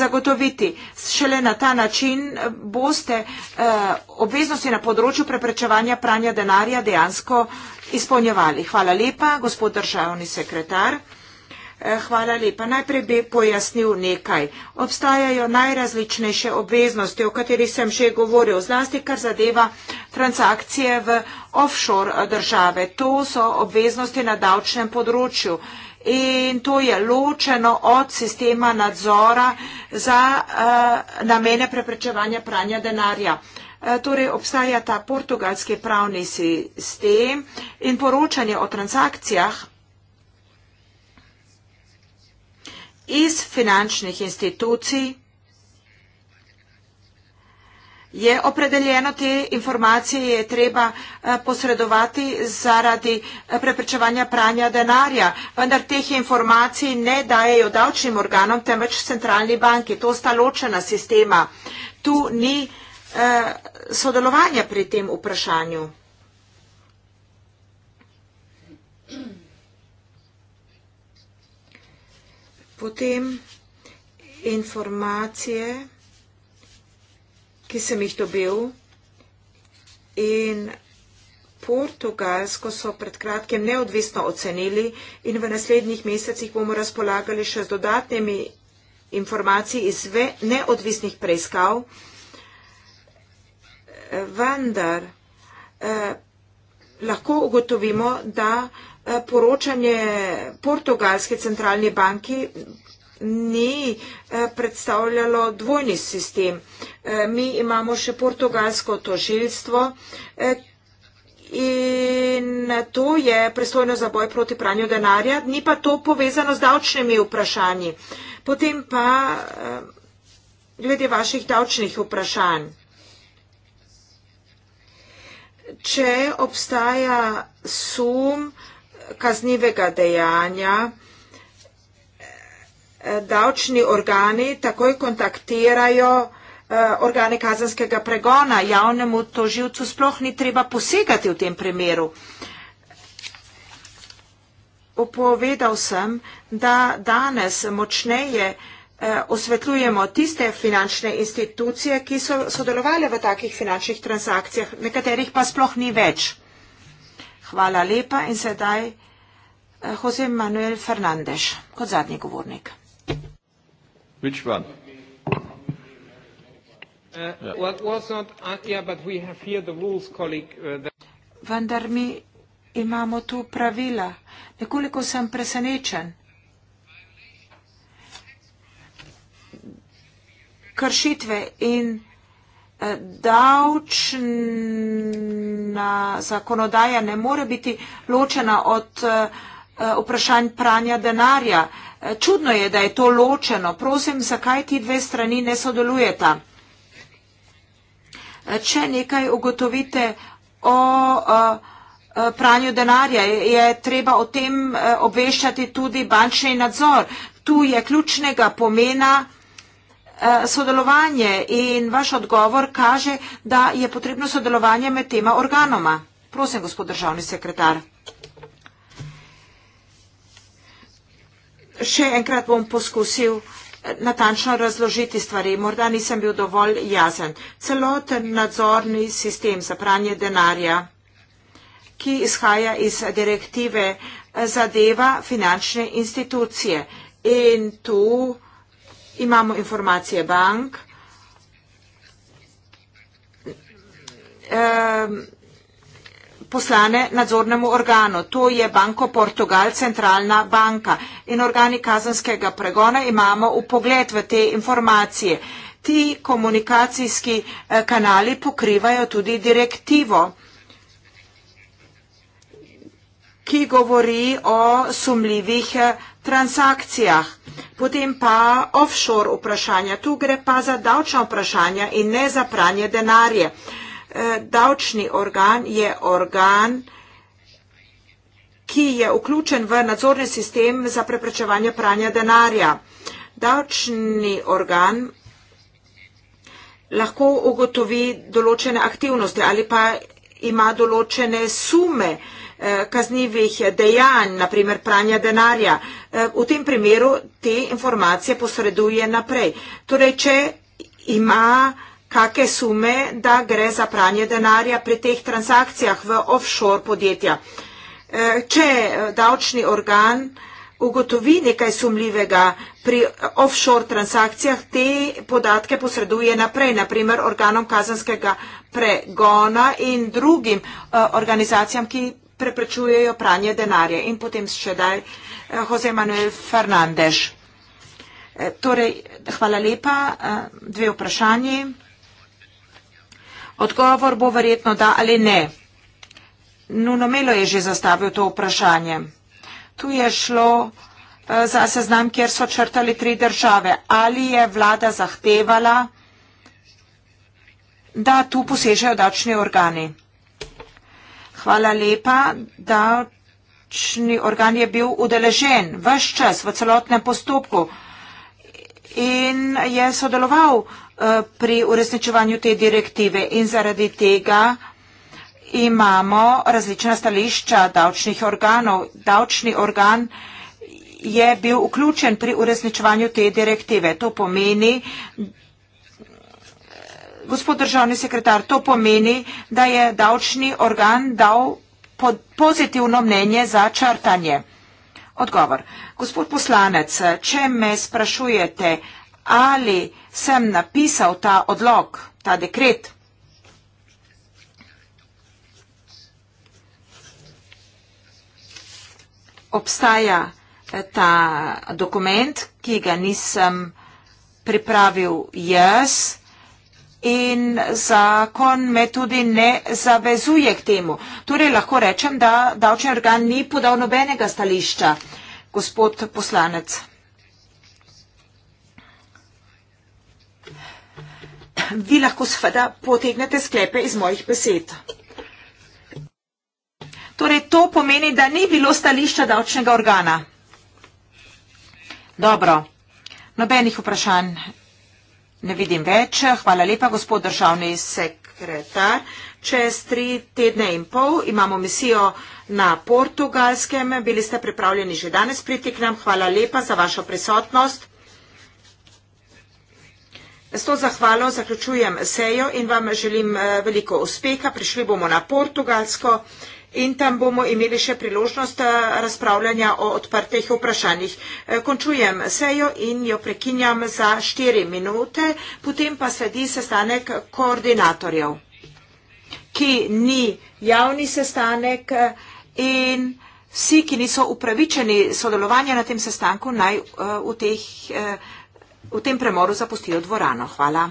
zagotoviti. Šele na ta način boste obveznosti na področju preprečevanja pranja denarja dejansko izpolnjevali. Hvala lepa, gospod državni sekretar. Eh, hvala lepa. Najprej bi pojasnil nekaj. Obstajajo najrazličnejše obveznosti, o katerih sem že govoril, zlasti kar zadeva transakcije v offshore eh, države. To so obveznosti na davčnem področju in to je ločeno od sistema nadzora za uh, namene preprečevanja pranja denarja. Torej obstaja ta portugalski pravni sistem in poročanje o transakcijah iz finančnih institucij je opredeljeno, te informacije je treba eh, posredovati zaradi eh, preprečevanja pranja denarja, vendar teh informacij ne dajejo davčnim organom, temveč centralni banki. To sta ločena sistema. Tu ni eh, sodelovanja pri tem vprašanju. potem informacije, ki sem jih dobil in Portugalsko so pred kratkem neodvisno ocenili in v naslednjih mesecih bomo razpolagali še z dodatnimi informacijami iz neodvisnih preiskav. Vendar eh, lahko ugotovimo, da eh, Eh, poročanje portugalske centralne banki ni eh, predstavljalo dvojni sistem. Eh, mi imamo še portugalsko tožilstvo in to je pristojno za boj proti pranju denarja, ni pa to povezano z davčnimi vprašanji. Potem pa glede vaših davčnih vprašanj. Če obstaja sum, kaznivega dejanja, davčni organi takoj kontaktirajo eh, organe kazanskega pregona. Javnemu toživcu sploh ni treba posegati v tem primeru. Upovedal sem, da danes močneje eh, osvetljujemo tiste finančne institucije, ki so sodelovali v takih finančnih transakcijah, nekaterih pa sploh ni več. Hvala lepa in sedaj eh, Jose Manuel Fernandez kot zadnji govornik. Which one? Uh, uh, uh, Vendar mi imamo tu pravila. Nekoliko sem presenečen. Kršitve in pravila davčna zakonodaja ne more biti ločena od eh, vprašanj pranja denarja. Čudno je, da je to ločeno. Prosim, zakaj ti dve strani ne sodelujeta? Če nekaj ugotovite o eh, pranju denarja, je treba o tem eh, obveščati tudi bančni nadzor. Tu je ključnega pomena, Eh, sodelovanje in vaš odgovor kaže, da je potrebno sodelovanje med tema organoma. Prosim, gospod državni sekretar. Še enkrat bom poskusil eh, natančno razložiti stvari. Morda nisem bil dovolj jazen. Celoten nadzorni sistem za pranje denarja, ki izhaja iz direktive, eh, zadeva finančne institucije. In tu imamo informacije bank. poslane nadzornemu organu. To je Banko Portugal, centralna banka. In organi kazanskega pregona imamo v pogled v te informacije. Ti komunikacijski eh, kanali pokrivajo tudi direktivo, ki govori o sumljivih informacijah eh, transakcijah. Potem pa offshore vprašanja. Tu gre pa za davčna vprašanja in ne za pranje denarja. E, davčni organ je organ, ki je vključen v nadzorni sistem za preprečevanje pranja denarja. Davčni organ lahko ugotovi določene aktivnosti ali pa ima določene sume uh, Eh, kaznivih dejanj, naprimer pranja denarja. Eh, v tem primeru te informacije posreduje naprej. Torej, če ima kakšne sume, da gre za pranje denarja pri teh transakcijah v offshore podjetja. Eh, če davčni organ ugotovi nekaj sumljivega pri offshore transakcijah, te podatke posreduje naprej, naprimer organom kazanskega pregona in drugim organizacijam, ki preprečujejo pranje denarja. In potem še daj eh, Jose Manuel Fernandez. Eh, torej, hvala lepa. Eh, dve vprašanje. Odgovor bo verjetno da ali ne. Nuno Melo je že zastavil to vprašanje. Tu je šlo za seznam, kjer so črtali tri države. Ali je vlada zahtevala, da tu posežejo dačni organi? Hvala lepa. Davčni organ je bil udeležen vse čas v celotnem postopku in je sodeloval eh, pri uresničevanju te direktive in zaradi tega imamo različna stališča davčnih organov. Davčni organ je bil vključen pri uresničevanju te direktive. To pomeni, gospod državni sekretar, to pomeni, da je davčni organ dal pozitivno mnenje za črtanje. Odgovor. Gospod poslanec, če me sprašujete, ali sem napisal ta odlog, ta dekret, obstaja eh, ta dokument, ki ga nisem pripravil jaz, in zakon me tudi ne zavezuje k temu. Torej lahko rečem, da davčni organ ni podal nobenega stališča, gospod poslanec. Vi lahko sveda potegnete sklepe iz mojih besed. Torej to pomeni, da ni bilo stališča davčnega organa. Dobro, nobenih vprašanj Ne vidim več. Hvala lepa, gospod državni sekretar. Čez tri tedne in pol imamo misijo na portugalskem. Bili ste pripravljeni že danes priti k nam. Hvala lepa za vašo prisotnost. S to zahvalo zaključujem sejo in vam želim eh, veliko uspeha. Prišli bomo na portugalsko in tam bomo imeli še priložnost eh, razpravljanja o odprtih vprašanjih. Eh, končujem sejo in jo prekinjam za štiri minute, potem pa sledi sestanek koordinatorjev, ki ni javni sestanek eh, in vsi, ki niso upravičeni sodelovanja na tem sestanku, naj v, teh, v tem premoru zapustijo dvorano. Hvala.